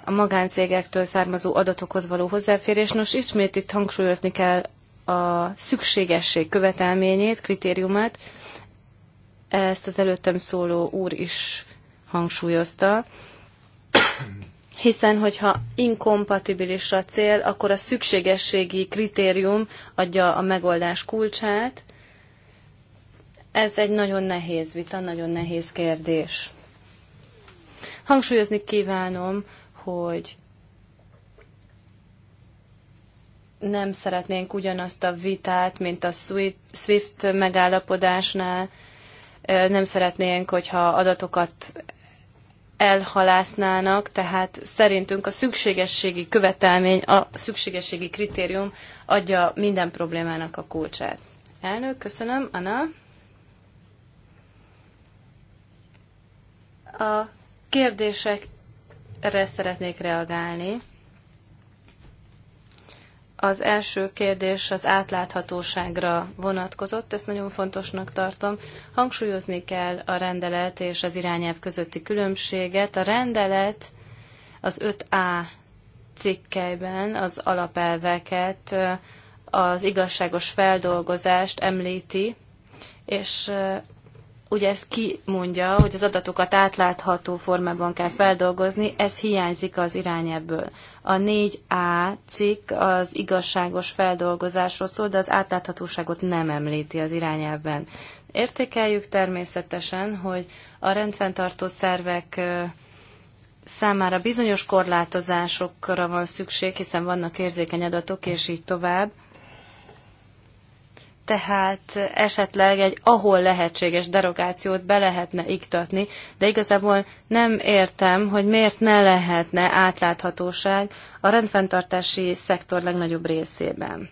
a magáncégektől származó adatokhoz való hozzáférés. Nos, ismét itt hangsúlyozni kell a szükségesség követelményét, kritériumát, ezt az előttem szóló úr is hangsúlyozta, hiszen hogyha inkompatibilis a cél, akkor a szükségességi kritérium adja a megoldás kulcsát. Ez egy nagyon nehéz vita, nagyon nehéz kérdés. Hangsúlyozni kívánom, hogy nem szeretnénk ugyanazt a vitát, mint a SWIFT megállapodásnál, nem szeretnénk, hogyha adatokat elhalásznának, tehát szerintünk a szükségességi követelmény, a szükségességi kritérium adja minden problémának a kulcsát. Elnök, köszönöm. Anna? A kérdésekre szeretnék reagálni. Az első kérdés az átláthatóságra vonatkozott, ezt nagyon fontosnak tartom. Hangsúlyozni kell a rendelet és az irányelv közötti különbséget. A rendelet az 5A cikkelyben az alapelveket, az igazságos feldolgozást említi, és ugye ez mondja, hogy az adatokat átlátható formában kell feldolgozni, ez hiányzik az irányebből. A 4A cikk az igazságos feldolgozásról szól, de az átláthatóságot nem említi az irányelvben. Értékeljük természetesen, hogy a rendfenntartó szervek számára bizonyos korlátozásokra van szükség, hiszen vannak érzékeny adatok, és így tovább – tehát esetleg egy ahol lehetséges derogációt be lehetne iktatni, de igazából nem értem, hogy miért ne lehetne átláthatóság a rendfenntartási szektor legnagyobb részében.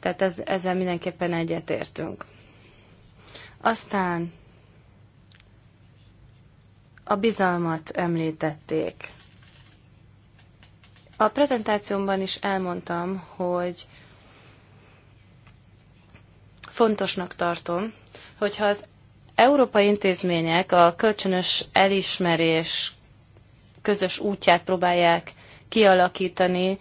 Tehát ez, ezzel mindenképpen egyetértünk. Aztán a bizalmat említették. A prezentációmban is elmondtam, hogy Fontosnak tartom, hogyha az európai intézmények a kölcsönös elismerés közös útját próbálják kialakítani,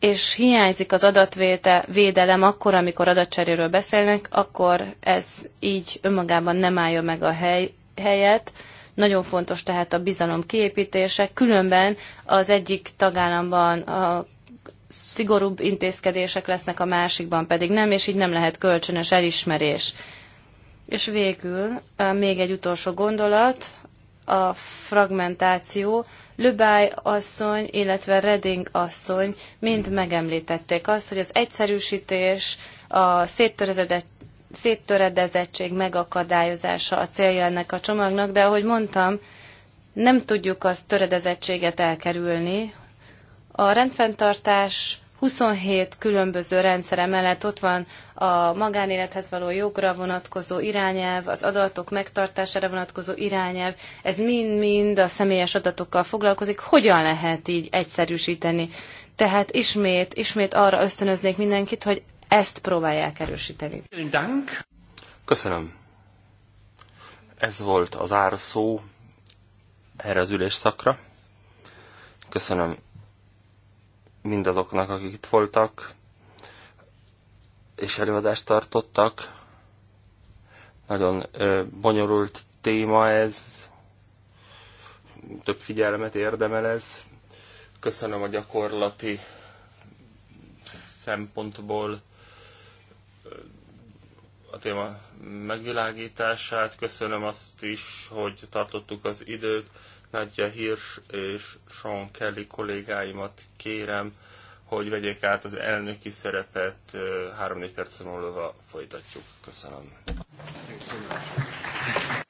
és hiányzik az adatvédelem akkor, amikor adatcseréről beszélnek, akkor ez így önmagában nem állja meg a hely, helyet. Nagyon fontos tehát a bizalom kiépítése, különben az egyik tagállamban a szigorúbb intézkedések lesznek, a másikban pedig nem, és így nem lehet kölcsönös elismerés. És végül még egy utolsó gondolat, a fragmentáció. Lübály asszony, illetve Reding asszony mind megemlítették azt, hogy az egyszerűsítés, a széttöredezettség megakadályozása a célja ennek a csomagnak, de ahogy mondtam, nem tudjuk azt töredezettséget elkerülni, a rendfenntartás 27 különböző rendszere mellett ott van a magánélethez való jogra vonatkozó irányelv, az adatok megtartására vonatkozó irányelv, ez mind-mind a személyes adatokkal foglalkozik. Hogyan lehet így egyszerűsíteni? Tehát ismét, ismét arra ösztönöznék mindenkit, hogy ezt próbálják erősíteni. Köszönöm. Ez volt az árszó erre az ülésszakra. Köszönöm mindazoknak, akik itt voltak, és előadást tartottak. Nagyon ö, bonyolult téma ez, több figyelmet érdemel ez. Köszönöm a gyakorlati szempontból a téma megvilágítását, köszönöm azt is, hogy tartottuk az időt, Nadja Hirsch és Sean Kelly kollégáimat kérem, hogy vegyék át az elnöki szerepet. 3-4 perc múlva folytatjuk. Köszönöm. Thanks so much.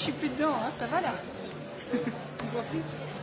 suis plus dedans, hein, ça va là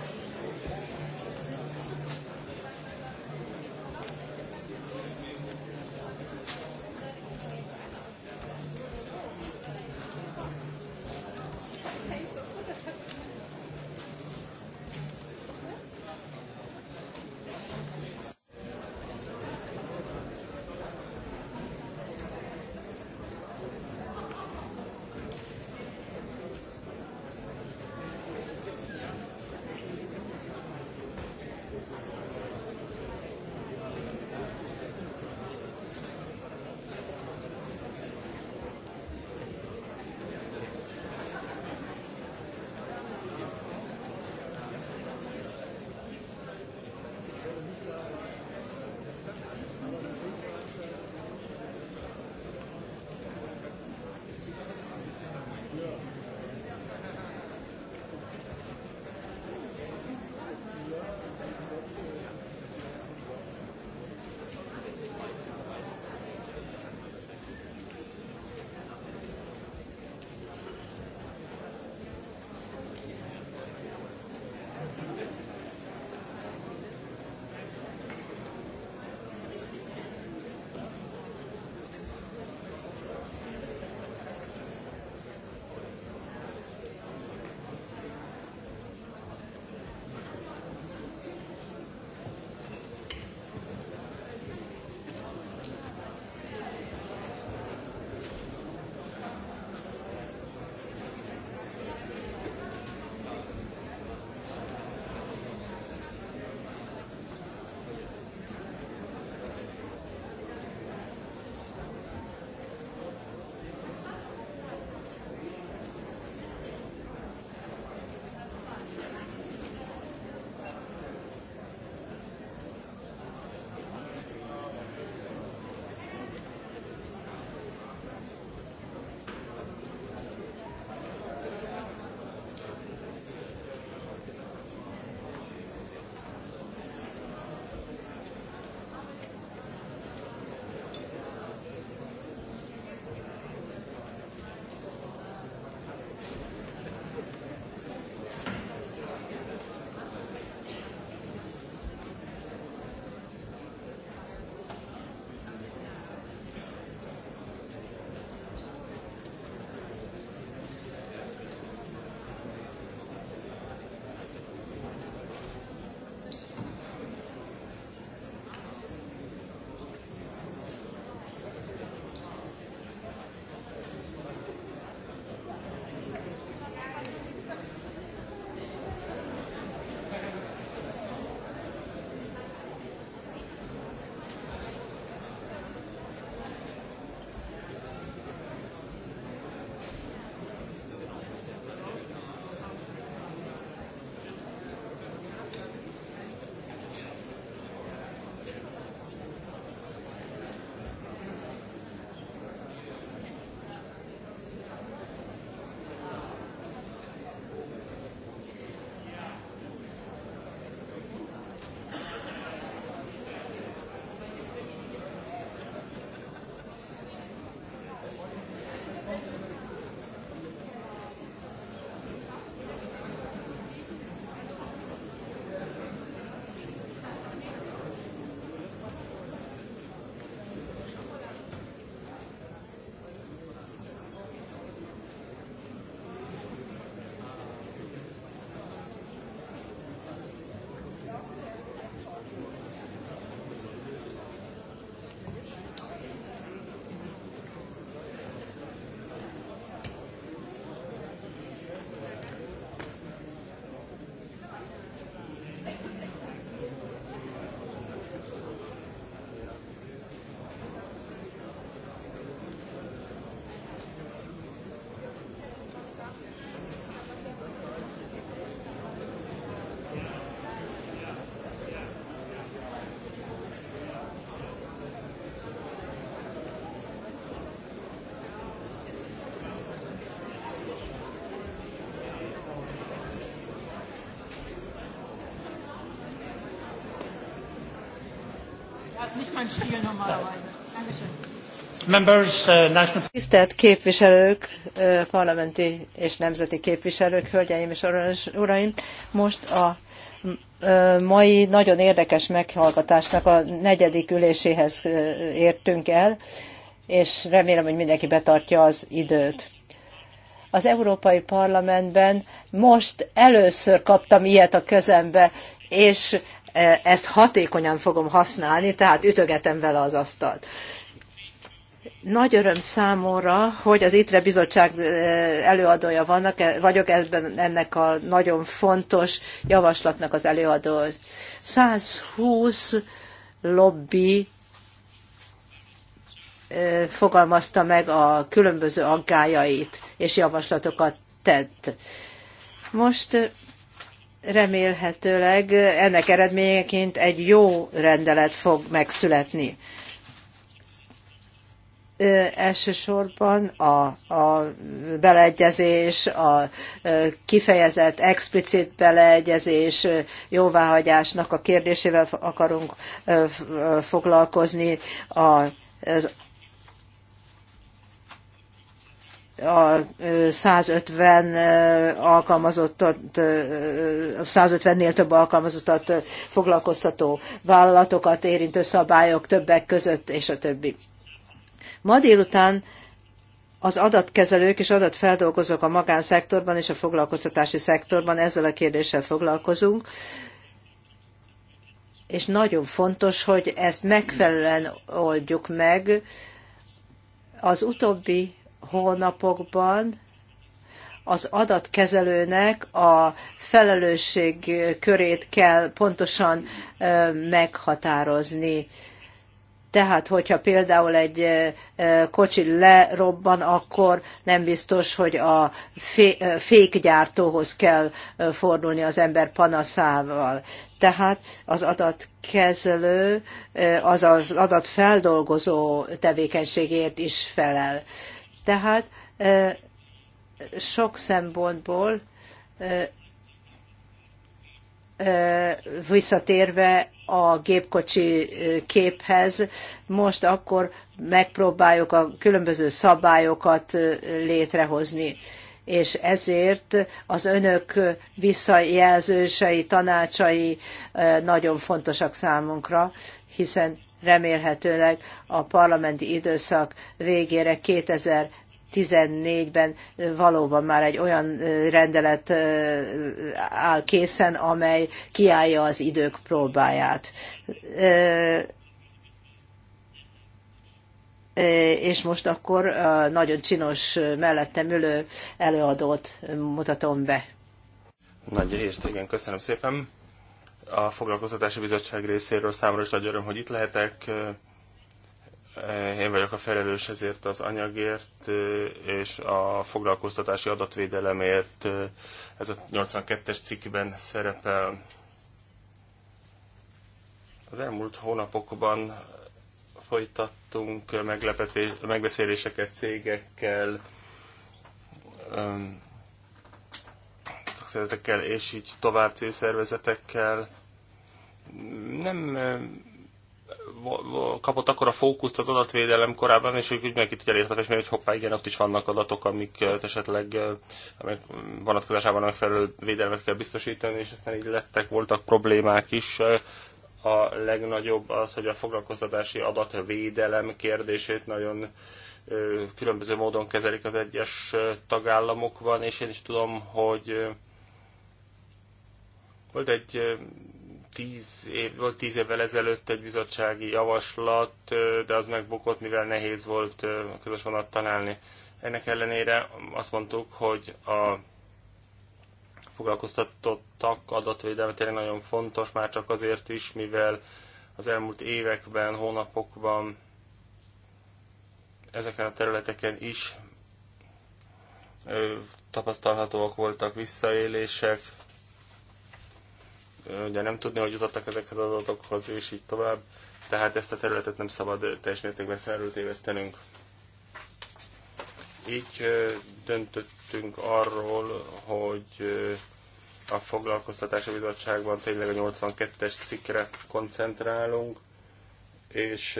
Uh, Tisztelt képviselők, uh, parlamenti és nemzeti képviselők, hölgyeim és uraim! Most a uh, mai nagyon érdekes meghallgatásnak a negyedik üléséhez értünk el, és remélem, hogy mindenki betartja az időt. Az Európai Parlamentben most először kaptam ilyet a közembe, és ezt hatékonyan fogom használni, tehát ütögetem vele az asztalt. Nagy öröm számomra, hogy az ITRE bizottság előadója vannak, e, vagyok ebben ennek a nagyon fontos javaslatnak az előadó. 120 lobby fogalmazta meg a különböző aggájait és javaslatokat tett. Most remélhetőleg ennek eredményeként egy jó rendelet fog megszületni. Elsősorban a, a beleegyezés, a kifejezett, explicit beleegyezés, jóváhagyásnak a kérdésével akarunk foglalkozni, a, az a 150 alkalmazottat, 150-nél több alkalmazottat foglalkoztató vállalatokat érintő szabályok többek között, és a többi. Ma délután az adatkezelők és adatfeldolgozók a magánszektorban és a foglalkoztatási szektorban ezzel a kérdéssel foglalkozunk, és nagyon fontos, hogy ezt megfelelően oldjuk meg. Az utóbbi hónapokban az adatkezelőnek a felelősség körét kell pontosan meghatározni. Tehát, hogyha például egy kocsi lerobban, akkor nem biztos, hogy a fékgyártóhoz kell fordulni az ember panaszával. Tehát az adatkezelő, az az adatfeldolgozó tevékenységért is felel. Tehát sok szempontból visszatérve a gépkocsi képhez, most akkor megpróbáljuk a különböző szabályokat létrehozni. És ezért az önök visszajelzősei, tanácsai nagyon fontosak számunkra, hiszen remélhetőleg a parlamenti időszak végére 2000 14-ben valóban már egy olyan rendelet áll készen, amely kiállja az idők próbáját. És most akkor a nagyon csinos mellettem ülő előadót mutatom be. Nagy részt, igen, köszönöm szépen a Foglalkoztatási Bizottság részéről számomra is nagy öröm, hogy itt lehetek. Én vagyok a felelős ezért az anyagért és a foglalkoztatási adatvédelemért. Ez a 82-es cikkben szerepel. Az elmúlt hónapokban folytattunk megbeszéléseket cégekkel, szervezetekkel és így tovább célszervezetekkel. Nem kapott akkor a fókuszt az adatvédelem korábban, és ők úgy mindenkit elértek, hogy hoppá, igen, ott is vannak adatok, amik esetleg amik vonatkozásában megfelelő védelmet kell biztosítani, és aztán így lettek, voltak problémák is. A legnagyobb az, hogy a foglalkoztatási adatvédelem kérdését nagyon különböző módon kezelik az egyes tagállamokban, és én is tudom, hogy volt egy tíz, év, volt tíz évvel ezelőtt egy bizottsági javaslat, de az megbukott, mivel nehéz volt a közös vonat találni. Ennek ellenére azt mondtuk, hogy a foglalkoztatottak adatvédelme tényleg nagyon fontos, már csak azért is, mivel az elmúlt években, hónapokban ezeken a területeken is tapasztalhatóak voltak visszaélések, ugye nem tudni, hogy jutottak ezekhez az adatokhoz, és így tovább. Tehát ezt a területet nem szabad teljes mértékben szerültévesztenünk. Így döntöttünk arról, hogy a foglalkoztatási bizottságban tényleg a 82-es cikkre koncentrálunk, és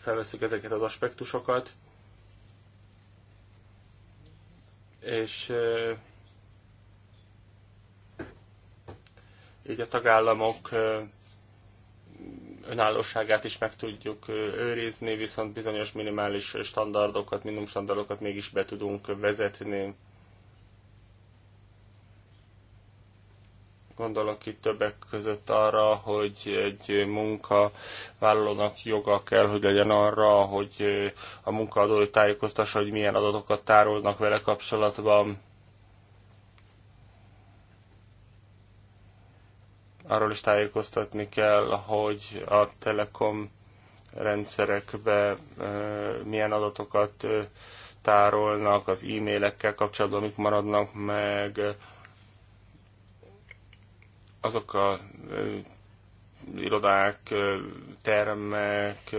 felveszük ezeket az aspektusokat, és így a tagállamok önállóságát is meg tudjuk őrizni, viszont bizonyos minimális standardokat, minimum standardokat mégis be tudunk vezetni. Gondolok itt többek között arra, hogy egy munkavállalónak joga kell, hogy legyen arra, hogy a munkaadó tájékoztassa, hogy milyen adatokat tárolnak vele kapcsolatban arról is tájékoztatni kell, hogy a telekom rendszerekbe milyen adatokat tárolnak, az e-mailekkel kapcsolatban mik maradnak meg, azok a irodák, termek,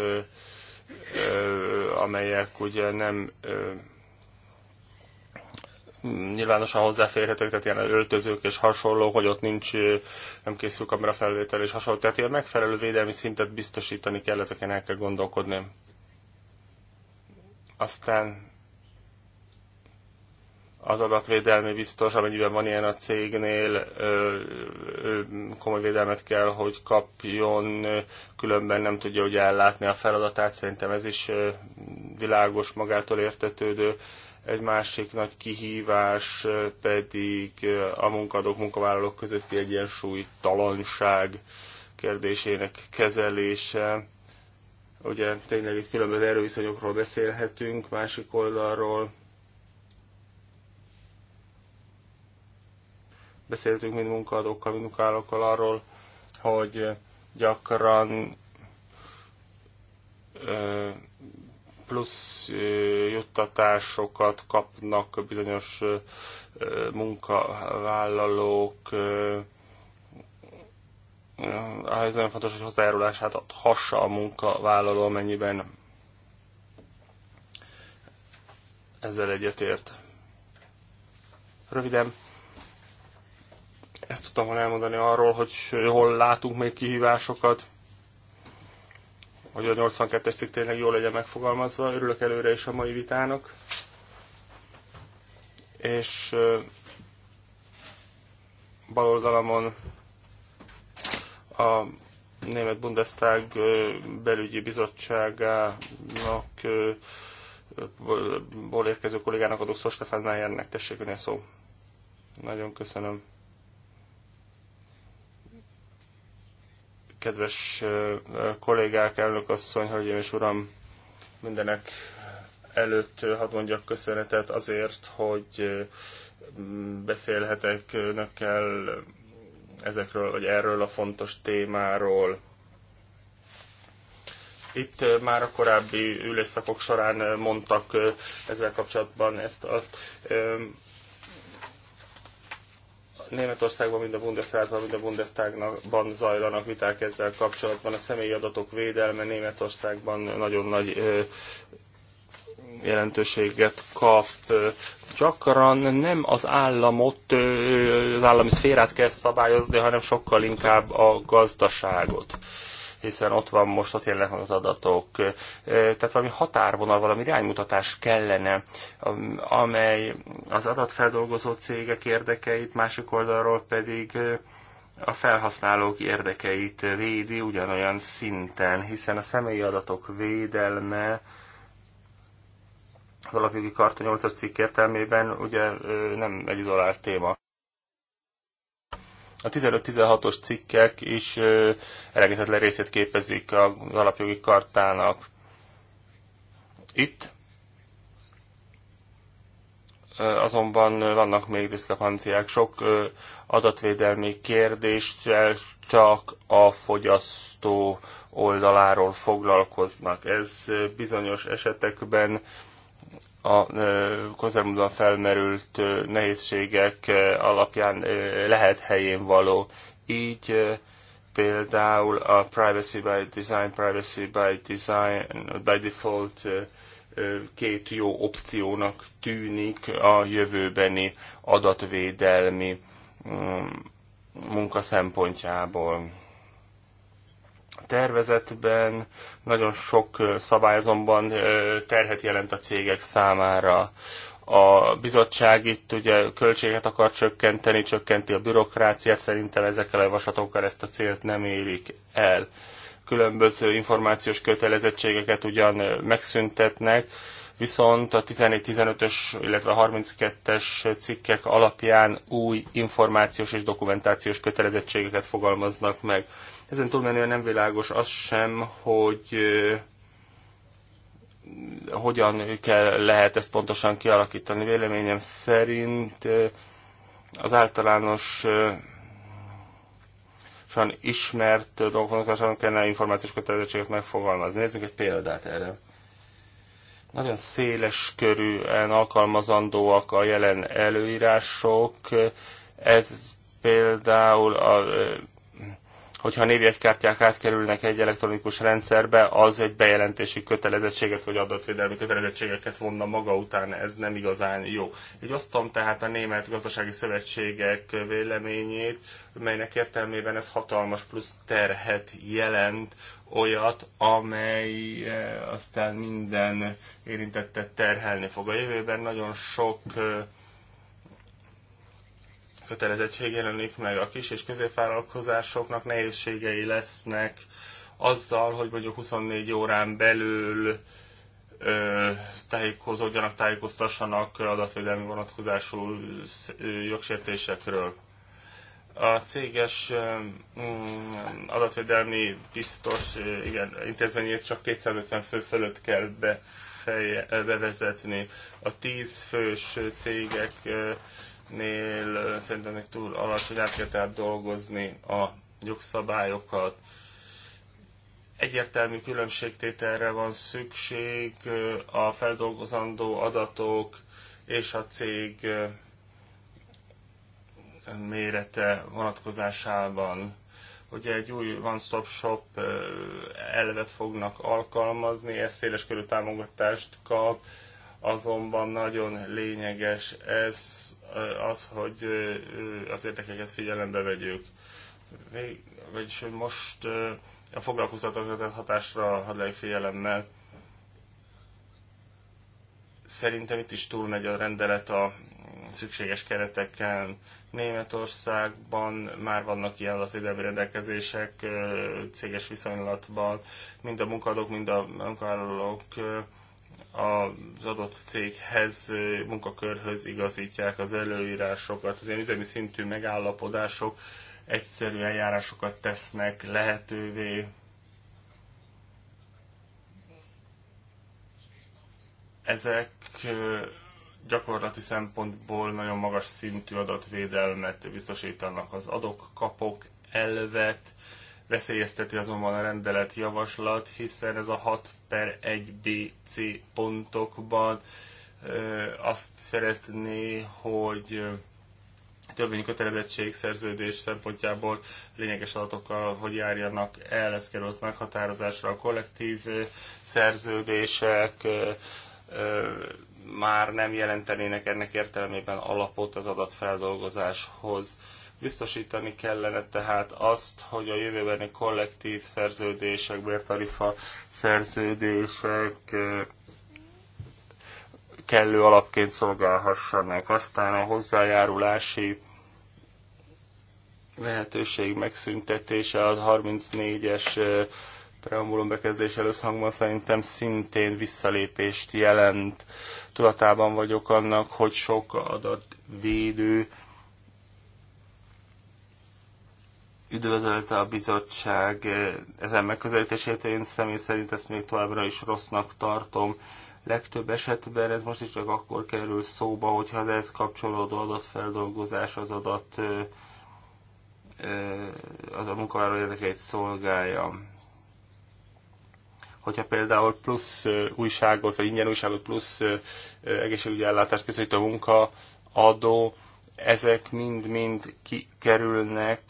amelyek ugye nem nyilvánosan hozzáférhetők, tehát ilyen öltözők és hasonló, hogy ott nincs, nem készül kamerafelvétel és hasonló. Tehát ilyen megfelelő védelmi szintet biztosítani kell, ezeken el kell gondolkodni. Aztán az adatvédelmi biztos, amennyiben van ilyen a cégnél, ö, ö, komoly védelmet kell, hogy kapjon, különben nem tudja ugye ellátni a feladatát, szerintem ez is világos, magától értetődő. Egy másik nagy kihívás pedig eh, a munkadók, munkavállalók közötti egyensúlytalanság kérdésének kezelése. Ugye tényleg itt különböző erőviszonyokról beszélhetünk, másik oldalról beszéltünk mind munkadókkal, mind munkálókkal arról, hogy gyakran eh, plusz juttatásokat kapnak bizonyos munkavállalók, Ez nagyon fontos, hogy hozzájárulását adhassa a munkavállaló, amennyiben ezzel egyetért. Röviden, ezt tudtam volna elmondani arról, hogy hol látunk még kihívásokat hogy a 82-es cikk tényleg jól legyen megfogalmazva. Örülök előre is a mai vitának. És bal oldalamon a Német Bundestag belügyi bizottságának ból érkező kollégának adok Szó Stefan Mayernek, tessék önél szó. Nagyon köszönöm. kedves kollégák, asszony, hölgyeim és uram, mindenek előtt hadd mondjak köszönetet azért, hogy beszélhetek önökkel ezekről, vagy erről a fontos témáról. Itt már a korábbi ülésszakok során mondtak ezzel kapcsolatban ezt, azt Németországban, mind a Bundesrátban, mind a Bundestagban zajlanak viták ezzel kapcsolatban. A személyi adatok védelme Németországban nagyon nagy jelentőséget kap. Gyakran nem az államot, az állami szférát kell szabályozni, hanem sokkal inkább a gazdaságot hiszen ott van most ott jelenleg az adatok. Tehát valami határvonal, valami iránymutatás kellene, amely az adatfeldolgozó cégek érdekeit, másik oldalról pedig a felhasználók érdekeit védi ugyanolyan szinten, hiszen a személyi adatok védelme az alapjogi karta 8-as cikk értelmében ugye nem egy izolált téma. A 15-16-os cikkek is elegetetlen részét képezik az alapjogi kartának. Itt azonban vannak még diszkrepanciák. Sok adatvédelmi kérdés csak a fogyasztó oldaláról foglalkoznak. Ez bizonyos esetekben a közelmúltban felmerült nehézségek alapján lehet helyén való. Így például a Privacy by Design, Privacy by Design, by Default két jó opciónak tűnik a jövőbeni adatvédelmi mm, munka szempontjából tervezetben. Nagyon sok szabály azonban terhet jelent a cégek számára. A bizottság itt ugye költséget akar csökkenteni, csökkenti a bürokráciát, szerintem ezekkel a javaslatokkal ezt a célt nem érik el. Különböző információs kötelezettségeket ugyan megszüntetnek, viszont a 14-15-ös, illetve 32-es cikkek alapján új információs és dokumentációs kötelezettségeket fogalmaznak meg. Ezen túlmenően nem világos az sem, hogy hogyan kell, lehet ezt pontosan kialakítani. Véleményem szerint az általános ismert dolgokon kellene információs kötelezettséget megfogalmazni. Nézzünk egy példát erre nagyon széles körűen alkalmazandóak a jelen előírások. Ez például a hogyha a névjegykártyák átkerülnek egy elektronikus rendszerbe, az egy bejelentési kötelezettséget vagy adatvédelmi kötelezettségeket vonna maga után, ez nem igazán jó. Így osztom tehát a német gazdasági szövetségek véleményét, melynek értelmében ez hatalmas plusz terhet jelent, olyat, amely eh, aztán minden érintettet terhelni fog. A jövőben nagyon sok eh, kötelezettség jelenik meg. A kis és középvállalkozásoknak nehézségei lesznek azzal, hogy mondjuk 24 órán belül tájékozódjanak, tájékoztassanak adatvédelmi vonatkozású jogsértésekről. A céges mm, adatvédelmi biztos igen, intézményét csak 250 fő fölött kell befeje, bevezetni. A 10 fős cégek nél szerintem még túl alacsony, át kell tehát dolgozni a jogszabályokat. Egyértelmű különbségtételre van szükség a feldolgozandó adatok és a cég mérete vonatkozásában. Ugye egy új one-stop shop elvet fognak alkalmazni, ez széles körű támogatást kap, azonban nagyon lényeges ez az, hogy az érdekeket figyelembe vegyük. vagyis, hogy most a foglalkoztatókat hatásra hadlai figyelemmel szerintem itt is túl megy a rendelet a szükséges kereteken. Németországban már vannak ilyen adatvédelmi rendelkezések céges viszonylatban, mind a munkadók, mind a munkavállalók az adott céghez, munkakörhöz igazítják az előírásokat, az ilyen üzemi szintű megállapodások egyszerű eljárásokat tesznek lehetővé. Ezek gyakorlati szempontból nagyon magas szintű adatvédelmet biztosítanak az adok-kapok elvet, Veszélyezteti azonban a rendelet javaslat, hiszen ez a 6 per 1 BC pontokban azt szeretné, hogy törvényi kötelezettség szerződés szempontjából lényeges adatokkal, hogy járjanak el, ez került meghatározásra a kollektív szerződések, már nem jelentenének ennek értelmében alapot az adatfeldolgozáshoz Biztosítani kellene tehát azt, hogy a jövőbeni kollektív szerződések, bértarifa szerződések kellő alapként szolgálhassanak. Aztán a hozzájárulási lehetőség megszüntetése a 34-es preambulum bekezdés előszhangban szerintem szintén visszalépést jelent. Tudatában vagyok annak, hogy sok adatvédő üdvözölte a bizottság eh, ezen megközelítését. Én személy szerint ezt még továbbra is rossznak tartom. Legtöbb esetben ez most is csak akkor kerül szóba, hogyha az ehhez kapcsolódó adatfeldolgozás az adat eh, eh, az a munkavállaló érdekeit szolgálja. Hogyha például plusz újságot, vagy ingyen újságot, plusz egészségügyi ellátást készít a munka, adó, ezek mind-mind kikerülnek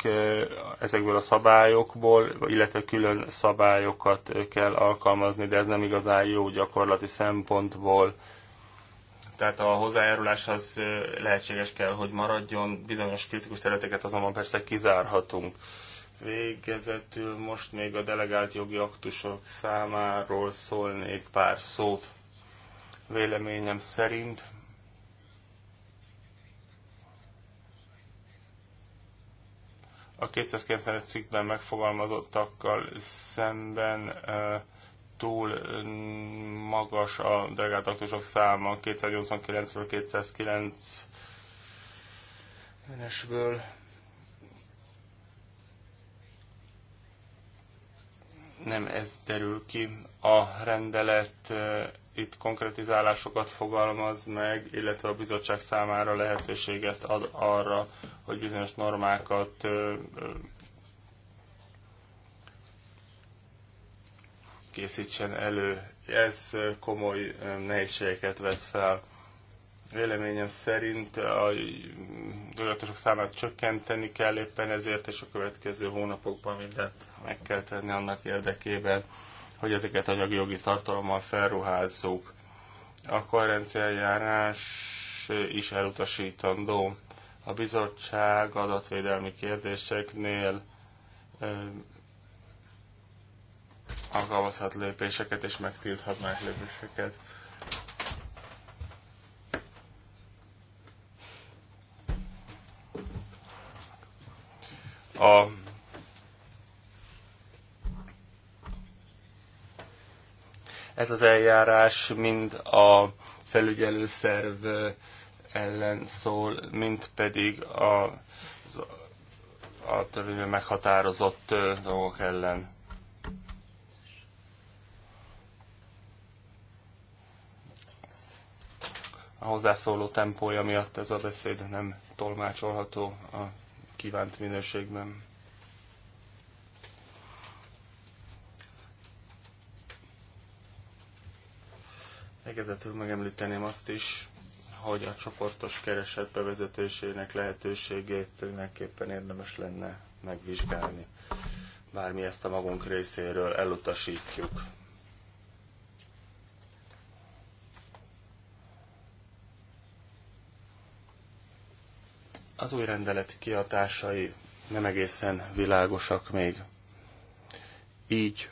ezekből a szabályokból, illetve külön szabályokat kell alkalmazni, de ez nem igazán jó gyakorlati szempontból. Tehát a hozzájárulás az lehetséges kell, hogy maradjon, bizonyos kritikus területeket azonban persze kizárhatunk. Végezetül most még a delegált jogi aktusok számáról szólnék pár szót. Véleményem szerint a 295 cikkben megfogalmazottakkal szemben túl magas a delegált aktusok száma 289-ből 209 esből nem ez derül ki. A rendelet itt konkretizálásokat fogalmaz meg, illetve a bizottság számára lehetőséget ad arra, hogy bizonyos normákat készítsen elő. Ez komoly nehézségeket vet fel. Véleményem szerint a tudatosok számát csökkenteni kell éppen ezért, és a következő hónapokban mindent meg kell tenni annak érdekében, hogy ezeket anyagjogi tartalommal felruházzuk. A koherenciájárás is elutasítandó. A bizottság adatvédelmi kérdéseknél alkalmazhat lépéseket és megtilthat más lépéseket. A ez az eljárás mind a felügyelőszerv ellen szól, mint pedig a, a törvényben meghatározott dolgok ellen. A hozzászóló tempója miatt ez a beszéd nem tolmácsolható a kívánt minőségben. Végezetül megemlíteném azt is, hogy a csoportos kereset bevezetésének lehetőségét mindenképpen érdemes lenne megvizsgálni. Bár mi ezt a magunk részéről elutasítjuk. Az új rendelet kihatásai nem egészen világosak még. Így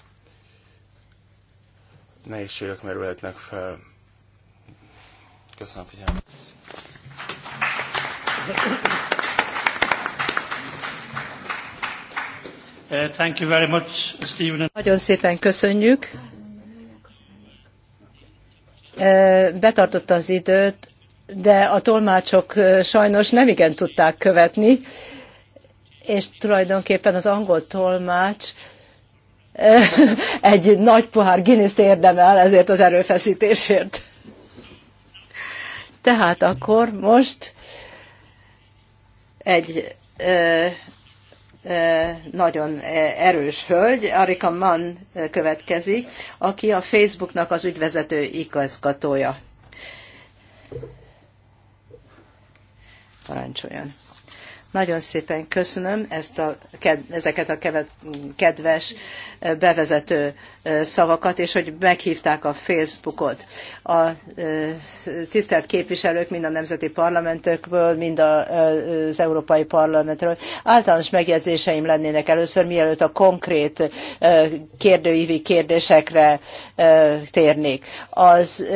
nehézségek merülhetnek fel Köszönöm figyelmet. Uh, thank you very much, Stephen. Nagyon szépen köszönjük. Uh, betartotta az időt, de a tolmácsok uh, sajnos nem igen tudták követni, és tulajdonképpen az angol tolmács egy nagy pohár Guinness-t érdemel ezért az erőfeszítésért. Tehát akkor most egy ö, ö, nagyon erős hölgy, Arika Mann következik, aki a Facebooknak az ügyvezető igazgatója. Parancsoljon! Nagyon szépen köszönöm ezt a, ezeket a kedves bevezető szavakat, és hogy meghívták a Facebookot. A tisztelt képviselők mind a nemzeti parlamentökből, mind az Európai Parlamentről. Általános megjegyzéseim lennének először, mielőtt a konkrét kérdőívi kérdésekre térnék. Az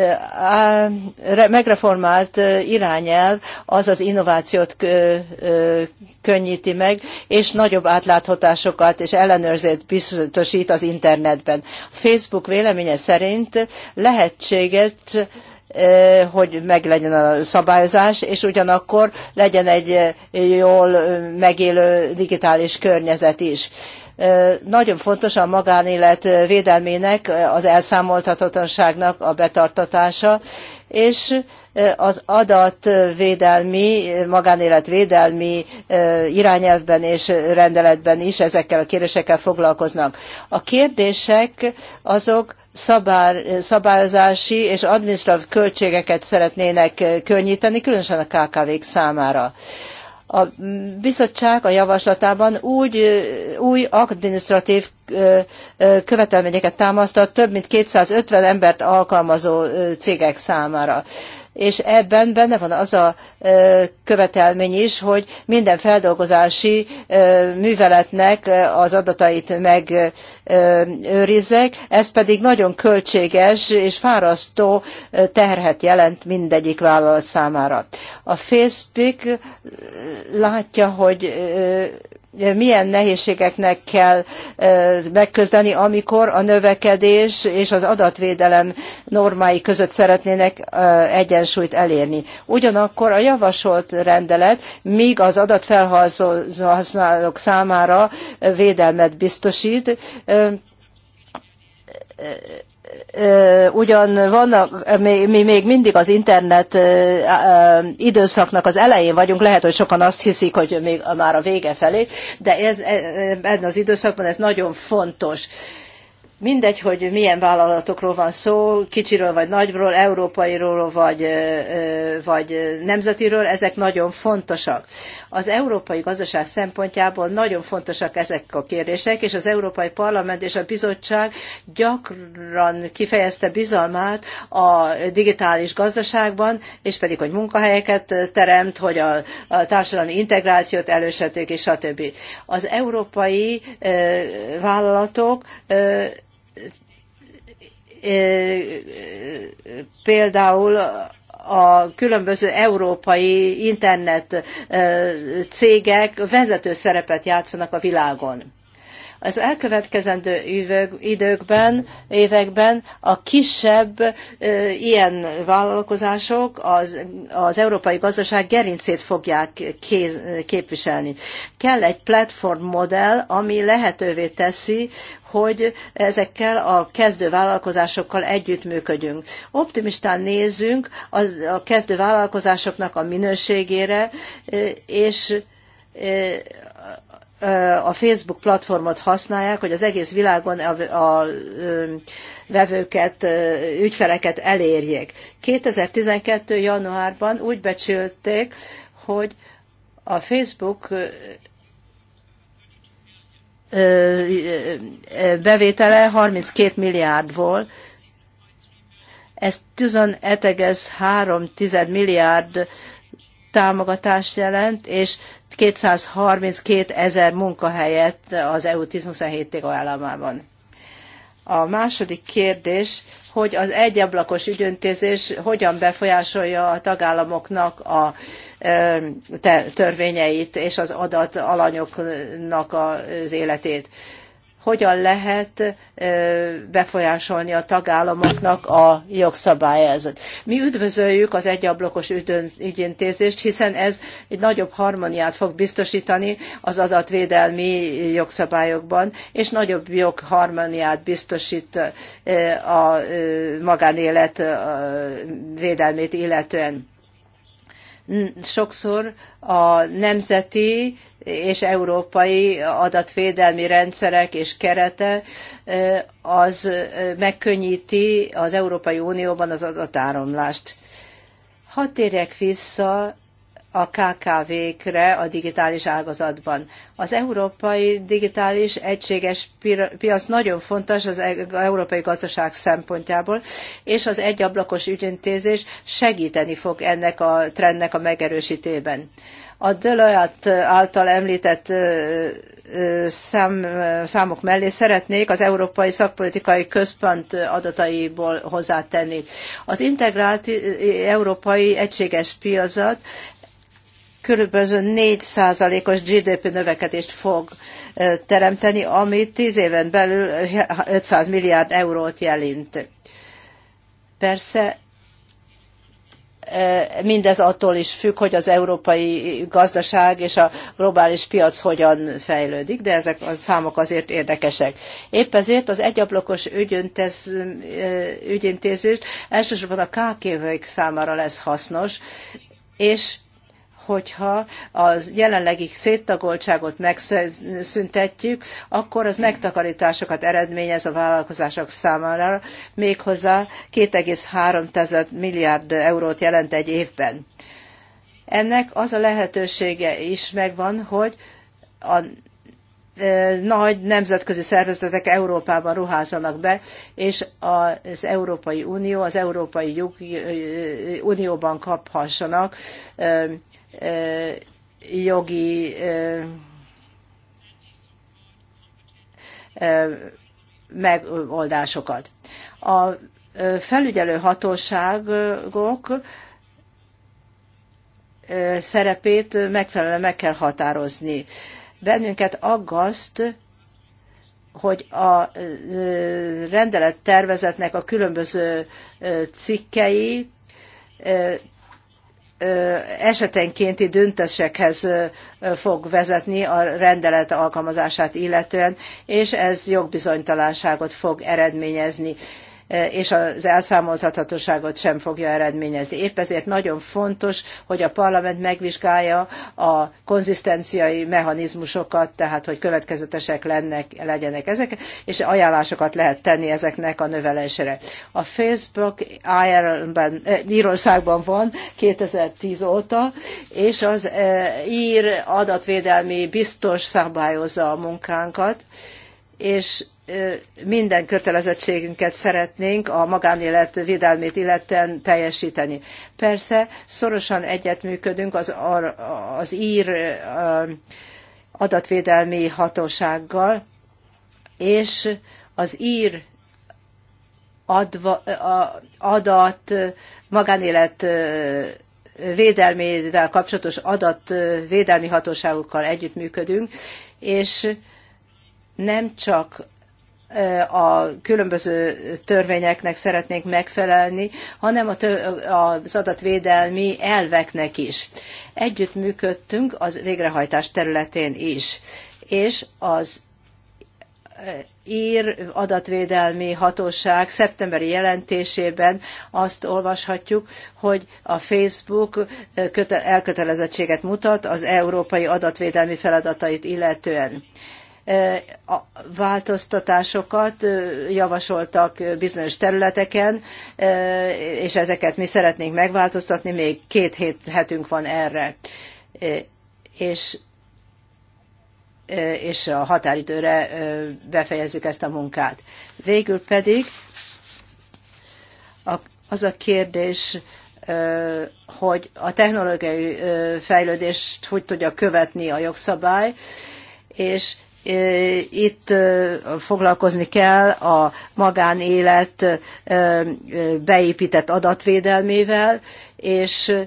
megreformált irányelv az az innovációt könnyíti meg, és nagyobb átláthatásokat és ellenőrzést biztosít az internetben. Facebook véleménye szerint lehetséges eh, hogy meglegyen a szabályozás, és ugyanakkor legyen egy eh, jól eh, megélő digitális környezet is. Nagyon fontos a magánélet védelmének, az elszámoltathatóságnak a betartatása, és az adatvédelmi, magánéletvédelmi irányelvben és rendeletben is ezekkel a kérdésekkel foglalkoznak. A kérdések azok szabályozási és adminisztratív költségeket szeretnének könnyíteni, különösen a KKV-k számára. A bizottság a javaslatában úgy, új administratív követelményeket támasztott több mint 250 embert alkalmazó cégek számára és ebben benne van az a követelmény is, hogy minden feldolgozási műveletnek az adatait megőrizzek, ez pedig nagyon költséges és fárasztó terhet jelent mindegyik vállalat számára. A Facebook látja, hogy milyen nehézségeknek kell megközdeni, amikor a növekedés és az adatvédelem normái között szeretnének egyensúlyt elérni. Ugyanakkor a javasolt rendelet még az adatfelhasználók számára védelmet biztosít, ugyan vannak, mi, mi még mindig az internet időszaknak az elején vagyunk, lehet, hogy sokan azt hiszik, hogy még már a vége felé, de ez, e, e, ebben az időszakban ez nagyon fontos. Mindegy, hogy milyen vállalatokról van szó, kicsiről vagy nagyról, európairól vagy, vagy nemzetiről, ezek nagyon fontosak. Az európai gazdaság szempontjából nagyon fontosak ezek a kérdések, és az Európai Parlament és a bizottság gyakran kifejezte bizalmát a digitális gazdaságban, és pedig, hogy munkahelyeket teremt, hogy a, a társadalmi integrációt elősötők, és stb. Az európai vállalatok például a különböző európai internet cégek vezető szerepet játszanak a világon. Az elkövetkezendő időkben, években a kisebb ilyen vállalkozások az, az európai gazdaság gerincét fogják kéz, képviselni. Kell egy platform modell, ami lehetővé teszi, hogy ezekkel a kezdő vállalkozásokkal együttműködjünk. Optimistán nézzünk az, a kezdő vállalkozásoknak a minőségére, és a Facebook platformot használják, hogy az egész világon a, a vevőket, ügyfeleket elérjék. 2012. januárban úgy becsülték, hogy a Facebook bevétele 32 milliárd volt, ez 15,3 milliárd támogatást jelent, és 232 ezer munkahelyet az EU 17 tagállamában. A második kérdés, hogy az egyablakos ügyöntézés hogyan befolyásolja a tagállamoknak a törvényeit és az adat alanyoknak az életét hogyan lehet befolyásolni a tagállamoknak a jogszabályozat. Mi üdvözöljük az egyablakos ügyintézést, hiszen ez egy nagyobb harmóniát fog biztosítani az adatvédelmi jogszabályokban, és nagyobb jogharmóniát biztosít a magánélet védelmét illetően sokszor a nemzeti és európai adatvédelmi rendszerek és kerete az megkönnyíti az Európai Unióban az adatáramlást. Hadd térjek vissza a KKV-kre a digitális ágazatban. Az európai digitális egységes piac nagyon fontos az e- európai gazdaság szempontjából, és az egyablakos ügyintézés segíteni fog ennek a trendnek a megerősítében. A Deloitte által említett szám, számok mellé szeretnék az Európai Szakpolitikai Központ adataiból hozzátenni. Az integrált európai egységes piacot körülbelül 4 os GDP növekedést fog teremteni, ami 10 éven belül 500 milliárd eurót jelent. Persze mindez attól is függ, hogy az európai gazdaság és a globális piac hogyan fejlődik, de ezek a számok azért érdekesek. Épp ezért az egyablakos ügyintéz, ügyintézőt elsősorban a kkv számára lesz hasznos, és hogyha az jelenlegi széttagoltságot megszüntetjük, akkor az megtakarításokat eredményez a vállalkozások számára, méghozzá 2,3 milliárd eurót jelent egy évben. Ennek az a lehetősége is megvan, hogy a e, nagy nemzetközi szervezetek Európában ruházanak be, és az Európai Unió, az Európai e, Unióban kaphassanak e, jogi megoldásokat. A felügyelő hatóságok szerepét megfelelően meg kell határozni. Bennünket aggaszt, hogy a rendelet tervezetnek a különböző cikkei esetenkénti döntésekhez fog vezetni a rendelet alkalmazását illetően, és ez jogbizonytalanságot fog eredményezni. Eh, és az elszámoltathatóságot sem fogja eredményezni. Épp ezért nagyon fontos, hogy a parlament megvizsgálja a konzisztenciai mechanizmusokat, tehát hogy következetesek lennek, legyenek ezek, és ajánlásokat lehet tenni ezeknek a növelésére. A Facebook Irelandben, eh, Írországban van 2010 óta, és az eh, ír adatvédelmi biztos szabályozza a munkánkat, és minden kötelezettségünket szeretnénk a magánélet védelmét illetően teljesíteni. Persze szorosan egyetműködünk az, az ír adatvédelmi hatósággal, és az ír adva, adat magánélet védelmével kapcsolatos adatvédelmi hatóságokkal együttműködünk, és nem csak a különböző törvényeknek szeretnénk megfelelni, hanem a tör, az adatvédelmi elveknek is. Együtt működtünk az végrehajtás területén is, és az e, ír adatvédelmi hatóság szeptemberi jelentésében azt olvashatjuk, hogy a Facebook e, elkötelezettséget mutat az európai adatvédelmi feladatait illetően változtatásokat javasoltak bizonyos területeken, és ezeket mi szeretnénk megváltoztatni, még két hét hetünk van erre. És és a határidőre befejezzük ezt a munkát. Végül pedig az a kérdés, hogy a technológiai fejlődést hogy tudja követni a jogszabály, és Eh, itt eh, foglalkozni kell a magánélet eh, beépített adatvédelmével, és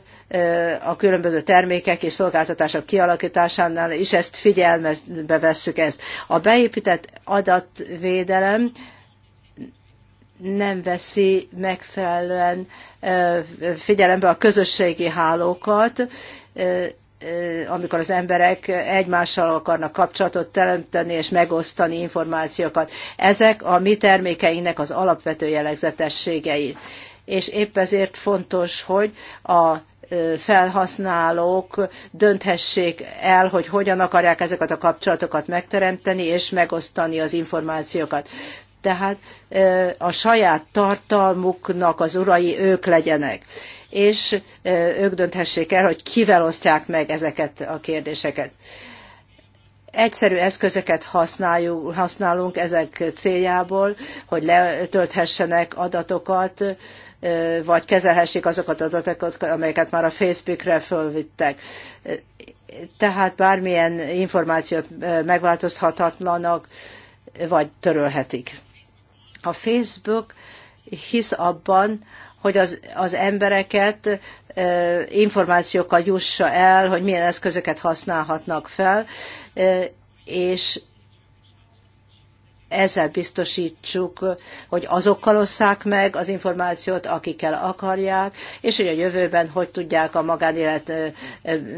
a különböző termékek és szolgáltatások kialakításánál is ezt figyelmezbe vesszük ezt. A beépített adatvédelem nem veszi megfelelően figyelembe a közösségi hálókat, amikor az emberek egymással akarnak kapcsolatot teremteni és megosztani információkat. Ezek a mi termékeinknek az alapvető jellegzetességei. És épp ezért fontos, hogy a felhasználók dönthessék el, hogy hogyan akarják ezeket a kapcsolatokat megteremteni és megosztani az információkat. Tehát a saját tartalmuknak az urai ők legyenek és ők dönthessék el, hogy kivel osztják meg ezeket a kérdéseket. Egyszerű eszközöket használjuk, használunk ezek céljából, hogy letölthessenek adatokat, vagy kezelhessék azokat az adatokat, amelyeket már a Facebookre fölvittek. Tehát bármilyen információt megváltoztathatlanak, vagy törölhetik. A Facebook hisz abban, hogy az, az embereket információkkal jussa el, hogy milyen eszközöket használhatnak fel, és ezzel biztosítsuk, hogy azokkal osszák meg az információt, akikkel akarják, és hogy a jövőben hogy tudják a magánélet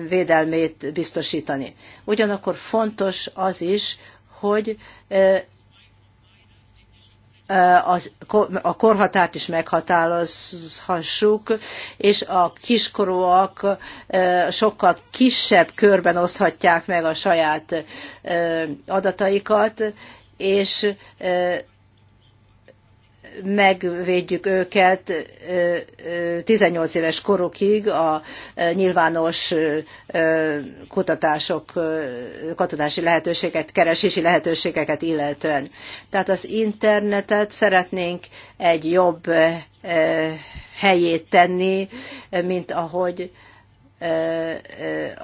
védelmét biztosítani. Ugyanakkor fontos az is, hogy az, a korhatárt is meghatározhassuk, és a kiskorúak sokkal kisebb körben oszthatják meg a saját adataikat, és megvédjük őket 18 éves korukig a nyilvános kutatások, kutatási lehetőséget, keresési lehetőségeket illetően. Tehát az internetet szeretnénk egy jobb helyét tenni, mint ahogy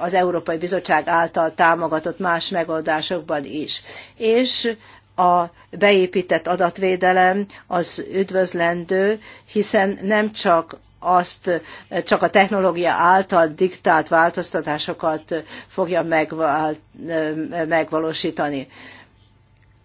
az Európai Bizottság által támogatott más megoldásokban is. És a beépített adatvédelem az üdvözlendő, hiszen nem csak azt csak a technológia által diktált változtatásokat fogja megvalósítani.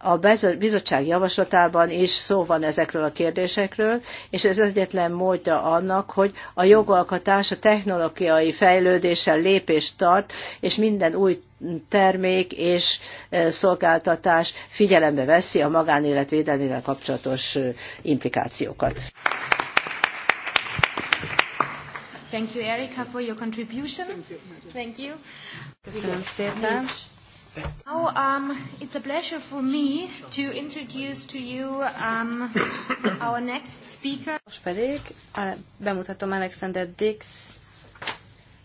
A bizottság javaslatában is szó van ezekről a kérdésekről, és ez egyetlen módja annak, hogy a jogalkotás a technológiai fejlődéssel lépést tart, és minden új termék és e, szolgáltatás figyelembe veszi a magánélet védelmével kapcsolatos e, implikációkat. Thank you, Erika, for your contribution. Thank you. Köszönöm szépen. Now, um, it's a pleasure for me to introduce to you um, our next speaker. Most pedig bemutatom Alexander Dix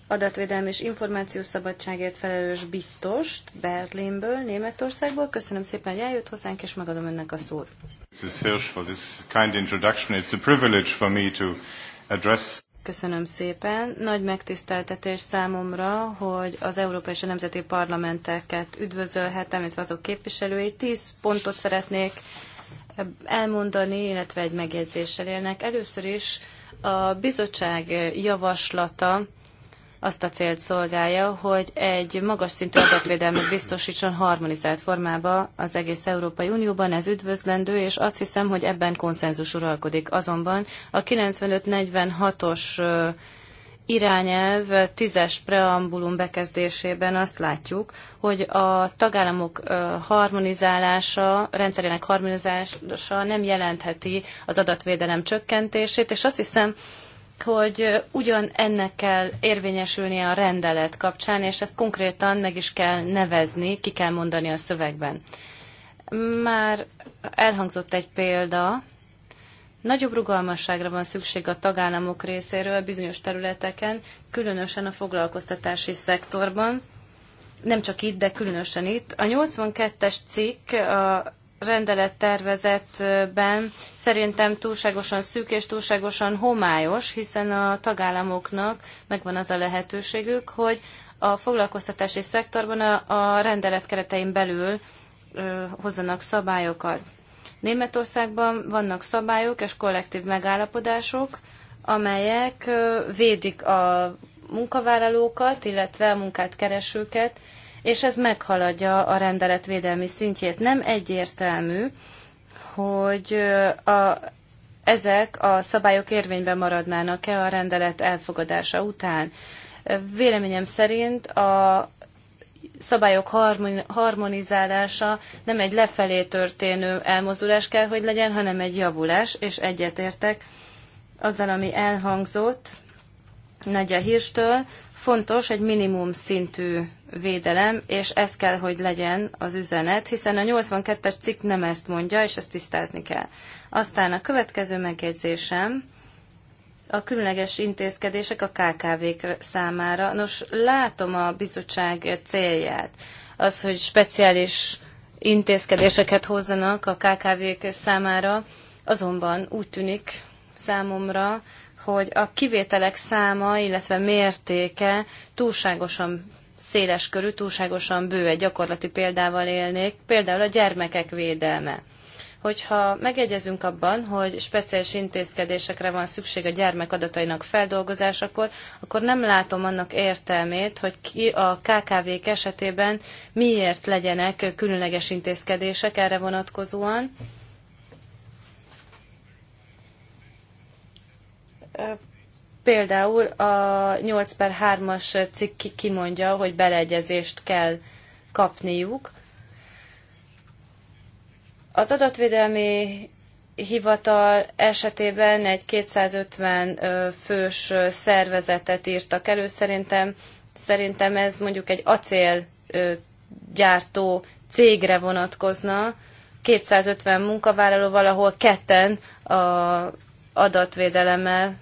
adatvédelmi és információs szabadságért felelős biztost Berlinből, Németországból. Köszönöm szépen, hogy eljött hozzánk, és megadom önnek a szót. Mrs. Hirsch for this kind introduction. It's a privilege for me to address Köszönöm szépen. Nagy megtiszteltetés számomra, hogy az Európai és a Nemzeti Parlamenteket üdvözölhetem, illetve azok képviselői. Tíz pontot szeretnék elmondani, illetve egy megjegyzéssel élnek. Először is a bizottság javaslata azt a célt szolgálja, hogy egy magas szintű adatvédelmet biztosítson harmonizált formába az egész Európai Unióban, ez üdvözlendő, és azt hiszem, hogy ebben konszenzus uralkodik. Azonban a 95-46-os irányelv tízes preambulum bekezdésében azt látjuk, hogy a tagállamok harmonizálása, rendszerének harmonizálása nem jelentheti az adatvédelem csökkentését, és azt hiszem, hogy ugyan ennek kell érvényesülnie a rendelet kapcsán, és ezt konkrétan meg is kell nevezni, ki kell mondani a szövegben. Már elhangzott egy példa, Nagyobb rugalmasságra van szükség a tagállamok részéről bizonyos területeken, különösen a foglalkoztatási szektorban, nem csak itt, de különösen itt. A 82-es cikk a rendelettervezetben szerintem túlságosan szűk és túlságosan homályos, hiszen a tagállamoknak megvan az a lehetőségük, hogy a foglalkoztatási szektorban a, a rendelet keretein belül ö, hozzanak szabályokat. Németországban vannak szabályok és kollektív megállapodások, amelyek védik a munkavállalókat, illetve a munkát keresőket és ez meghaladja a rendelet védelmi szintjét. Nem egyértelmű, hogy a, ezek a szabályok érvényben maradnának-e a rendelet elfogadása után. Véleményem szerint a szabályok harmonizálása nem egy lefelé történő elmozdulás kell, hogy legyen, hanem egy javulás, és egyetértek azzal, ami elhangzott Nagyja Hírstől, fontos egy minimum szintű védelem, és ez kell, hogy legyen az üzenet, hiszen a 82-es cikk nem ezt mondja, és ezt tisztázni kell. Aztán a következő megjegyzésem, a különleges intézkedések a KKV-k számára. Nos, látom a bizottság célját, az, hogy speciális intézkedéseket hozzanak a KKV-k számára, azonban úgy tűnik számomra, hogy a kivételek száma, illetve mértéke túlságosan széles körű, túlságosan bő, egy gyakorlati példával élnék, például a gyermekek védelme. Hogyha megegyezünk abban, hogy speciális intézkedésekre van szükség a gyermek adatainak feldolgozásakor, akkor nem látom annak értelmét, hogy ki a KKV-k esetében miért legyenek különleges intézkedések erre vonatkozóan, Például a 8 per 3-as cikk kimondja, hogy beleegyezést kell kapniuk. Az adatvédelmi hivatal esetében egy 250 fős szervezetet írtak elő. Szerintem, szerintem ez mondjuk egy acélgyártó cégre vonatkozna. 250 munkavállaló valahol ketten a adatvédelemmel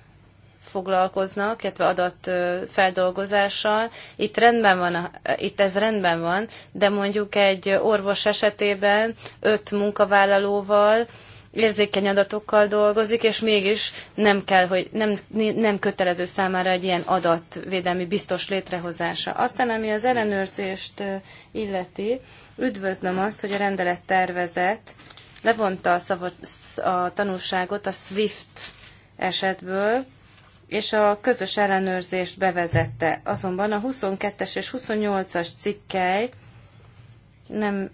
foglalkoznak, illetve adatfeldolgozással. Itt rendben van, itt ez rendben van, de mondjuk egy orvos esetében öt munkavállalóval, érzékeny adatokkal dolgozik, és mégis nem kell, hogy nem, nem kötelező számára egy ilyen adatvédelmi biztos létrehozása. Aztán, ami az ellenőrzést illeti, üdvözlöm azt, hogy a rendelet tervezet levonta a, szavot, a tanulságot a SWIFT esetből, és a közös ellenőrzést bevezette. Azonban a 22-es és 28-as cikkely nem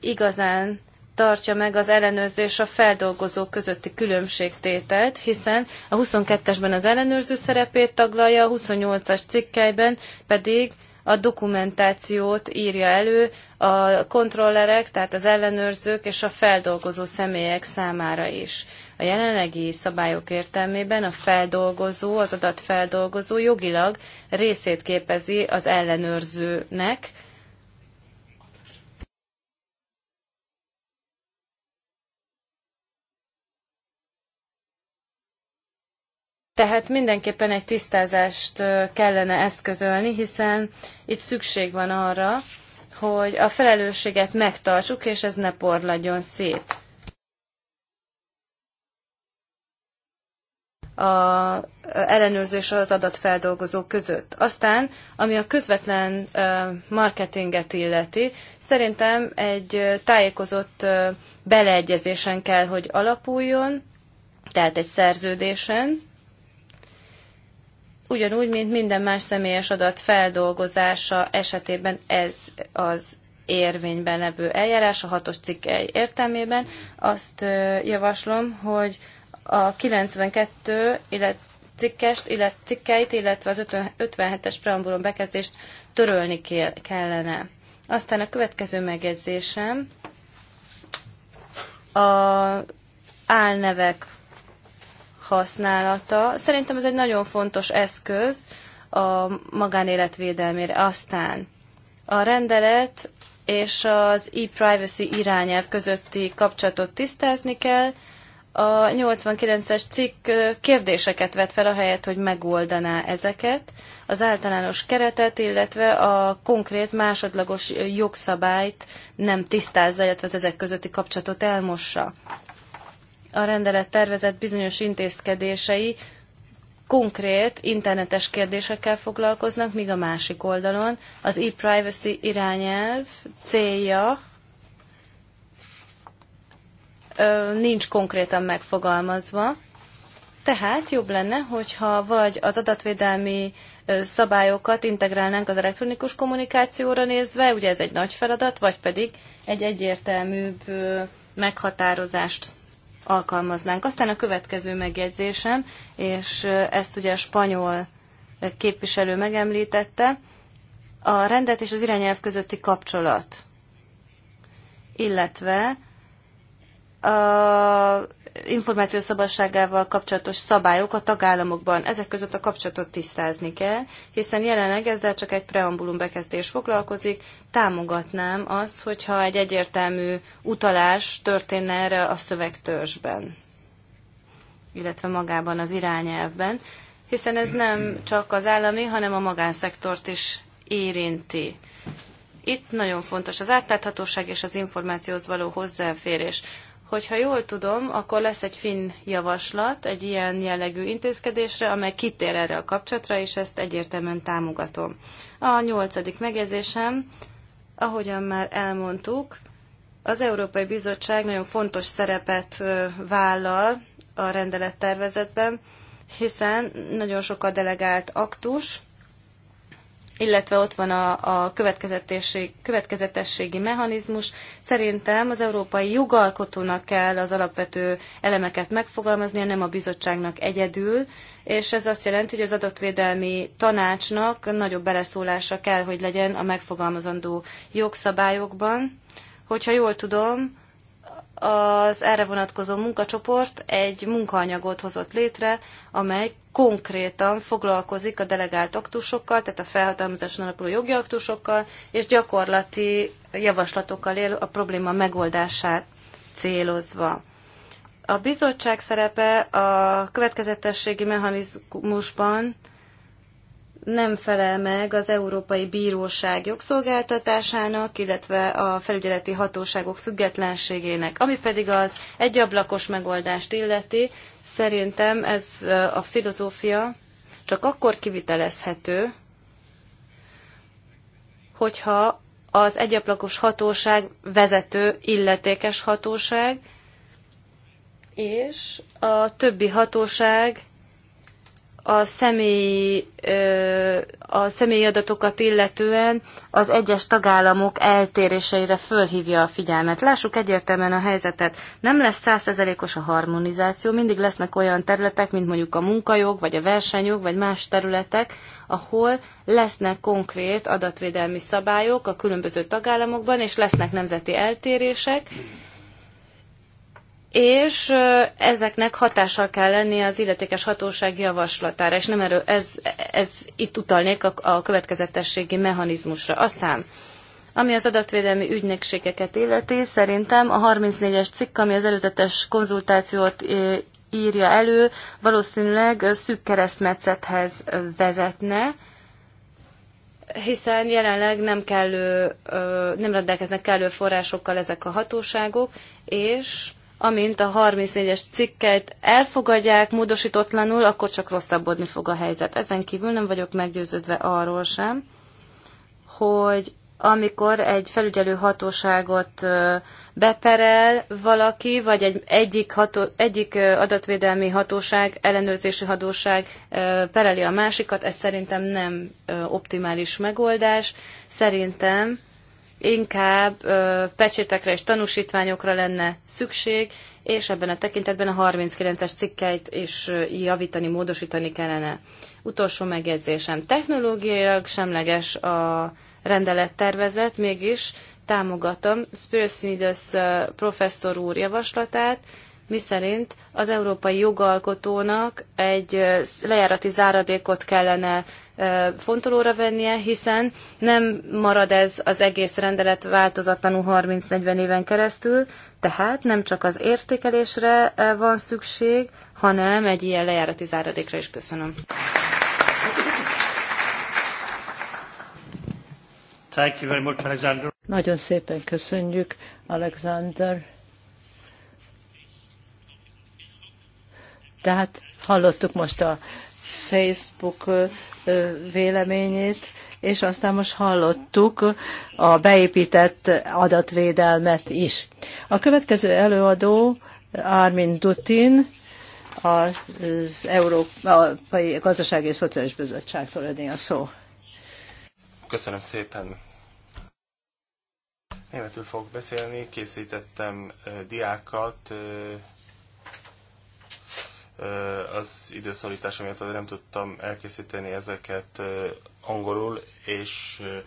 igazán tartja meg az ellenőrző és a feldolgozó közötti különbségtételt, hiszen a 22-esben az ellenőrző szerepét taglalja, a 28-as cikkelyben pedig a dokumentációt írja elő a kontrollerek, tehát az ellenőrzők és a feldolgozó személyek számára is. A jelenlegi szabályok értelmében a feldolgozó, az adatfeldolgozó jogilag részét képezi az ellenőrzőnek, Tehát mindenképpen egy tisztázást kellene eszközölni, hiszen itt szükség van arra, hogy a felelősséget megtartsuk, és ez ne porladjon szét. a ellenőrzés az adatfeldolgozó között. Aztán, ami a közvetlen marketinget illeti, szerintem egy tájékozott beleegyezésen kell, hogy alapuljon, tehát egy szerződésen, ugyanúgy, mint minden más személyes adat feldolgozása esetében ez az érvényben levő eljárás a hatos cikkei értelmében. Azt javaslom, hogy a 92 illet, cikkest, illet, cikkeit, illetve az 57-es preambulum bekezdést törölni kellene. Aztán a következő megjegyzésem a álnevek használata. Szerintem ez egy nagyon fontos eszköz a magánélet védelmére. Aztán a rendelet és az e-privacy irányelv közötti kapcsolatot tisztázni kell. A 89-es cikk kérdéseket vet fel, a helyet, hogy megoldaná ezeket, az általános keretet, illetve a konkrét másodlagos jogszabályt nem tisztázza, illetve az ezek közötti kapcsolatot elmossa a rendelet tervezett bizonyos intézkedései konkrét internetes kérdésekkel foglalkoznak, míg a másik oldalon az e-privacy irányelv célja nincs konkrétan megfogalmazva. Tehát jobb lenne, hogyha vagy az adatvédelmi szabályokat integrálnánk az elektronikus kommunikációra nézve, ugye ez egy nagy feladat, vagy pedig egy egyértelműbb meghatározást alkalmaznánk. Aztán a következő megjegyzésem, és ezt ugye a spanyol képviselő megemlítette, a rendet és az irányelv közötti kapcsolat, illetve a információszabadságával kapcsolatos szabályok a tagállamokban. Ezek között a kapcsolatot tisztázni kell, hiszen jelenleg ezzel csak egy preambulum bekezdés foglalkozik. Támogatnám azt, hogyha egy egyértelmű utalás történne erre a szövegtörzsben, illetve magában az irányelvben, hiszen ez nem csak az állami, hanem a magánszektort is érinti. Itt nagyon fontos az átláthatóság és az információhoz való hozzáférés. Hogyha jól tudom, akkor lesz egy finn javaslat egy ilyen jellegű intézkedésre, amely kitér erre a kapcsolatra, és ezt egyértelműen támogatom. A nyolcadik megjegyzésem, ahogyan már elmondtuk, az Európai Bizottság nagyon fontos szerepet vállal a rendelettervezetben, hiszen nagyon sok a delegált aktus, illetve ott van a, a következetességi mechanizmus. Szerintem az európai jogalkotónak kell az alapvető elemeket megfogalmaznia, nem a bizottságnak egyedül, és ez azt jelenti, hogy az adatvédelmi tanácsnak nagyobb beleszólása kell, hogy legyen a megfogalmazandó jogszabályokban. Hogyha jól tudom, az erre vonatkozó munkacsoport egy munkaanyagot hozott létre, amely konkrétan foglalkozik a delegált aktusokkal, tehát a felhatalmazáson alapuló jogi aktusokkal, és gyakorlati javaslatokkal él a probléma megoldását célozva. A bizottság szerepe a következetességi mechanizmusban nem felel meg az Európai Bíróság jogszolgáltatásának, illetve a felügyeleti hatóságok függetlenségének. Ami pedig az egyablakos megoldást illeti, szerintem ez a filozófia csak akkor kivitelezhető, hogyha az egyablakos hatóság vezető illetékes hatóság, és a többi hatóság a személy, a személyi adatokat illetően az egyes tagállamok eltéréseire fölhívja a figyelmet. Lássuk egyértelműen a helyzetet. Nem lesz százszerzelékos a harmonizáció, mindig lesznek olyan területek, mint mondjuk a munkajog, vagy a versenyjog, vagy más területek, ahol lesznek konkrét adatvédelmi szabályok a különböző tagállamokban, és lesznek nemzeti eltérések, és ezeknek hatással kell lenni az illetékes hatóság javaslatára, és nem erő, ez, ez itt utalnék a, a következetességi mechanizmusra. Aztán, ami az adatvédelmi ügynökségeket illeti, szerintem a 34-es cikk, ami az előzetes konzultációt írja elő, valószínűleg szűk keresztmetszethez vezetne, hiszen jelenleg nem, kellő, nem rendelkeznek kellő forrásokkal ezek a hatóságok, és amint a 34-es cikket elfogadják módosítatlanul, akkor csak rosszabbodni fog a helyzet. Ezen kívül nem vagyok meggyőződve arról sem, hogy amikor egy felügyelő hatóságot beperel valaki, vagy egy, egyik, ható, egyik adatvédelmi hatóság, ellenőrzési hatóság pereli a másikat, ez szerintem nem optimális megoldás. Szerintem inkább pecsétekre és tanúsítványokra lenne szükség, és ebben a tekintetben a 39-es cikkeit is javítani, módosítani kellene. Utolsó megjegyzésem. Technológiailag semleges a rendelettervezet, mégis támogatom Smithers professzor úr javaslatát, miszerint az európai jogalkotónak egy lejárati záradékot kellene fontolóra vennie, hiszen nem marad ez az egész rendelet változatlanul 30-40 éven keresztül, tehát nem csak az értékelésre van szükség, hanem egy ilyen lejárati záradékra is köszönöm. Thank you very much, Alexander. Nagyon szépen köszönjük, Alexander Tehát hallottuk most a Facebook véleményét, és aztán most hallottuk a beépített adatvédelmet is. A következő előadó Armin Dutin, az Európai Gazdasági és Szociális Bizottságtól adni a szó. Köszönöm szépen. Németül fogok beszélni, készítettem diákat, az időszorítás miatt nem tudtam elkészíteni ezeket angolul, és mm,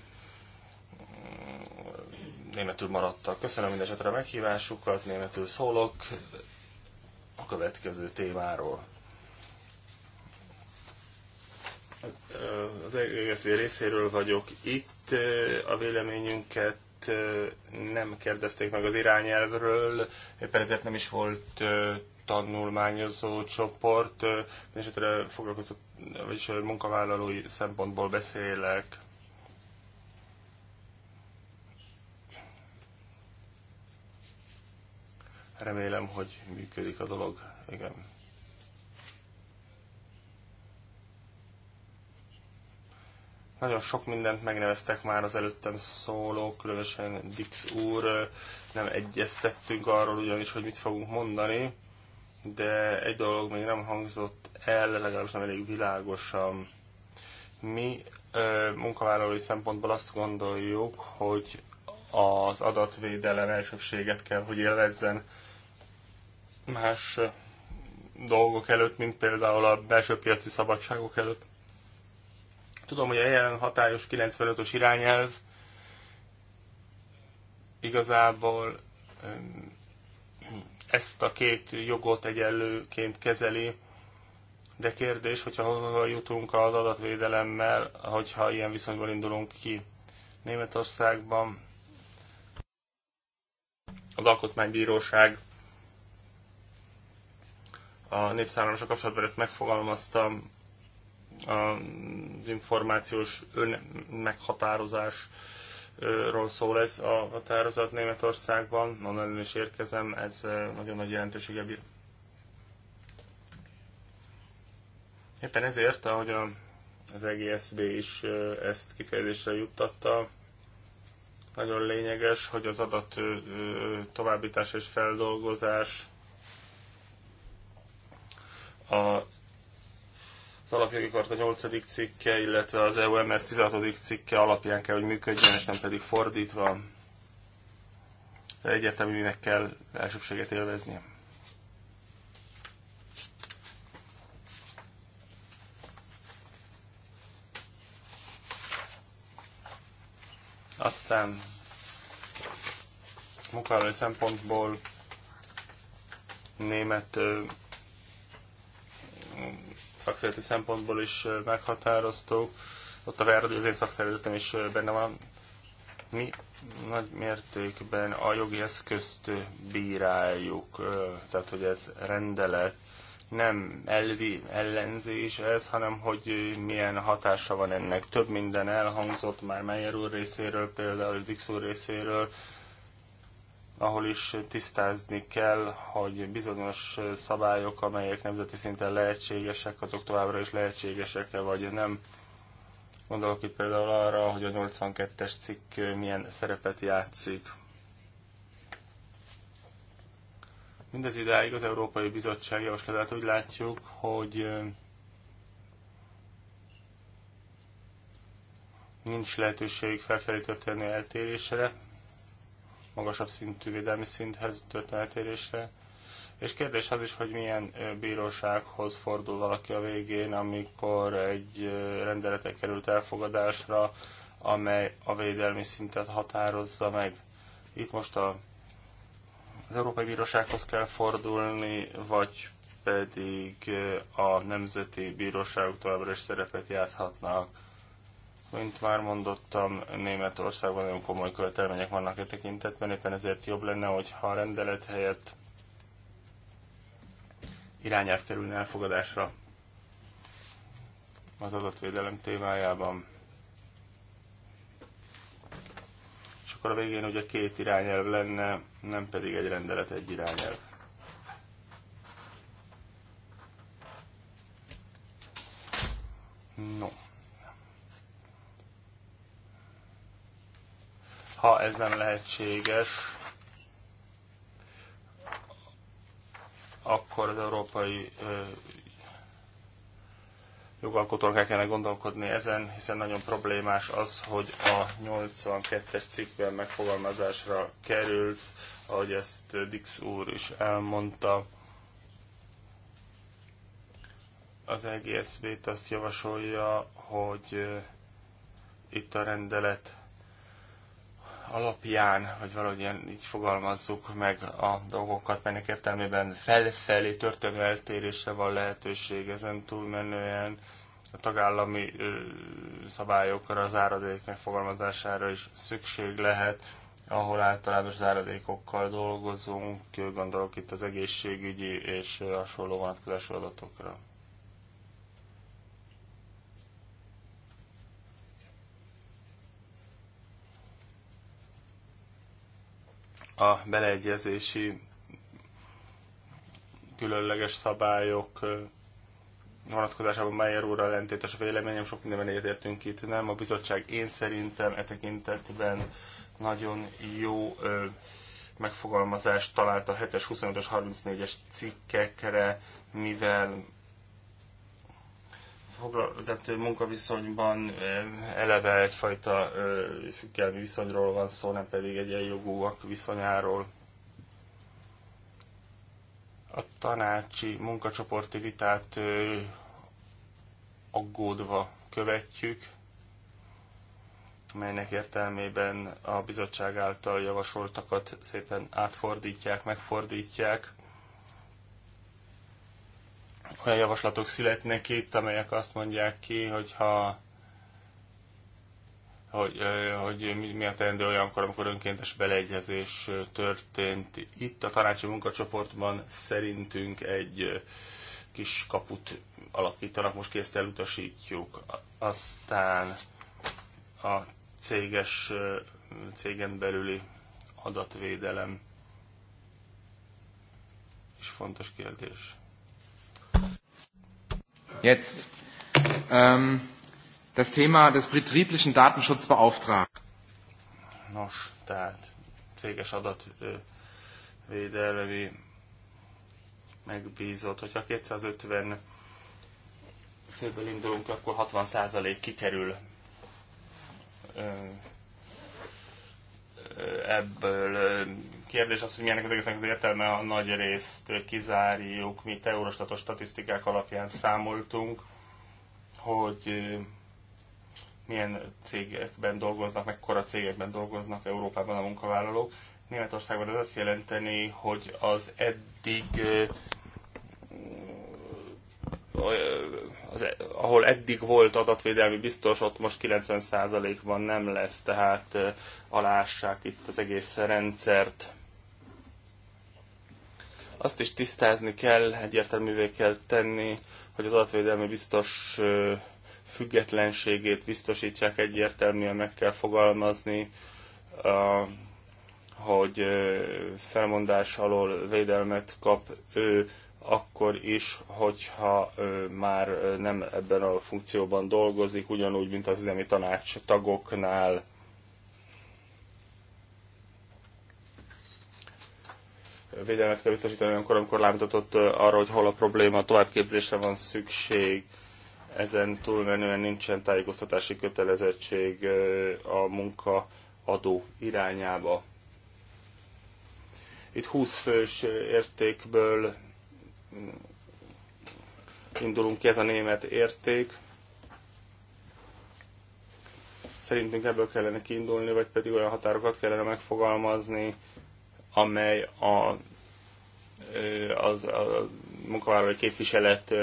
németül maradtak. Köszönöm mindesetre a meghívásukat, németül szólok a következő témáról. Az EGSZ részéről vagyok itt, a véleményünket nem kérdezték meg az irányelvről, éppen ezért nem is volt tanulmányozó csoport, hát esetre foglalkozó, vagyis munkavállalói szempontból beszélek. Remélem, hogy működik a dolog. Igen. Nagyon sok mindent megneveztek már az előttem szóló, különösen Dix úr, nem egyeztettünk arról ugyanis, hogy mit fogunk mondani de egy dolog még nem hangzott el, legalábbis nem elég világosan. Mi munkavállalói szempontból azt gondoljuk, hogy az adatvédelem elsőbséget kell, hogy élvezzen más dolgok előtt, mint például a belső piaci szabadságok előtt. Tudom, hogy a jelen hatályos 95-ös irányelv igazából ezt a két jogot egyenlőként kezeli, de kérdés, hogyha hova jutunk az adatvédelemmel, hogyha ilyen viszonyból indulunk ki Németországban, az Alkotmánybíróság a népszámlálásra kapcsolatban ezt megfogalmazta, az információs önmeghatározás ról szól ez a határozat Németországban, onnan is érkezem, ez nagyon nagy jelentősége bír. Éppen ezért, ahogy a, az EGSB is ezt kifejezésre juttatta, nagyon lényeges, hogy az adat továbbítás és feldolgozás a az alapjogi karta 8. cikke, illetve az EUMS 16. cikke alapján kell, hogy működjön, és nem pedig fordítva. De egyértelműnek kell elsőbséget élveznie. Aztán munkavállalói szempontból német szakszereti szempontból is meghatározó. Ott a Verdi, az én szakszervezetem is benne van. Mi nagy mértékben a jogi eszközt bíráljuk, tehát hogy ez rendelet, nem elvi ellenzés ez, hanem hogy milyen hatása van ennek. Több minden elhangzott már Meyer úr részéről, például Dix úr részéről, ahol is tisztázni kell, hogy bizonyos szabályok, amelyek nemzeti szinten lehetségesek, azok továbbra is lehetségesek-e vagy nem. Gondolok itt például arra, hogy a 82-es cikk milyen szerepet játszik. Mindez idáig az Európai Bizottság javaslatát úgy látjuk, hogy nincs lehetőség felfelé történő eltérésre, magasabb szintű védelmi szinthez történő eltérésre. És kérdés az is, hogy milyen bírósághoz fordul valaki a végén, amikor egy rendelete került elfogadásra, amely a védelmi szintet határozza meg. Itt most a, az Európai Bírósághoz kell fordulni, vagy pedig a nemzeti bíróságok továbbra is szerepet játszhatnak mint már mondottam, Németországban nagyon komoly követelmények vannak e tekintetben, éppen ezért jobb lenne, hogyha a rendelet helyett irányelv kerülne elfogadásra az adatvédelem témájában. És akkor a végén ugye két irányelv lenne, nem pedig egy rendelet, egy irányelv. No. Ha ez nem lehetséges, akkor az európai ö, jogalkotónak kellene gondolkodni ezen, hiszen nagyon problémás az, hogy a 82-es cikkben megfogalmazásra került, ahogy ezt Dix úr is elmondta, az EGSZB-t azt javasolja, hogy itt a rendelet alapján, vagy valahogy ilyen, így fogalmazzuk meg a dolgokat, melynek értelmében felfelé történő eltérésre van lehetőség ezen túlmenően a tagállami ö, szabályokra, az áradék megfogalmazására is szükség lehet, ahol általában az áradékokkal dolgozunk, gondolok itt az egészségügyi és hasonló vonatkozású adatokra. a beleegyezési különleges szabályok vonatkozásában Mayer úr ellentétes a véleményem, sok mindenben értünk itt, nem? A bizottság én szerintem e tekintetben nagyon jó ö, megfogalmazást talált a 7-es, 25-ös, 34-es cikkekre, mivel foglalkozó munkaviszonyban eleve egyfajta függelmi viszonyról van szó, nem pedig egy jogúak viszonyáról. A tanácsi munkacsoporti vitát aggódva követjük, melynek értelmében a bizottság által javasoltakat szépen átfordítják, megfordítják olyan javaslatok születnek itt, amelyek azt mondják ki, hogyha hogy, hogy mi a teendő olyankor, amikor önkéntes beleegyezés történt. Itt a tanácsi munkacsoportban szerintünk egy kis kaput alakítanak, most ki elutasítjuk. Aztán a céges, cégen belüli adatvédelem is fontos kérdés. Jetzt. Ähm, das Thema des betrieblichen Datenschutzbeauftragten. Nos, tehát céges adatvédelmi megbízott, hogyha 250 főből indulunk, akkor 60% kikerül ebből kérdés az, hogy milyenek az egésznek az értelme, a nagy részt kizárjuk, mi eurostatos statisztikák alapján számoltunk, hogy milyen cégekben dolgoznak, mekkora cégekben dolgoznak Európában a munkavállalók. Németországban ez azt jelenteni, hogy az eddig az, e, ahol eddig volt adatvédelmi biztos, ott most 90%-ban nem lesz, tehát alássák itt az egész rendszert. Azt is tisztázni kell, egyértelművé kell tenni, hogy az adatvédelmi biztos függetlenségét biztosítsák, egyértelműen meg kell fogalmazni, hogy felmondás alól védelmet kap ő akkor is, hogyha már nem ebben a funkcióban dolgozik, ugyanúgy, mint az üzemi tanács tagoknál védelmet kell biztosítani olyankor, amikor lámutatott arra, hogy hol a probléma, továbbképzésre van szükség, ezen túlmenően nincsen tájékoztatási kötelezettség a munka adó irányába. Itt 20 fős értékből indulunk ki, ez a német érték. Szerintünk ebből kellene kiindulni, vagy pedig olyan határokat kellene megfogalmazni, amely a, az, a munkavállalói képviselet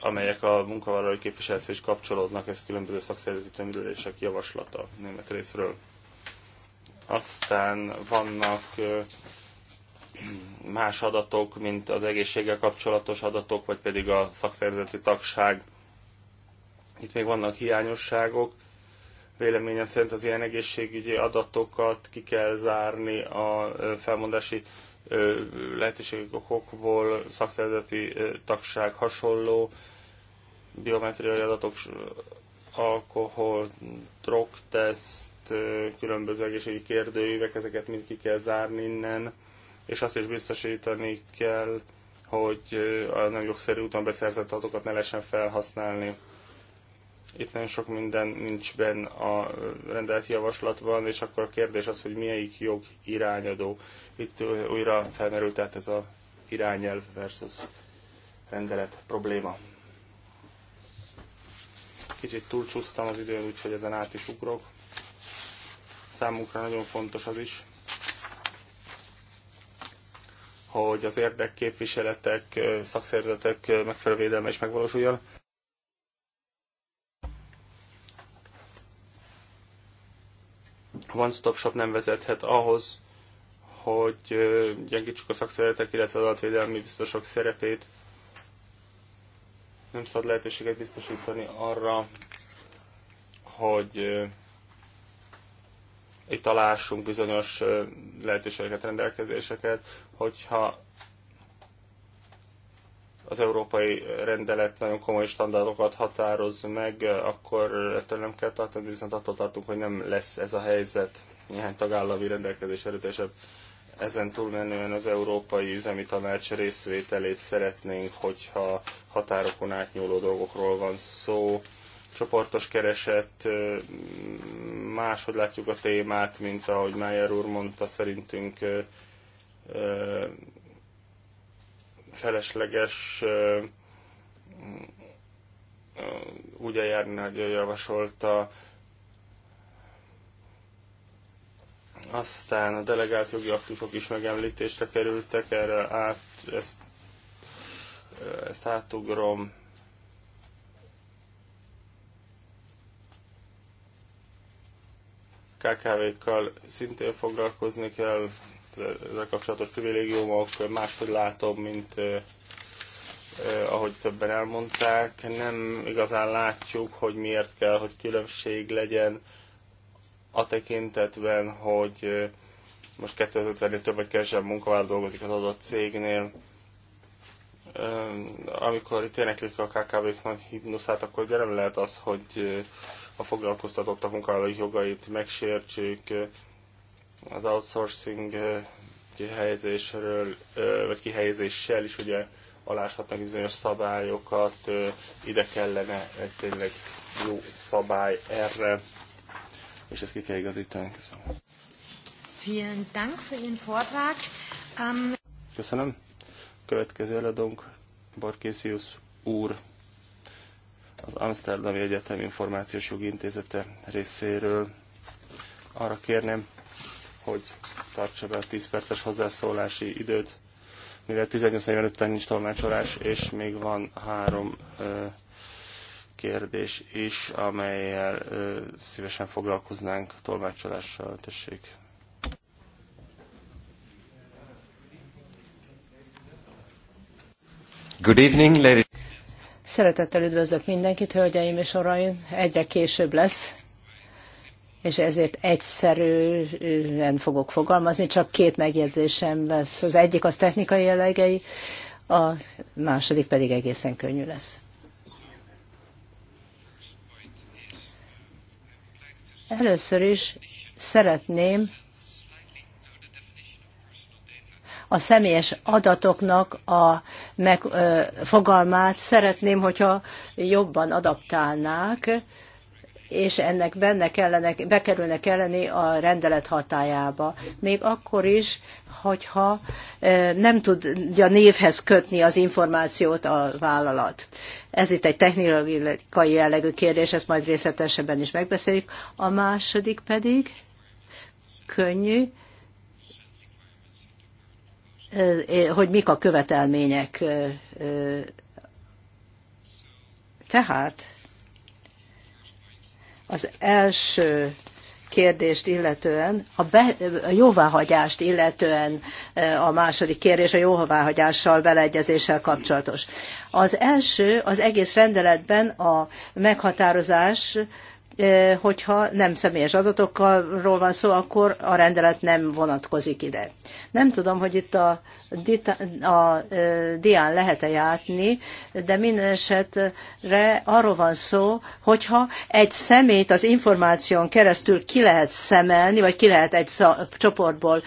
amelyek a munkavállalói képviselethez is kapcsolódnak, ez különböző szakszervezeti tömörülések javaslata német részről. Aztán vannak más adatok, mint az egészséggel kapcsolatos adatok, vagy pedig a szakszervezeti tagság. Itt még vannak hiányosságok, Véleményem szerint az ilyen egészségügyi adatokat ki kell zárni a felmondási lehetőségek okokból, szakszervezeti tagság hasonló, biometriai adatok, alkohol, drogteszt, különböző egészségügyi kérdőívek, ezeket mind ki kell zárni innen, és azt is biztosítani kell, hogy a nem jogszerű úton beszerzett adatokat ne lehessen felhasználni. Itt sok minden nincs benne a rendelt javaslatban, és akkor a kérdés az, hogy melyik jog irányadó. Itt újra felmerült tehát ez a irányelv versus rendelet probléma. Kicsit túlcsúsztam az időn, úgyhogy ezen át is ugrok. Számunkra nagyon fontos az is, hogy az érdekképviseletek, szakszervezetek megfelelő védelme is megvalósuljon. One Stop Shop nem vezethet ahhoz, hogy gyengítsük a szakszervezetek, illetve az adatvédelmi biztosok szerepét. Nem szabad lehetőséget biztosítani arra, hogy itt találássunk bizonyos lehetőségeket, rendelkezéseket, hogyha az európai rendelet nagyon komoly standardokat határoz meg, akkor ettől nem kell tartani, viszont attól tartunk, hogy nem lesz ez a helyzet néhány tagállami rendelkezés erőtesebb. Ezen túlmenően az Európai Üzemi Tanács részvételét szeretnénk, hogyha határokon átnyúló dolgokról van szó, csoportos kereset, máshogy látjuk a témát, mint ahogy Májer úr mondta, szerintünk felesleges úgy a hogy ő javasolta. Aztán a delegált jogi aktusok is megemlítésre kerültek, erre át, ezt, ezt átugrom. KKV-kkal szintén foglalkozni kell, ezzel kapcsolatos privilégiumok, máshogy látom, mint ahogy többen elmondták, nem igazán látjuk, hogy miért kell, hogy különbség legyen a tekintetben, hogy most 2050-nél több vagy kevesebb munkavállaló dolgozik az adott cégnél. Amikor itt éneklik a KKV-k nagy hibnuszát, akkor ugye nem lehet az, hogy a foglalkoztatottak munkavállalói jogait megsértsük, az outsourcing kihelyezésről, vagy kihelyezéssel is ugye aláshatnak bizonyos szabályokat, ide kellene egy tényleg jó szabály erre, és ezt ki kell igazítani. Köszönöm. Vielen Dank für Ihren Vortrag. Um... Köszönöm. Következő előadónk Barkésius úr az Amsterdami Egyetem Információs Jogi Intézete részéről. Arra kérném, hogy tartsa be a 10 perces hozzászólási időt, mivel 18.45-en nincs tolmácsolás, és még van három ö, kérdés is, amelyel ö, szívesen foglalkoznánk tolmácsolással. Tessék! Good evening, ladies. Szeretettel üdvözlök mindenkit, hölgyeim és uraim! Egyre később lesz, és ezért egyszerűen fogok fogalmazni, csak két megjegyzésem lesz. Az egyik az technikai jellegei, a második pedig egészen könnyű lesz. Először is szeretném a személyes adatoknak a meg fogalmát szeretném, hogyha jobban adaptálnák, és ennek benne kellene, bekerülne kelleni a rendelet hatájába. Még akkor is, hogyha nem tudja névhez kötni az információt a vállalat. Ez itt egy technikai jellegű kérdés, ezt majd részletesebben is megbeszéljük. A második pedig könnyű, hogy mik a követelmények. Tehát az első kérdést illetően, a, be, a jóváhagyást illetően e, a második kérdés a jóváhagyással, beleegyezéssel kapcsolatos. Az első, az egész rendeletben a meghatározás, hogyha nem személyes adatokról van szó, akkor a rendelet nem vonatkozik ide. Nem tudom, hogy itt a, a, a dián lehet-e játni, de minden esetre arról van szó, hogyha egy szemét az információn keresztül ki lehet szemelni, vagy ki lehet egy csoportból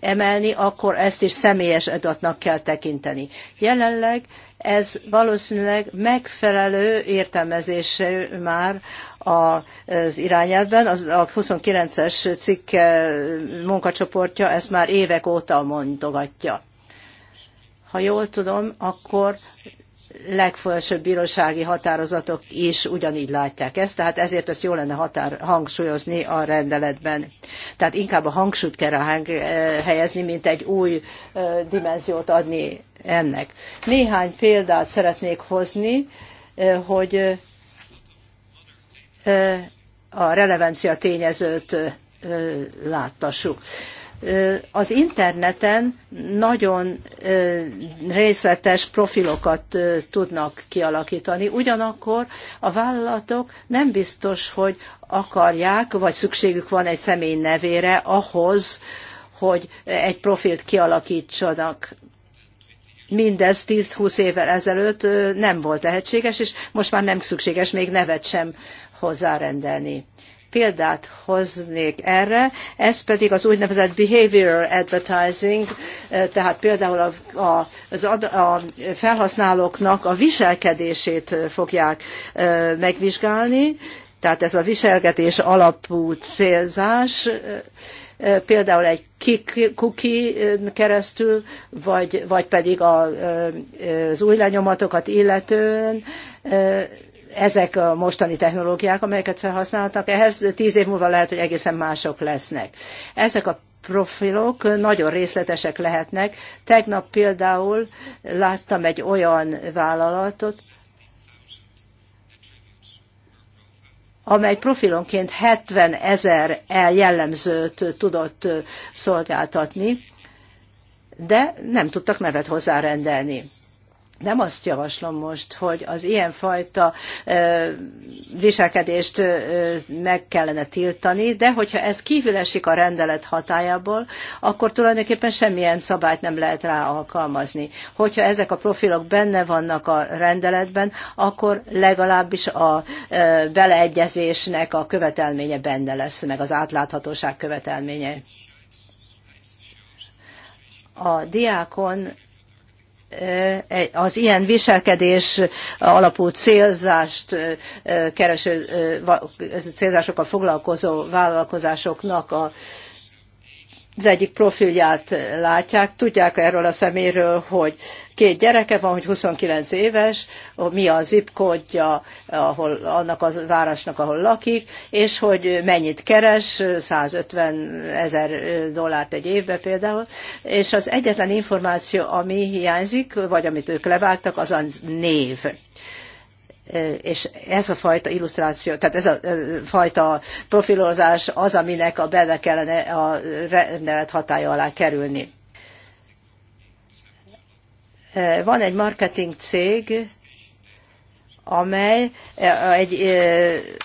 emelni, akkor ezt is személyes adatnak kell tekinteni. Jelenleg ez valószínűleg megfelelő értelmezése már az irányelvben, az, a 29-es cikk eh, munkacsoportja ezt már évek óta mondogatja. Ha jól tudom, akkor legfelsőbb bírósági határozatok is ugyanígy látják ezt, tehát ezért ezt jó lenne határ, hangsúlyozni a rendeletben. Tehát inkább a hangsúlyt kell eh, helyezni, mint egy új eh, dimenziót adni ennek. Néhány példát szeretnék hozni, eh, hogy a relevancia tényezőt láttassuk az interneten nagyon részletes profilokat tudnak kialakítani, ugyanakkor a vállalatok nem biztos, hogy akarják, vagy szükségük van egy személy nevére ahhoz, hogy egy profilt kialakítsanak. Mindez 10-20 évvel ezelőtt nem volt lehetséges, és most már nem szükséges még nevet sem hozzárendelni példát hoznék erre, ez pedig az úgynevezett behavioral advertising, eh, tehát például a, a, az ad, a felhasználóknak a viselkedését eh, fogják eh, megvizsgálni, tehát ez a viselkedés alapú célzás, például egy kuki keresztül, vagy, vagy pedig a, az új lenyomatokat illetően, ezek a mostani technológiák, amelyeket felhasználtak ehhez tíz év múlva lehet, hogy egészen mások lesznek. Ezek a profilok nagyon részletesek lehetnek. Tegnap például láttam egy olyan vállalatot, amely profilonként 70 ezer jellemzőt tudott szolgáltatni, de nem tudtak nevet hozzárendelni nem azt javaslom most, hogy az ilyenfajta ö, viselkedést ö, meg kellene tiltani, de hogyha ez kívül esik a rendelet hatájából, akkor tulajdonképpen semmilyen szabályt nem lehet rá alkalmazni. Hogyha ezek a profilok benne vannak a rendeletben, akkor legalábbis a ö, beleegyezésnek a követelménye benne lesz, meg az átláthatóság követelménye. A diákon E, e, az ilyen viselkedés alapú célzást e, kereső, célzásokkal foglalkozó vállalkozásoknak a az egyik profilját látják, tudják erről a szeméről, hogy két gyereke van, hogy 29 éves, mi a kódja, ahol, annak a városnak, ahol lakik, és hogy mennyit keres, 150 ezer dollárt egy évbe például, és az egyetlen információ, ami hiányzik, vagy amit ők leváltak, az a név és ez a fajta illusztráció, tehát ez a fajta profilozás az, aminek a bele kellene a rendelet hatája alá kerülni. Van egy marketing cég, amely egy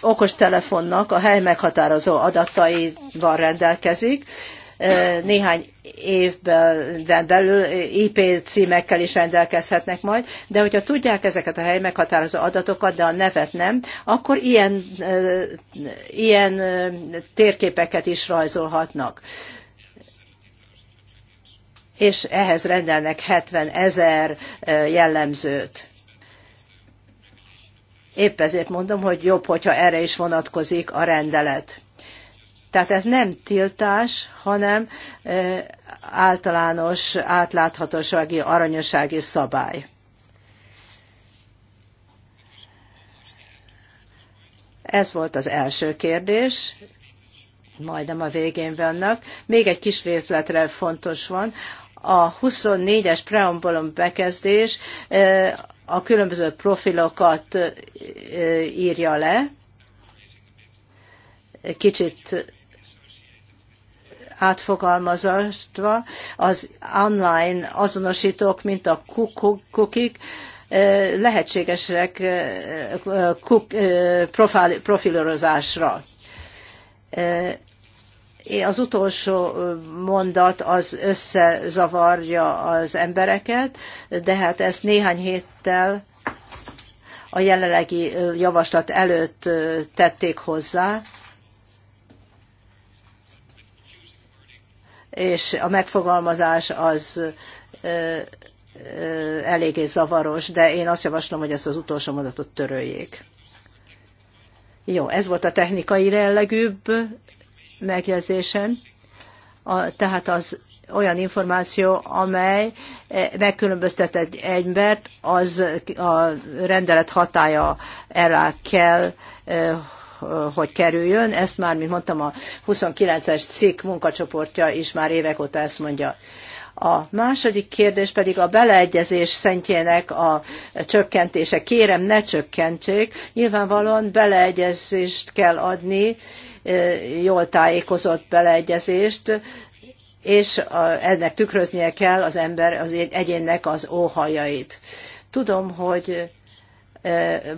okostelefonnak a hely meghatározó adataival rendelkezik, néhány évben belül IP címekkel is rendelkezhetnek majd, de hogyha tudják ezeket a hely meghatározó adatokat, de a nevet nem, akkor ilyen, ilyen térképeket is rajzolhatnak és ehhez rendelnek 70 ezer jellemzőt. Épp ezért mondom, hogy jobb, hogyha erre is vonatkozik a rendelet. Tehát ez nem tiltás, hanem általános átláthatósági, aranyossági szabály. Ez volt az első kérdés, majdnem a végén vannak. Még egy kis részletre fontos van. A 24-es preambulum bekezdés a különböző profilokat írja le, kicsit átfogalmazva az online azonosítók, mint a kukik, lehetségesek kuk, profil, profilozásra. Az utolsó mondat az összezavarja az embereket, de hát ezt néhány héttel a jelenlegi javaslat előtt tették hozzá, és a megfogalmazás az eléggé zavaros, de én azt javaslom, hogy ezt az utolsó mondatot töröljék. Jó, ez volt a technikai jellegűbb megjegyzésem. A, tehát az olyan információ, amely e, megkülönböztet egy embert, az a rendelet hatája elá kell, e, hogy kerüljön. Ezt már, mint mondtam, a 29-es cikk munkacsoportja is már évek óta ezt mondja. A második kérdés pedig a beleegyezés szentjének a csökkentése. Kérem, ne csökkentsék. Nyilvánvalóan beleegyezést kell adni, jól tájékozott beleegyezést, és ennek tükröznie kell az ember, az egyénnek az óhajait. Tudom, hogy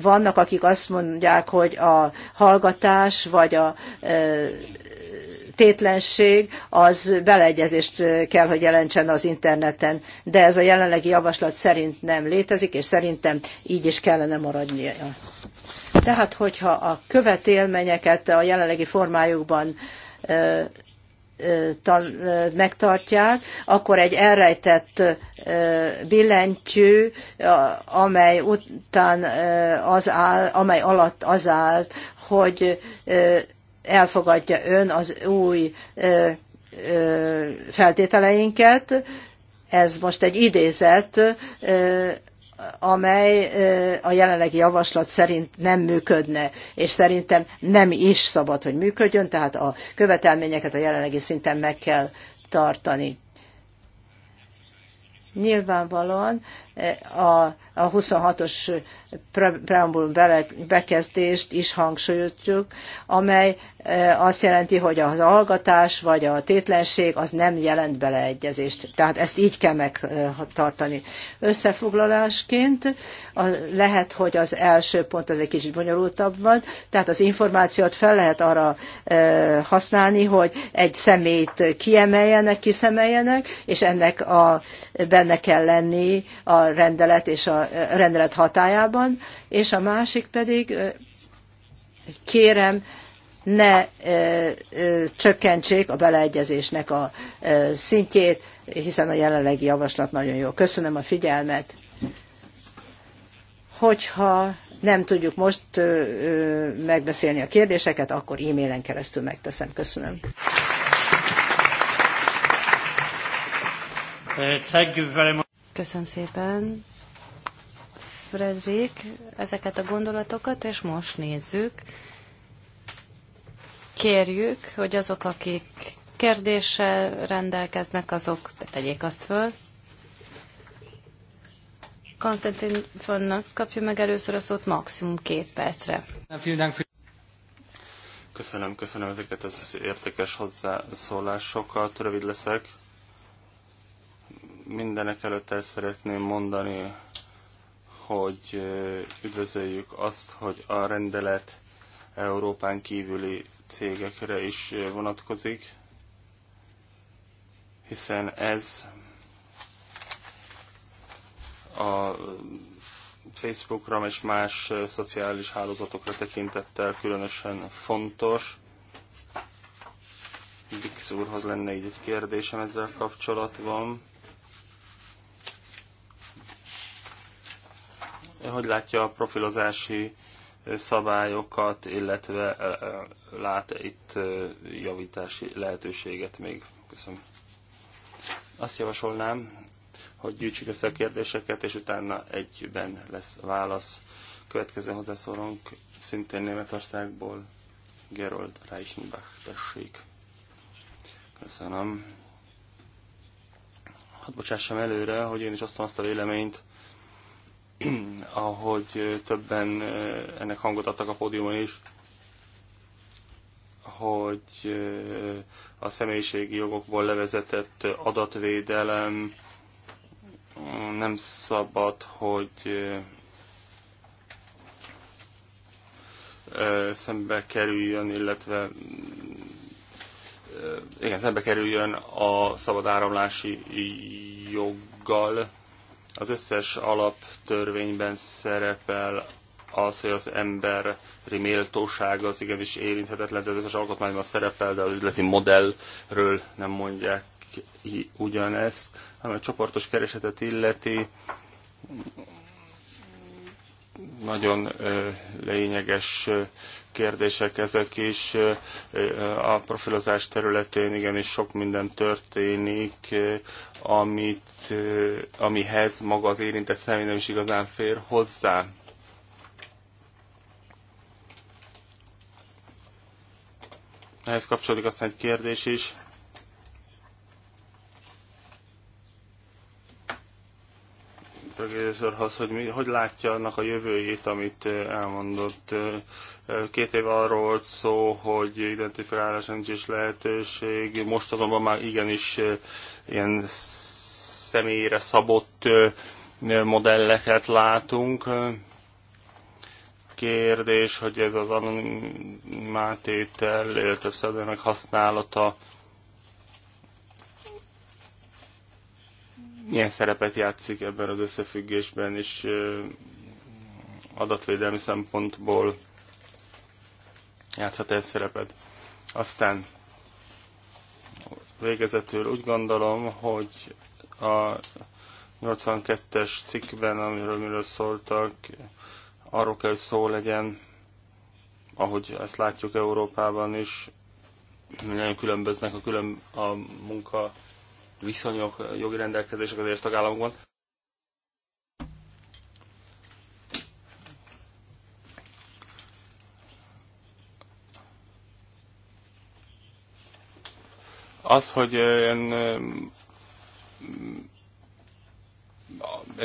vannak, akik azt mondják, hogy a hallgatás vagy a tétlenség az beleegyezést kell, hogy jelentsen az interneten, de ez a jelenlegi javaslat szerint nem létezik, és szerintem így is kellene maradnia. Tehát, hogyha a követélményeket a jelenlegi formájukban megtartják, akkor egy elrejtett billentyű, amely után az áll, amely alatt az állt, hogy elfogadja ön az új feltételeinket, ez most egy idézet, amely a jelenlegi javaslat szerint nem működne, és szerintem nem is szabad, hogy működjön, tehát a követelményeket a jelenlegi szinten meg kell tartani. Nyilvánvalóan a, a 26-os preambul bekezdést is hangsúlyozjuk, amely e, azt jelenti, hogy az hallgatás vagy a tétlenség az nem jelent beleegyezést. Tehát ezt így kell megtartani. Összefoglalásként lehet, hogy az első pont az egy kicsit bonyolultabb van, tehát az információt fel lehet arra e, használni, hogy egy szemét kiemeljenek, kiszemeljenek, és ennek a, benne kell lenni a rendelet és a rendelet hatájában, van, és a másik pedig, kérem, ne csökkentsék a beleegyezésnek a szintjét, hiszen a jelenlegi javaslat nagyon jó. Köszönöm a figyelmet. Hogyha nem tudjuk most megbeszélni a kérdéseket, akkor e-mailen keresztül megteszem. Köszönöm. Uh, Köszönöm szépen. Fredrik ezeket a gondolatokat, és most nézzük. Kérjük, hogy azok, akik kérdéssel rendelkeznek, azok tegyék azt föl. Konstantin von Nax kapja meg először a szót maximum két percre. Köszönöm, köszönöm ezeket az értékes hozzászólásokat. Rövid leszek. Mindenek előtt el szeretném mondani, hogy üdvözöljük azt, hogy a rendelet Európán kívüli cégekre is vonatkozik, hiszen ez a Facebookra és más szociális hálózatokra tekintettel különösen fontos. Dix úrhoz lenne így egy kérdésem ezzel kapcsolatban. hogy látja a profilozási szabályokat, illetve lát itt javítási lehetőséget még. Köszönöm. Azt javasolnám, hogy gyűjtsük össze a kérdéseket, és utána egyben lesz válasz. Következő hozzászólónk szintén Németországból, Gerold Reichenbach, tessék. Köszönöm. Hadd bocsássam előre, hogy én is osztom azt a véleményt, ahogy többen ennek hangot adtak a pódiumon is, hogy a személyiségi jogokból levezetett adatvédelem nem szabad, hogy szembe kerüljön, illetve igen, szembe kerüljön a szabad áramlási joggal, az összes alaptörvényben szerepel az, hogy az emberi méltóság az igenis érinthetetlen, de az összes alkotmányban szerepel, de az üzleti modellről nem mondják ki ugyanezt, hanem a csoportos keresetet illeti nagyon lényeges kérdések ezek is. A profilozás területén igenis sok minden történik, amit, amihez maga az érintett személy nem is igazán fér hozzá. Ehhez kapcsolódik aztán egy kérdés is, professzorhoz, hogy mi, hogy látja annak a jövőjét, amit elmondott. Két év arról volt szó, hogy identifikálás nincs is lehetőség, most azonban már igenis ilyen személyre szabott modelleket látunk. Kérdés, hogy ez az anonimátétel, illetve használata milyen szerepet játszik ebben az összefüggésben, és adatvédelmi szempontból játszhat ez szerepet. Aztán végezetül úgy gondolom, hogy a 82-es cikkben, amiről miről szóltak, arról kell, hogy szó legyen, ahogy ezt látjuk Európában is, nagyon különböznek a, külön, a munka viszonyok, jogi rendelkezések az egyes tagállamokban. Az, hogy ilyen,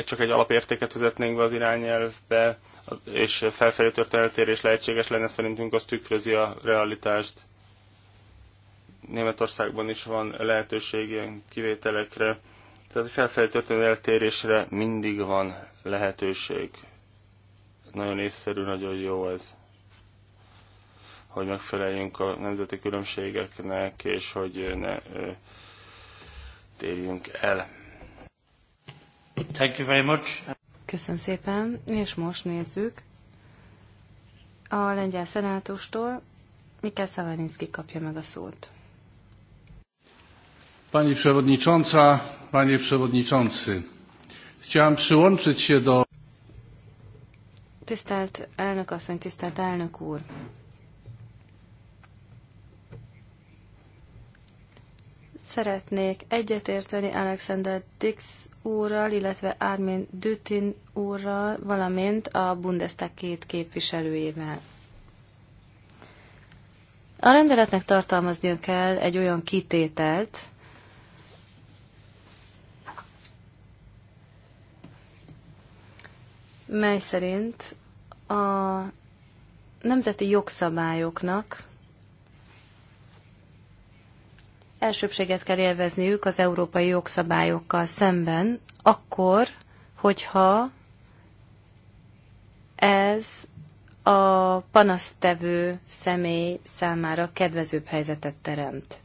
csak egy alapértéket vezetnénk be az irányelvbe, és felfelé történeltérés lehetséges lenne, szerintünk az tükrözi a realitást. Németországban is van lehetőség ilyen kivételekre. Tehát a felfelé történő eltérésre mindig van lehetőség. Nagyon észszerű, nagyon jó ez hogy megfeleljünk a nemzeti különbségeknek, és hogy ne ö, térjünk el. Thank you very much. Köszönöm szépen, és most nézzük a lengyel szenátustól Mikkel Szavarinszki kapja meg a szót. Pani Przewodnicząca, Panie Przewodniczący, chciałem przyłączyć się do... Tisztelt elnök asszony, tisztelt elnök úr! Szeretnék egyetérteni Alexander Dix úrral, illetve Armin Dütin úrral, valamint a Bundestag két képviselőjével. A rendeletnek tartalmaznia kell egy olyan kitételt, mely szerint a nemzeti jogszabályoknak elsőbséget kell élvezniük az európai jogszabályokkal szemben, akkor, hogyha ez a panasztevő személy számára kedvezőbb helyzetet teremt.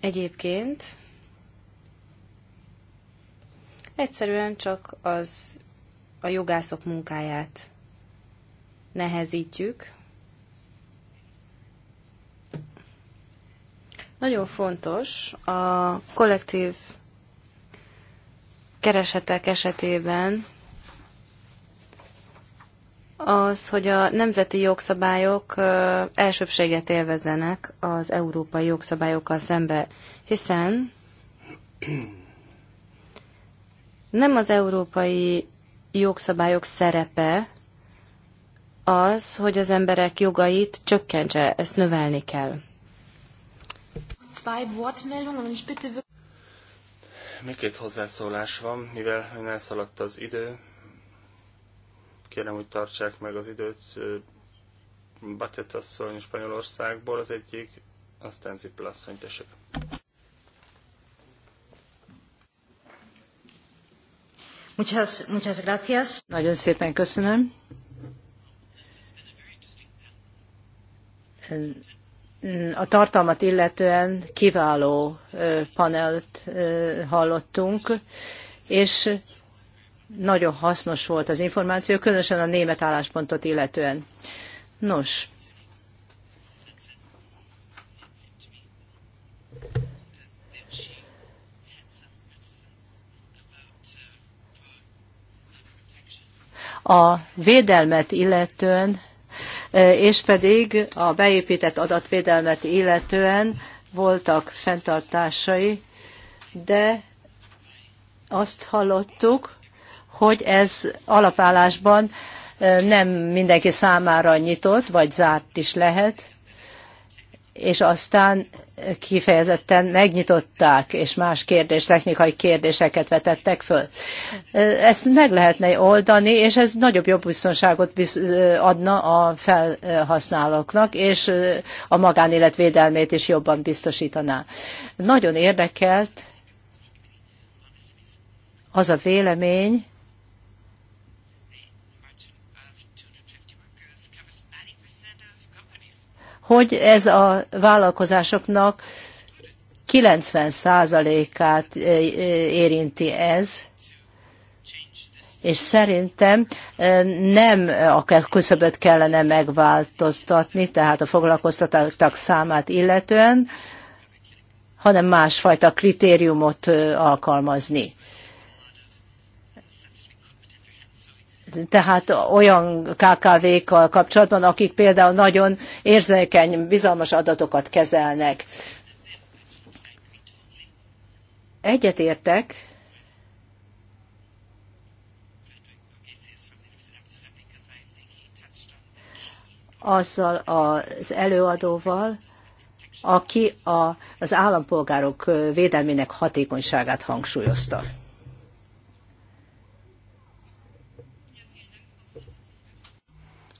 Egyébként egyszerűen csak az a jogászok munkáját nehezítjük. Nagyon fontos a kollektív keresetek esetében az, hogy a nemzeti jogszabályok elsőbséget élvezenek az európai jogszabályokkal szembe, hiszen nem az európai jogszabályok szerepe az, hogy az emberek jogait csökkentse, ezt növelni kell. Még két hozzászólás van, mivel elszaladt az idő, Kérem, hogy tartsák meg az időt. Batet asszony Spanyolországból az egyik, aztán Zippel asszony, tessék. Muchas, muchas gracias. Nagyon szépen köszönöm. A tartalmat illetően kiváló panelt hallottunk, és nagyon hasznos volt az információ, különösen a német álláspontot illetően. Nos, a védelmet illetően, e, és pedig a beépített adatvédelmet illetően voltak fenntartásai, de azt hallottuk, hogy ez alapállásban nem mindenki számára nyitott, vagy zárt is lehet, és aztán kifejezetten megnyitották, és más kérdés, technikai kérdéseket vetettek föl. Ezt meg lehetne oldani, és ez nagyobb jobb biztonságot adna a felhasználóknak, és a magánélet védelmét is jobban biztosítaná. Nagyon érdekelt az a vélemény, hogy ez a vállalkozásoknak 90%-át eh, eh, érinti ez, és szerintem eh, nem a küszöböt kellene megváltoztatni, tehát a foglalkoztatottak számát illetően, hanem másfajta kritériumot alkalmazni. tehát olyan KKV-kkal kapcsolatban, akik például nagyon érzékeny, bizalmas adatokat kezelnek. Egyetértek, azzal az előadóval, aki a, az állampolgárok védelmének hatékonyságát hangsúlyozta.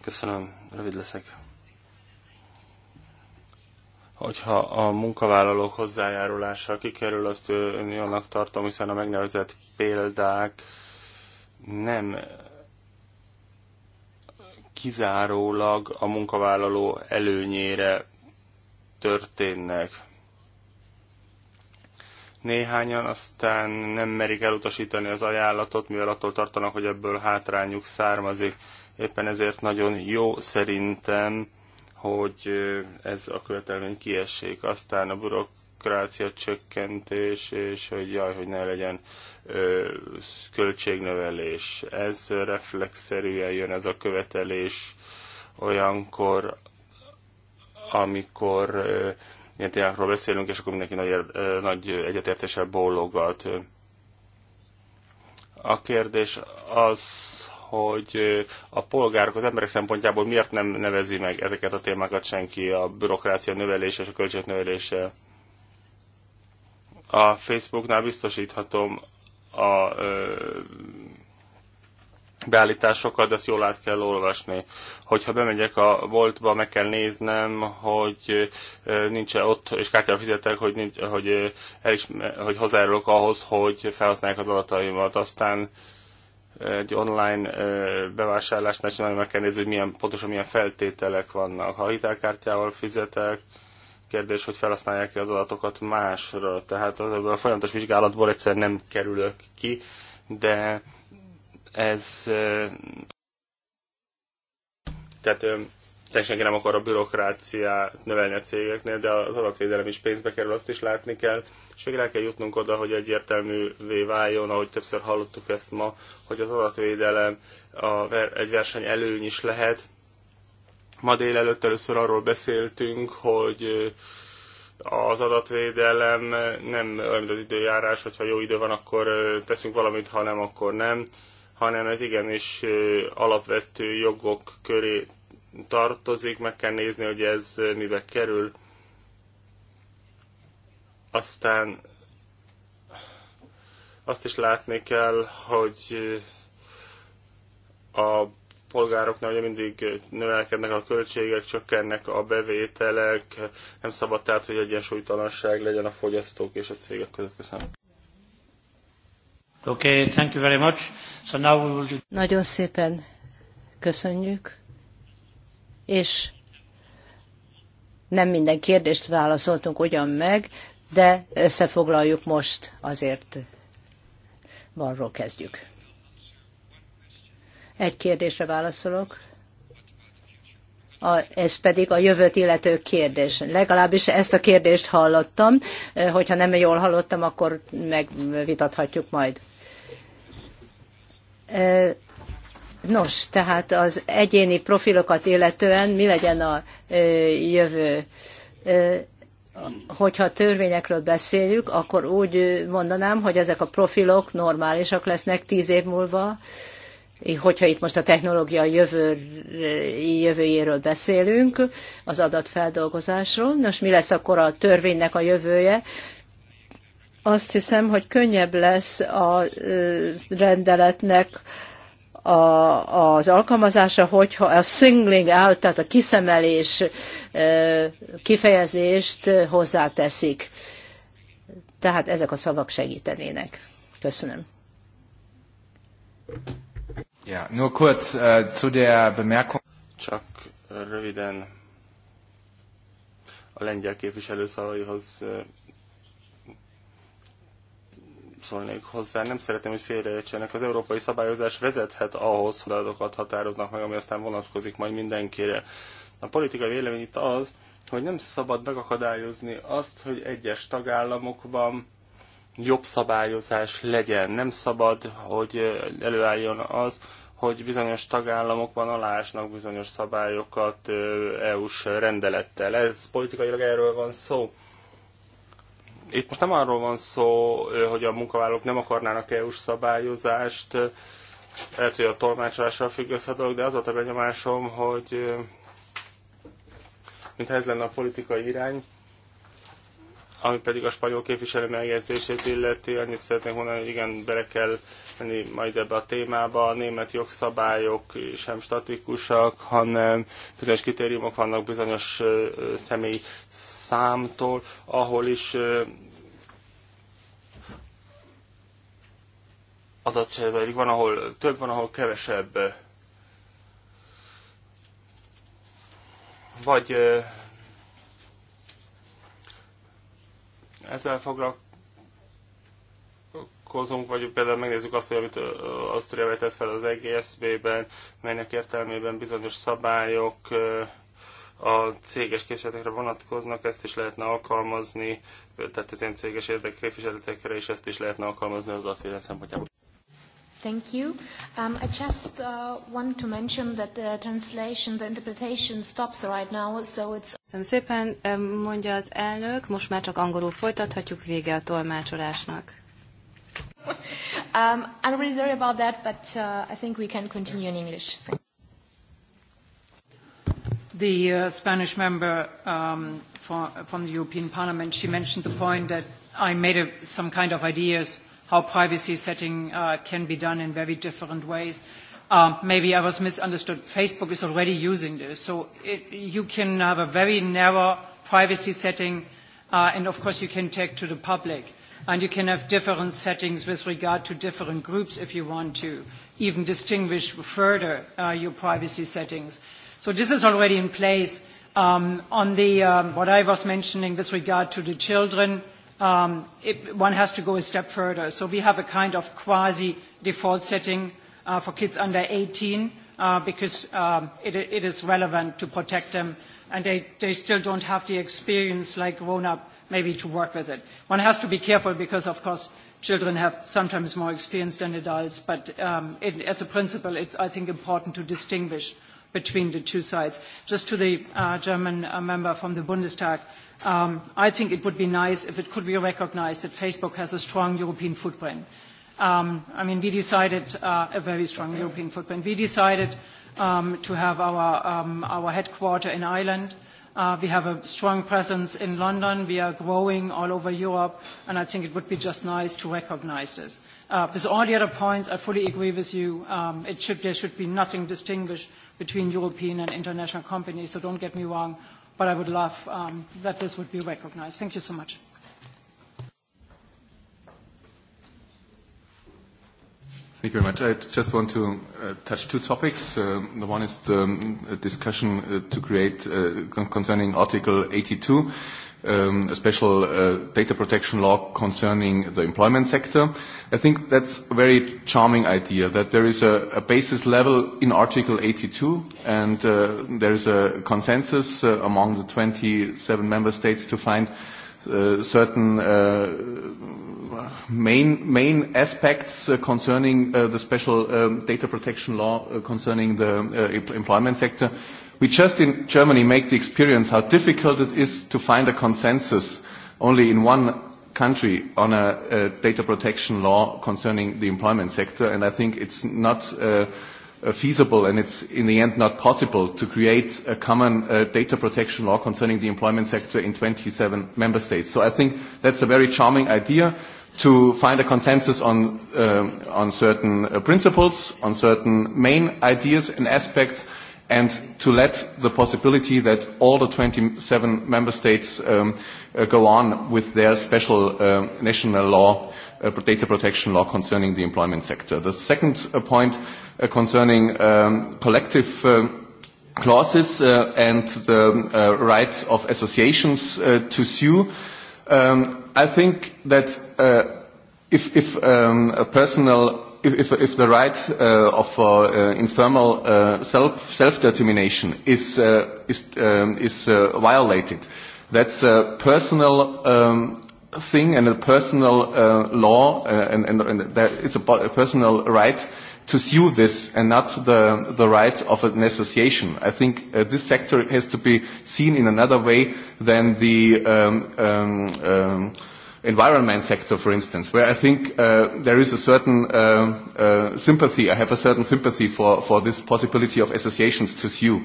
Köszönöm, rövid leszek. Hogyha a munkavállalók hozzájárulása kikerül, azt jónak tartom, hiszen a megnevezett példák nem kizárólag a munkavállaló előnyére történnek. Néhányan aztán nem merik elutasítani az ajánlatot, mivel attól tartanak, hogy ebből hátrányuk származik. Éppen ezért nagyon jó szerintem, hogy ez a követelmény kiessék. Aztán a bürokrácia csökkentés, és hogy jaj, hogy ne legyen ö, költségnövelés. Ez reflexzerűen jön ez a követelés olyankor, amikor ö, ilyen témákról beszélünk, és akkor mindenki nagy, nagy egyetértéssel bólogat. A kérdés az, hogy a polgárok az emberek szempontjából miért nem nevezi meg ezeket a témákat senki, a bürokrácia növelése és a költségek növelése. A Facebooknál biztosíthatom a ö, beállításokat, ezt jól át kell olvasni. Hogyha bemegyek a boltba, meg kell néznem, hogy nincs -e ott, és kártyára fizetek, hogy, hogy hogy, hogy hozzájárulok ahhoz, hogy felhasználják az adataimat. Aztán egy online bevásárlásnál csinálni, meg kell nézni, hogy milyen, pontosan milyen feltételek vannak. Ha hitelkártyával fizetek, kérdés, hogy felhasználják-e az adatokat másra. Tehát a folyamatos vizsgálatból egyszer nem kerülök ki, de ez... Tehát senki nem akar a bürokráciát növelni a cégeknél, de az adatvédelem is pénzbe kerül, azt is látni kell, és végre el kell jutnunk oda, hogy egyértelművé váljon, ahogy többször hallottuk ezt ma, hogy az adatvédelem a, egy verseny előny is lehet. Ma délelőtt először arról beszéltünk, hogy az adatvédelem nem olyan, mint az időjárás, hogyha jó idő van, akkor teszünk valamit, ha nem, akkor nem hanem ez igenis alapvető jogok köré tartozik, meg kell nézni, hogy ez mibe kerül. Aztán azt is látni kell, hogy a polgároknál ugye mindig növelkednek a költségek, csökkennek a bevételek, nem szabad tehát, hogy egyensúlytalanság legyen a fogyasztók és a cégek között. Köszönöm. Okay, thank you very much. So now we will... Nagyon szépen köszönjük és nem minden kérdést válaszoltunk ugyan meg, de összefoglaljuk most, azért balról kezdjük. Egy kérdésre válaszolok. A, ez pedig a jövőt illető kérdés. Legalábbis ezt a kérdést hallottam, hogyha nem jól hallottam, akkor megvitathatjuk majd. Nos, tehát az egyéni profilokat illetően mi legyen a jövő? hogyha törvényekről beszéljük, akkor úgy mondanám, hogy ezek a profilok normálisak lesznek tíz év múlva, hogyha itt most a technológia jövő, jövőjéről beszélünk, az adatfeldolgozásról. Nos, mi lesz akkor a törvénynek a jövője? Azt hiszem, hogy könnyebb lesz a rendeletnek a, az alkalmazása, hogyha a singling out, tehát a kiszemelés kifejezést hozzáteszik. Tehát ezek a szavak segítenének. Köszönöm. Ja, nur kurz uh, zu der Bemerkung. Csak röviden a lengyel képviselő szavaihoz szólnék hozzá. Nem szeretném, hogy félreértsenek. Az európai szabályozás vezethet ahhoz, hogy adatokat határoznak meg, ami aztán vonatkozik majd mindenkire. A politikai vélemény itt az, hogy nem szabad megakadályozni azt, hogy egyes tagállamokban jobb szabályozás legyen. Nem szabad, hogy előálljon az, hogy bizonyos tagállamokban alásnak bizonyos szabályokat EU-s rendelettel. Ez politikailag erről van szó. Itt most nem arról van szó, hogy a munkavállalók nem akarnának EU-s szabályozást, lehet, hogy a tolmácsolással függ össze a dolog, de az volt a benyomásom, hogy mintha ez lenne a politikai irány, ami pedig a spanyol képviselő megjegyzését illeti, annyit szeretnék mondani, hogy igen, bele kell menni majd ebbe a témába. A német jogszabályok sem statikusak, hanem bizonyos kritériumok vannak bizonyos személy számtól, ahol is adatcserélik, van, ahol több, van, ahol kevesebb. Vagy ezzel foglalkozunk, vagy például megnézzük azt, hogy amit Ausztria vetett fel az EGSB-ben, melynek értelmében bizonyos szabályok a céges képviseletekre vonatkoznak, ezt is lehetne alkalmazni, tehát az ilyen céges érdekképviseletekre is ezt is lehetne alkalmazni az adatvédelem szempontjából. Thank you. Um, I just uh, want to mention that the translation, the interpretation stops right now, so it's... Köszönöm szépen, um, mondja az elnök, most már csak angolul folytathatjuk, vége a tolmácsolásnak. um, I'm really sorry about that, but uh, I think we can continue in English. Thank the uh, Spanish member um, for, from the European Parliament, she mentioned the point that I made a, some kind of ideas how privacy setting uh, can be done in very different ways. Um, maybe I was misunderstood. Facebook is already using this. So it, you can have a very narrow privacy setting, uh, and of course you can take to the public. And you can have different settings with regard to different groups if you want to even distinguish further uh, your privacy settings. So this is already in place. Um, on the, um, what I was mentioning with regard to the children, um, it, one has to go a step further. So we have a kind of quasi-default setting uh, for kids under 18 uh, because um, it, it is relevant to protect them and they, they still don't have the experience like grown-up maybe to work with it. One has to be careful because, of course, children have sometimes more experience than adults, but um, it, as a principle, it's, I think, important to distinguish between the two sides. Just to the uh, German uh, member from the Bundestag, Um, I think it would be nice if it could be recognized that Facebook has a strong European footprint. Um, I mean, we decided uh, a very strong European footprint. We decided um, to have our, um, our headquarter in Ireland. Uh, we have a strong presence in London. We are growing all over Europe, and I think it would be just nice to recognize this. Uh, with all the other points, I fully agree with you. Um, it should, there should be nothing distinguished between European and international companies, so don't get me wrong but I would love um, that this would be recognized. Thank you so much. Thank you very much. I just want to uh, touch two topics. Um, the one is the um, discussion uh, to create uh, con concerning Article 82 um, a special uh, data protection law concerning the employment sector. I think that's a very charming idea that there is a, a basis level in Article 82 and uh, there is a consensus uh, among the 27 member states to find uh, certain uh, main, main aspects uh, concerning uh, the special um, data protection law uh, concerning the uh, employment sector We just in Germany make the experience how difficult it is to find a consensus only in one country on a, a data protection law concerning the employment sector, and I think it's not uh, uh feasible and it's in the end not possible to create a common uh, data protection law concerning the employment sector in 27 member states. So I think that's a very charming idea to find a consensus on, um, on certain uh, principles, on certain main ideas and aspects, and to let the possibility that all the 27 member states um, uh, go on with their special uh, national law, uh, data protection law concerning the employment sector. The second uh, point uh, concerning um, collective uh, clauses uh, and the um, uh, right of associations uh, to sue, um, I think that uh, if, if um, a personal if, if, if the right uh, of uh, uh informal uh, self self determination is uh, is um, is uh, violated, that's a personal um, thing and a personal uh, law, uh, and, and, and that it's a, a personal right to sue this and not the, the right of an association. I think uh, this sector has to be seen in another way than the um, um, um, environment sector, for instance, where I think uh, there is a certain uh, uh, sympathy, I have a certain sympathy for, for this possibility of associations to sue.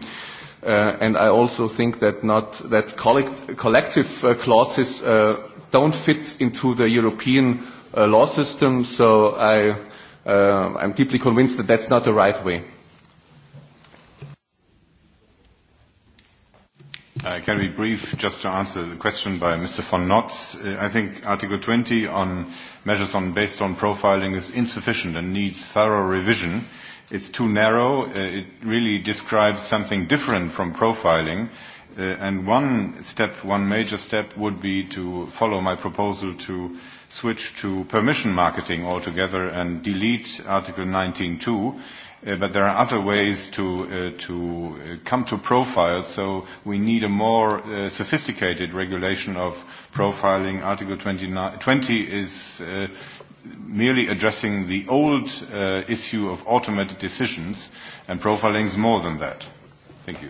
Uh, and I also think that not that collect, collective uh, clauses uh, don't fit into the European uh, law system. So I, uh, I'm deeply convinced that that's not the right way. I uh, can be brief just to answer the question by Mr. von Notz. Uh, I think Article 20 on measures on based on profiling is insufficient and needs thorough revision. It's too narrow. Uh, it really describes something different from profiling. Uh, and one step, one major step would be to follow my proposal to switch to permission marketing altogether and delete Article 19.2 Uh, but there are other ways to, uh, to uh, come to profiles, so we need a more uh, sophisticated regulation of profiling. Article 29, 20 is uh, merely addressing the old uh, issue of automated decisions, and profiling is more than that. Thank you.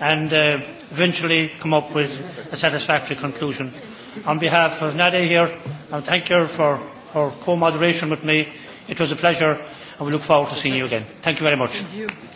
and uh, eventually come up with a satisfactory conclusion. On behalf of Nadia here, I thank her for her co-moderation with me. It was a pleasure and we look forward to seeing you again. Thank you very much. Thank you.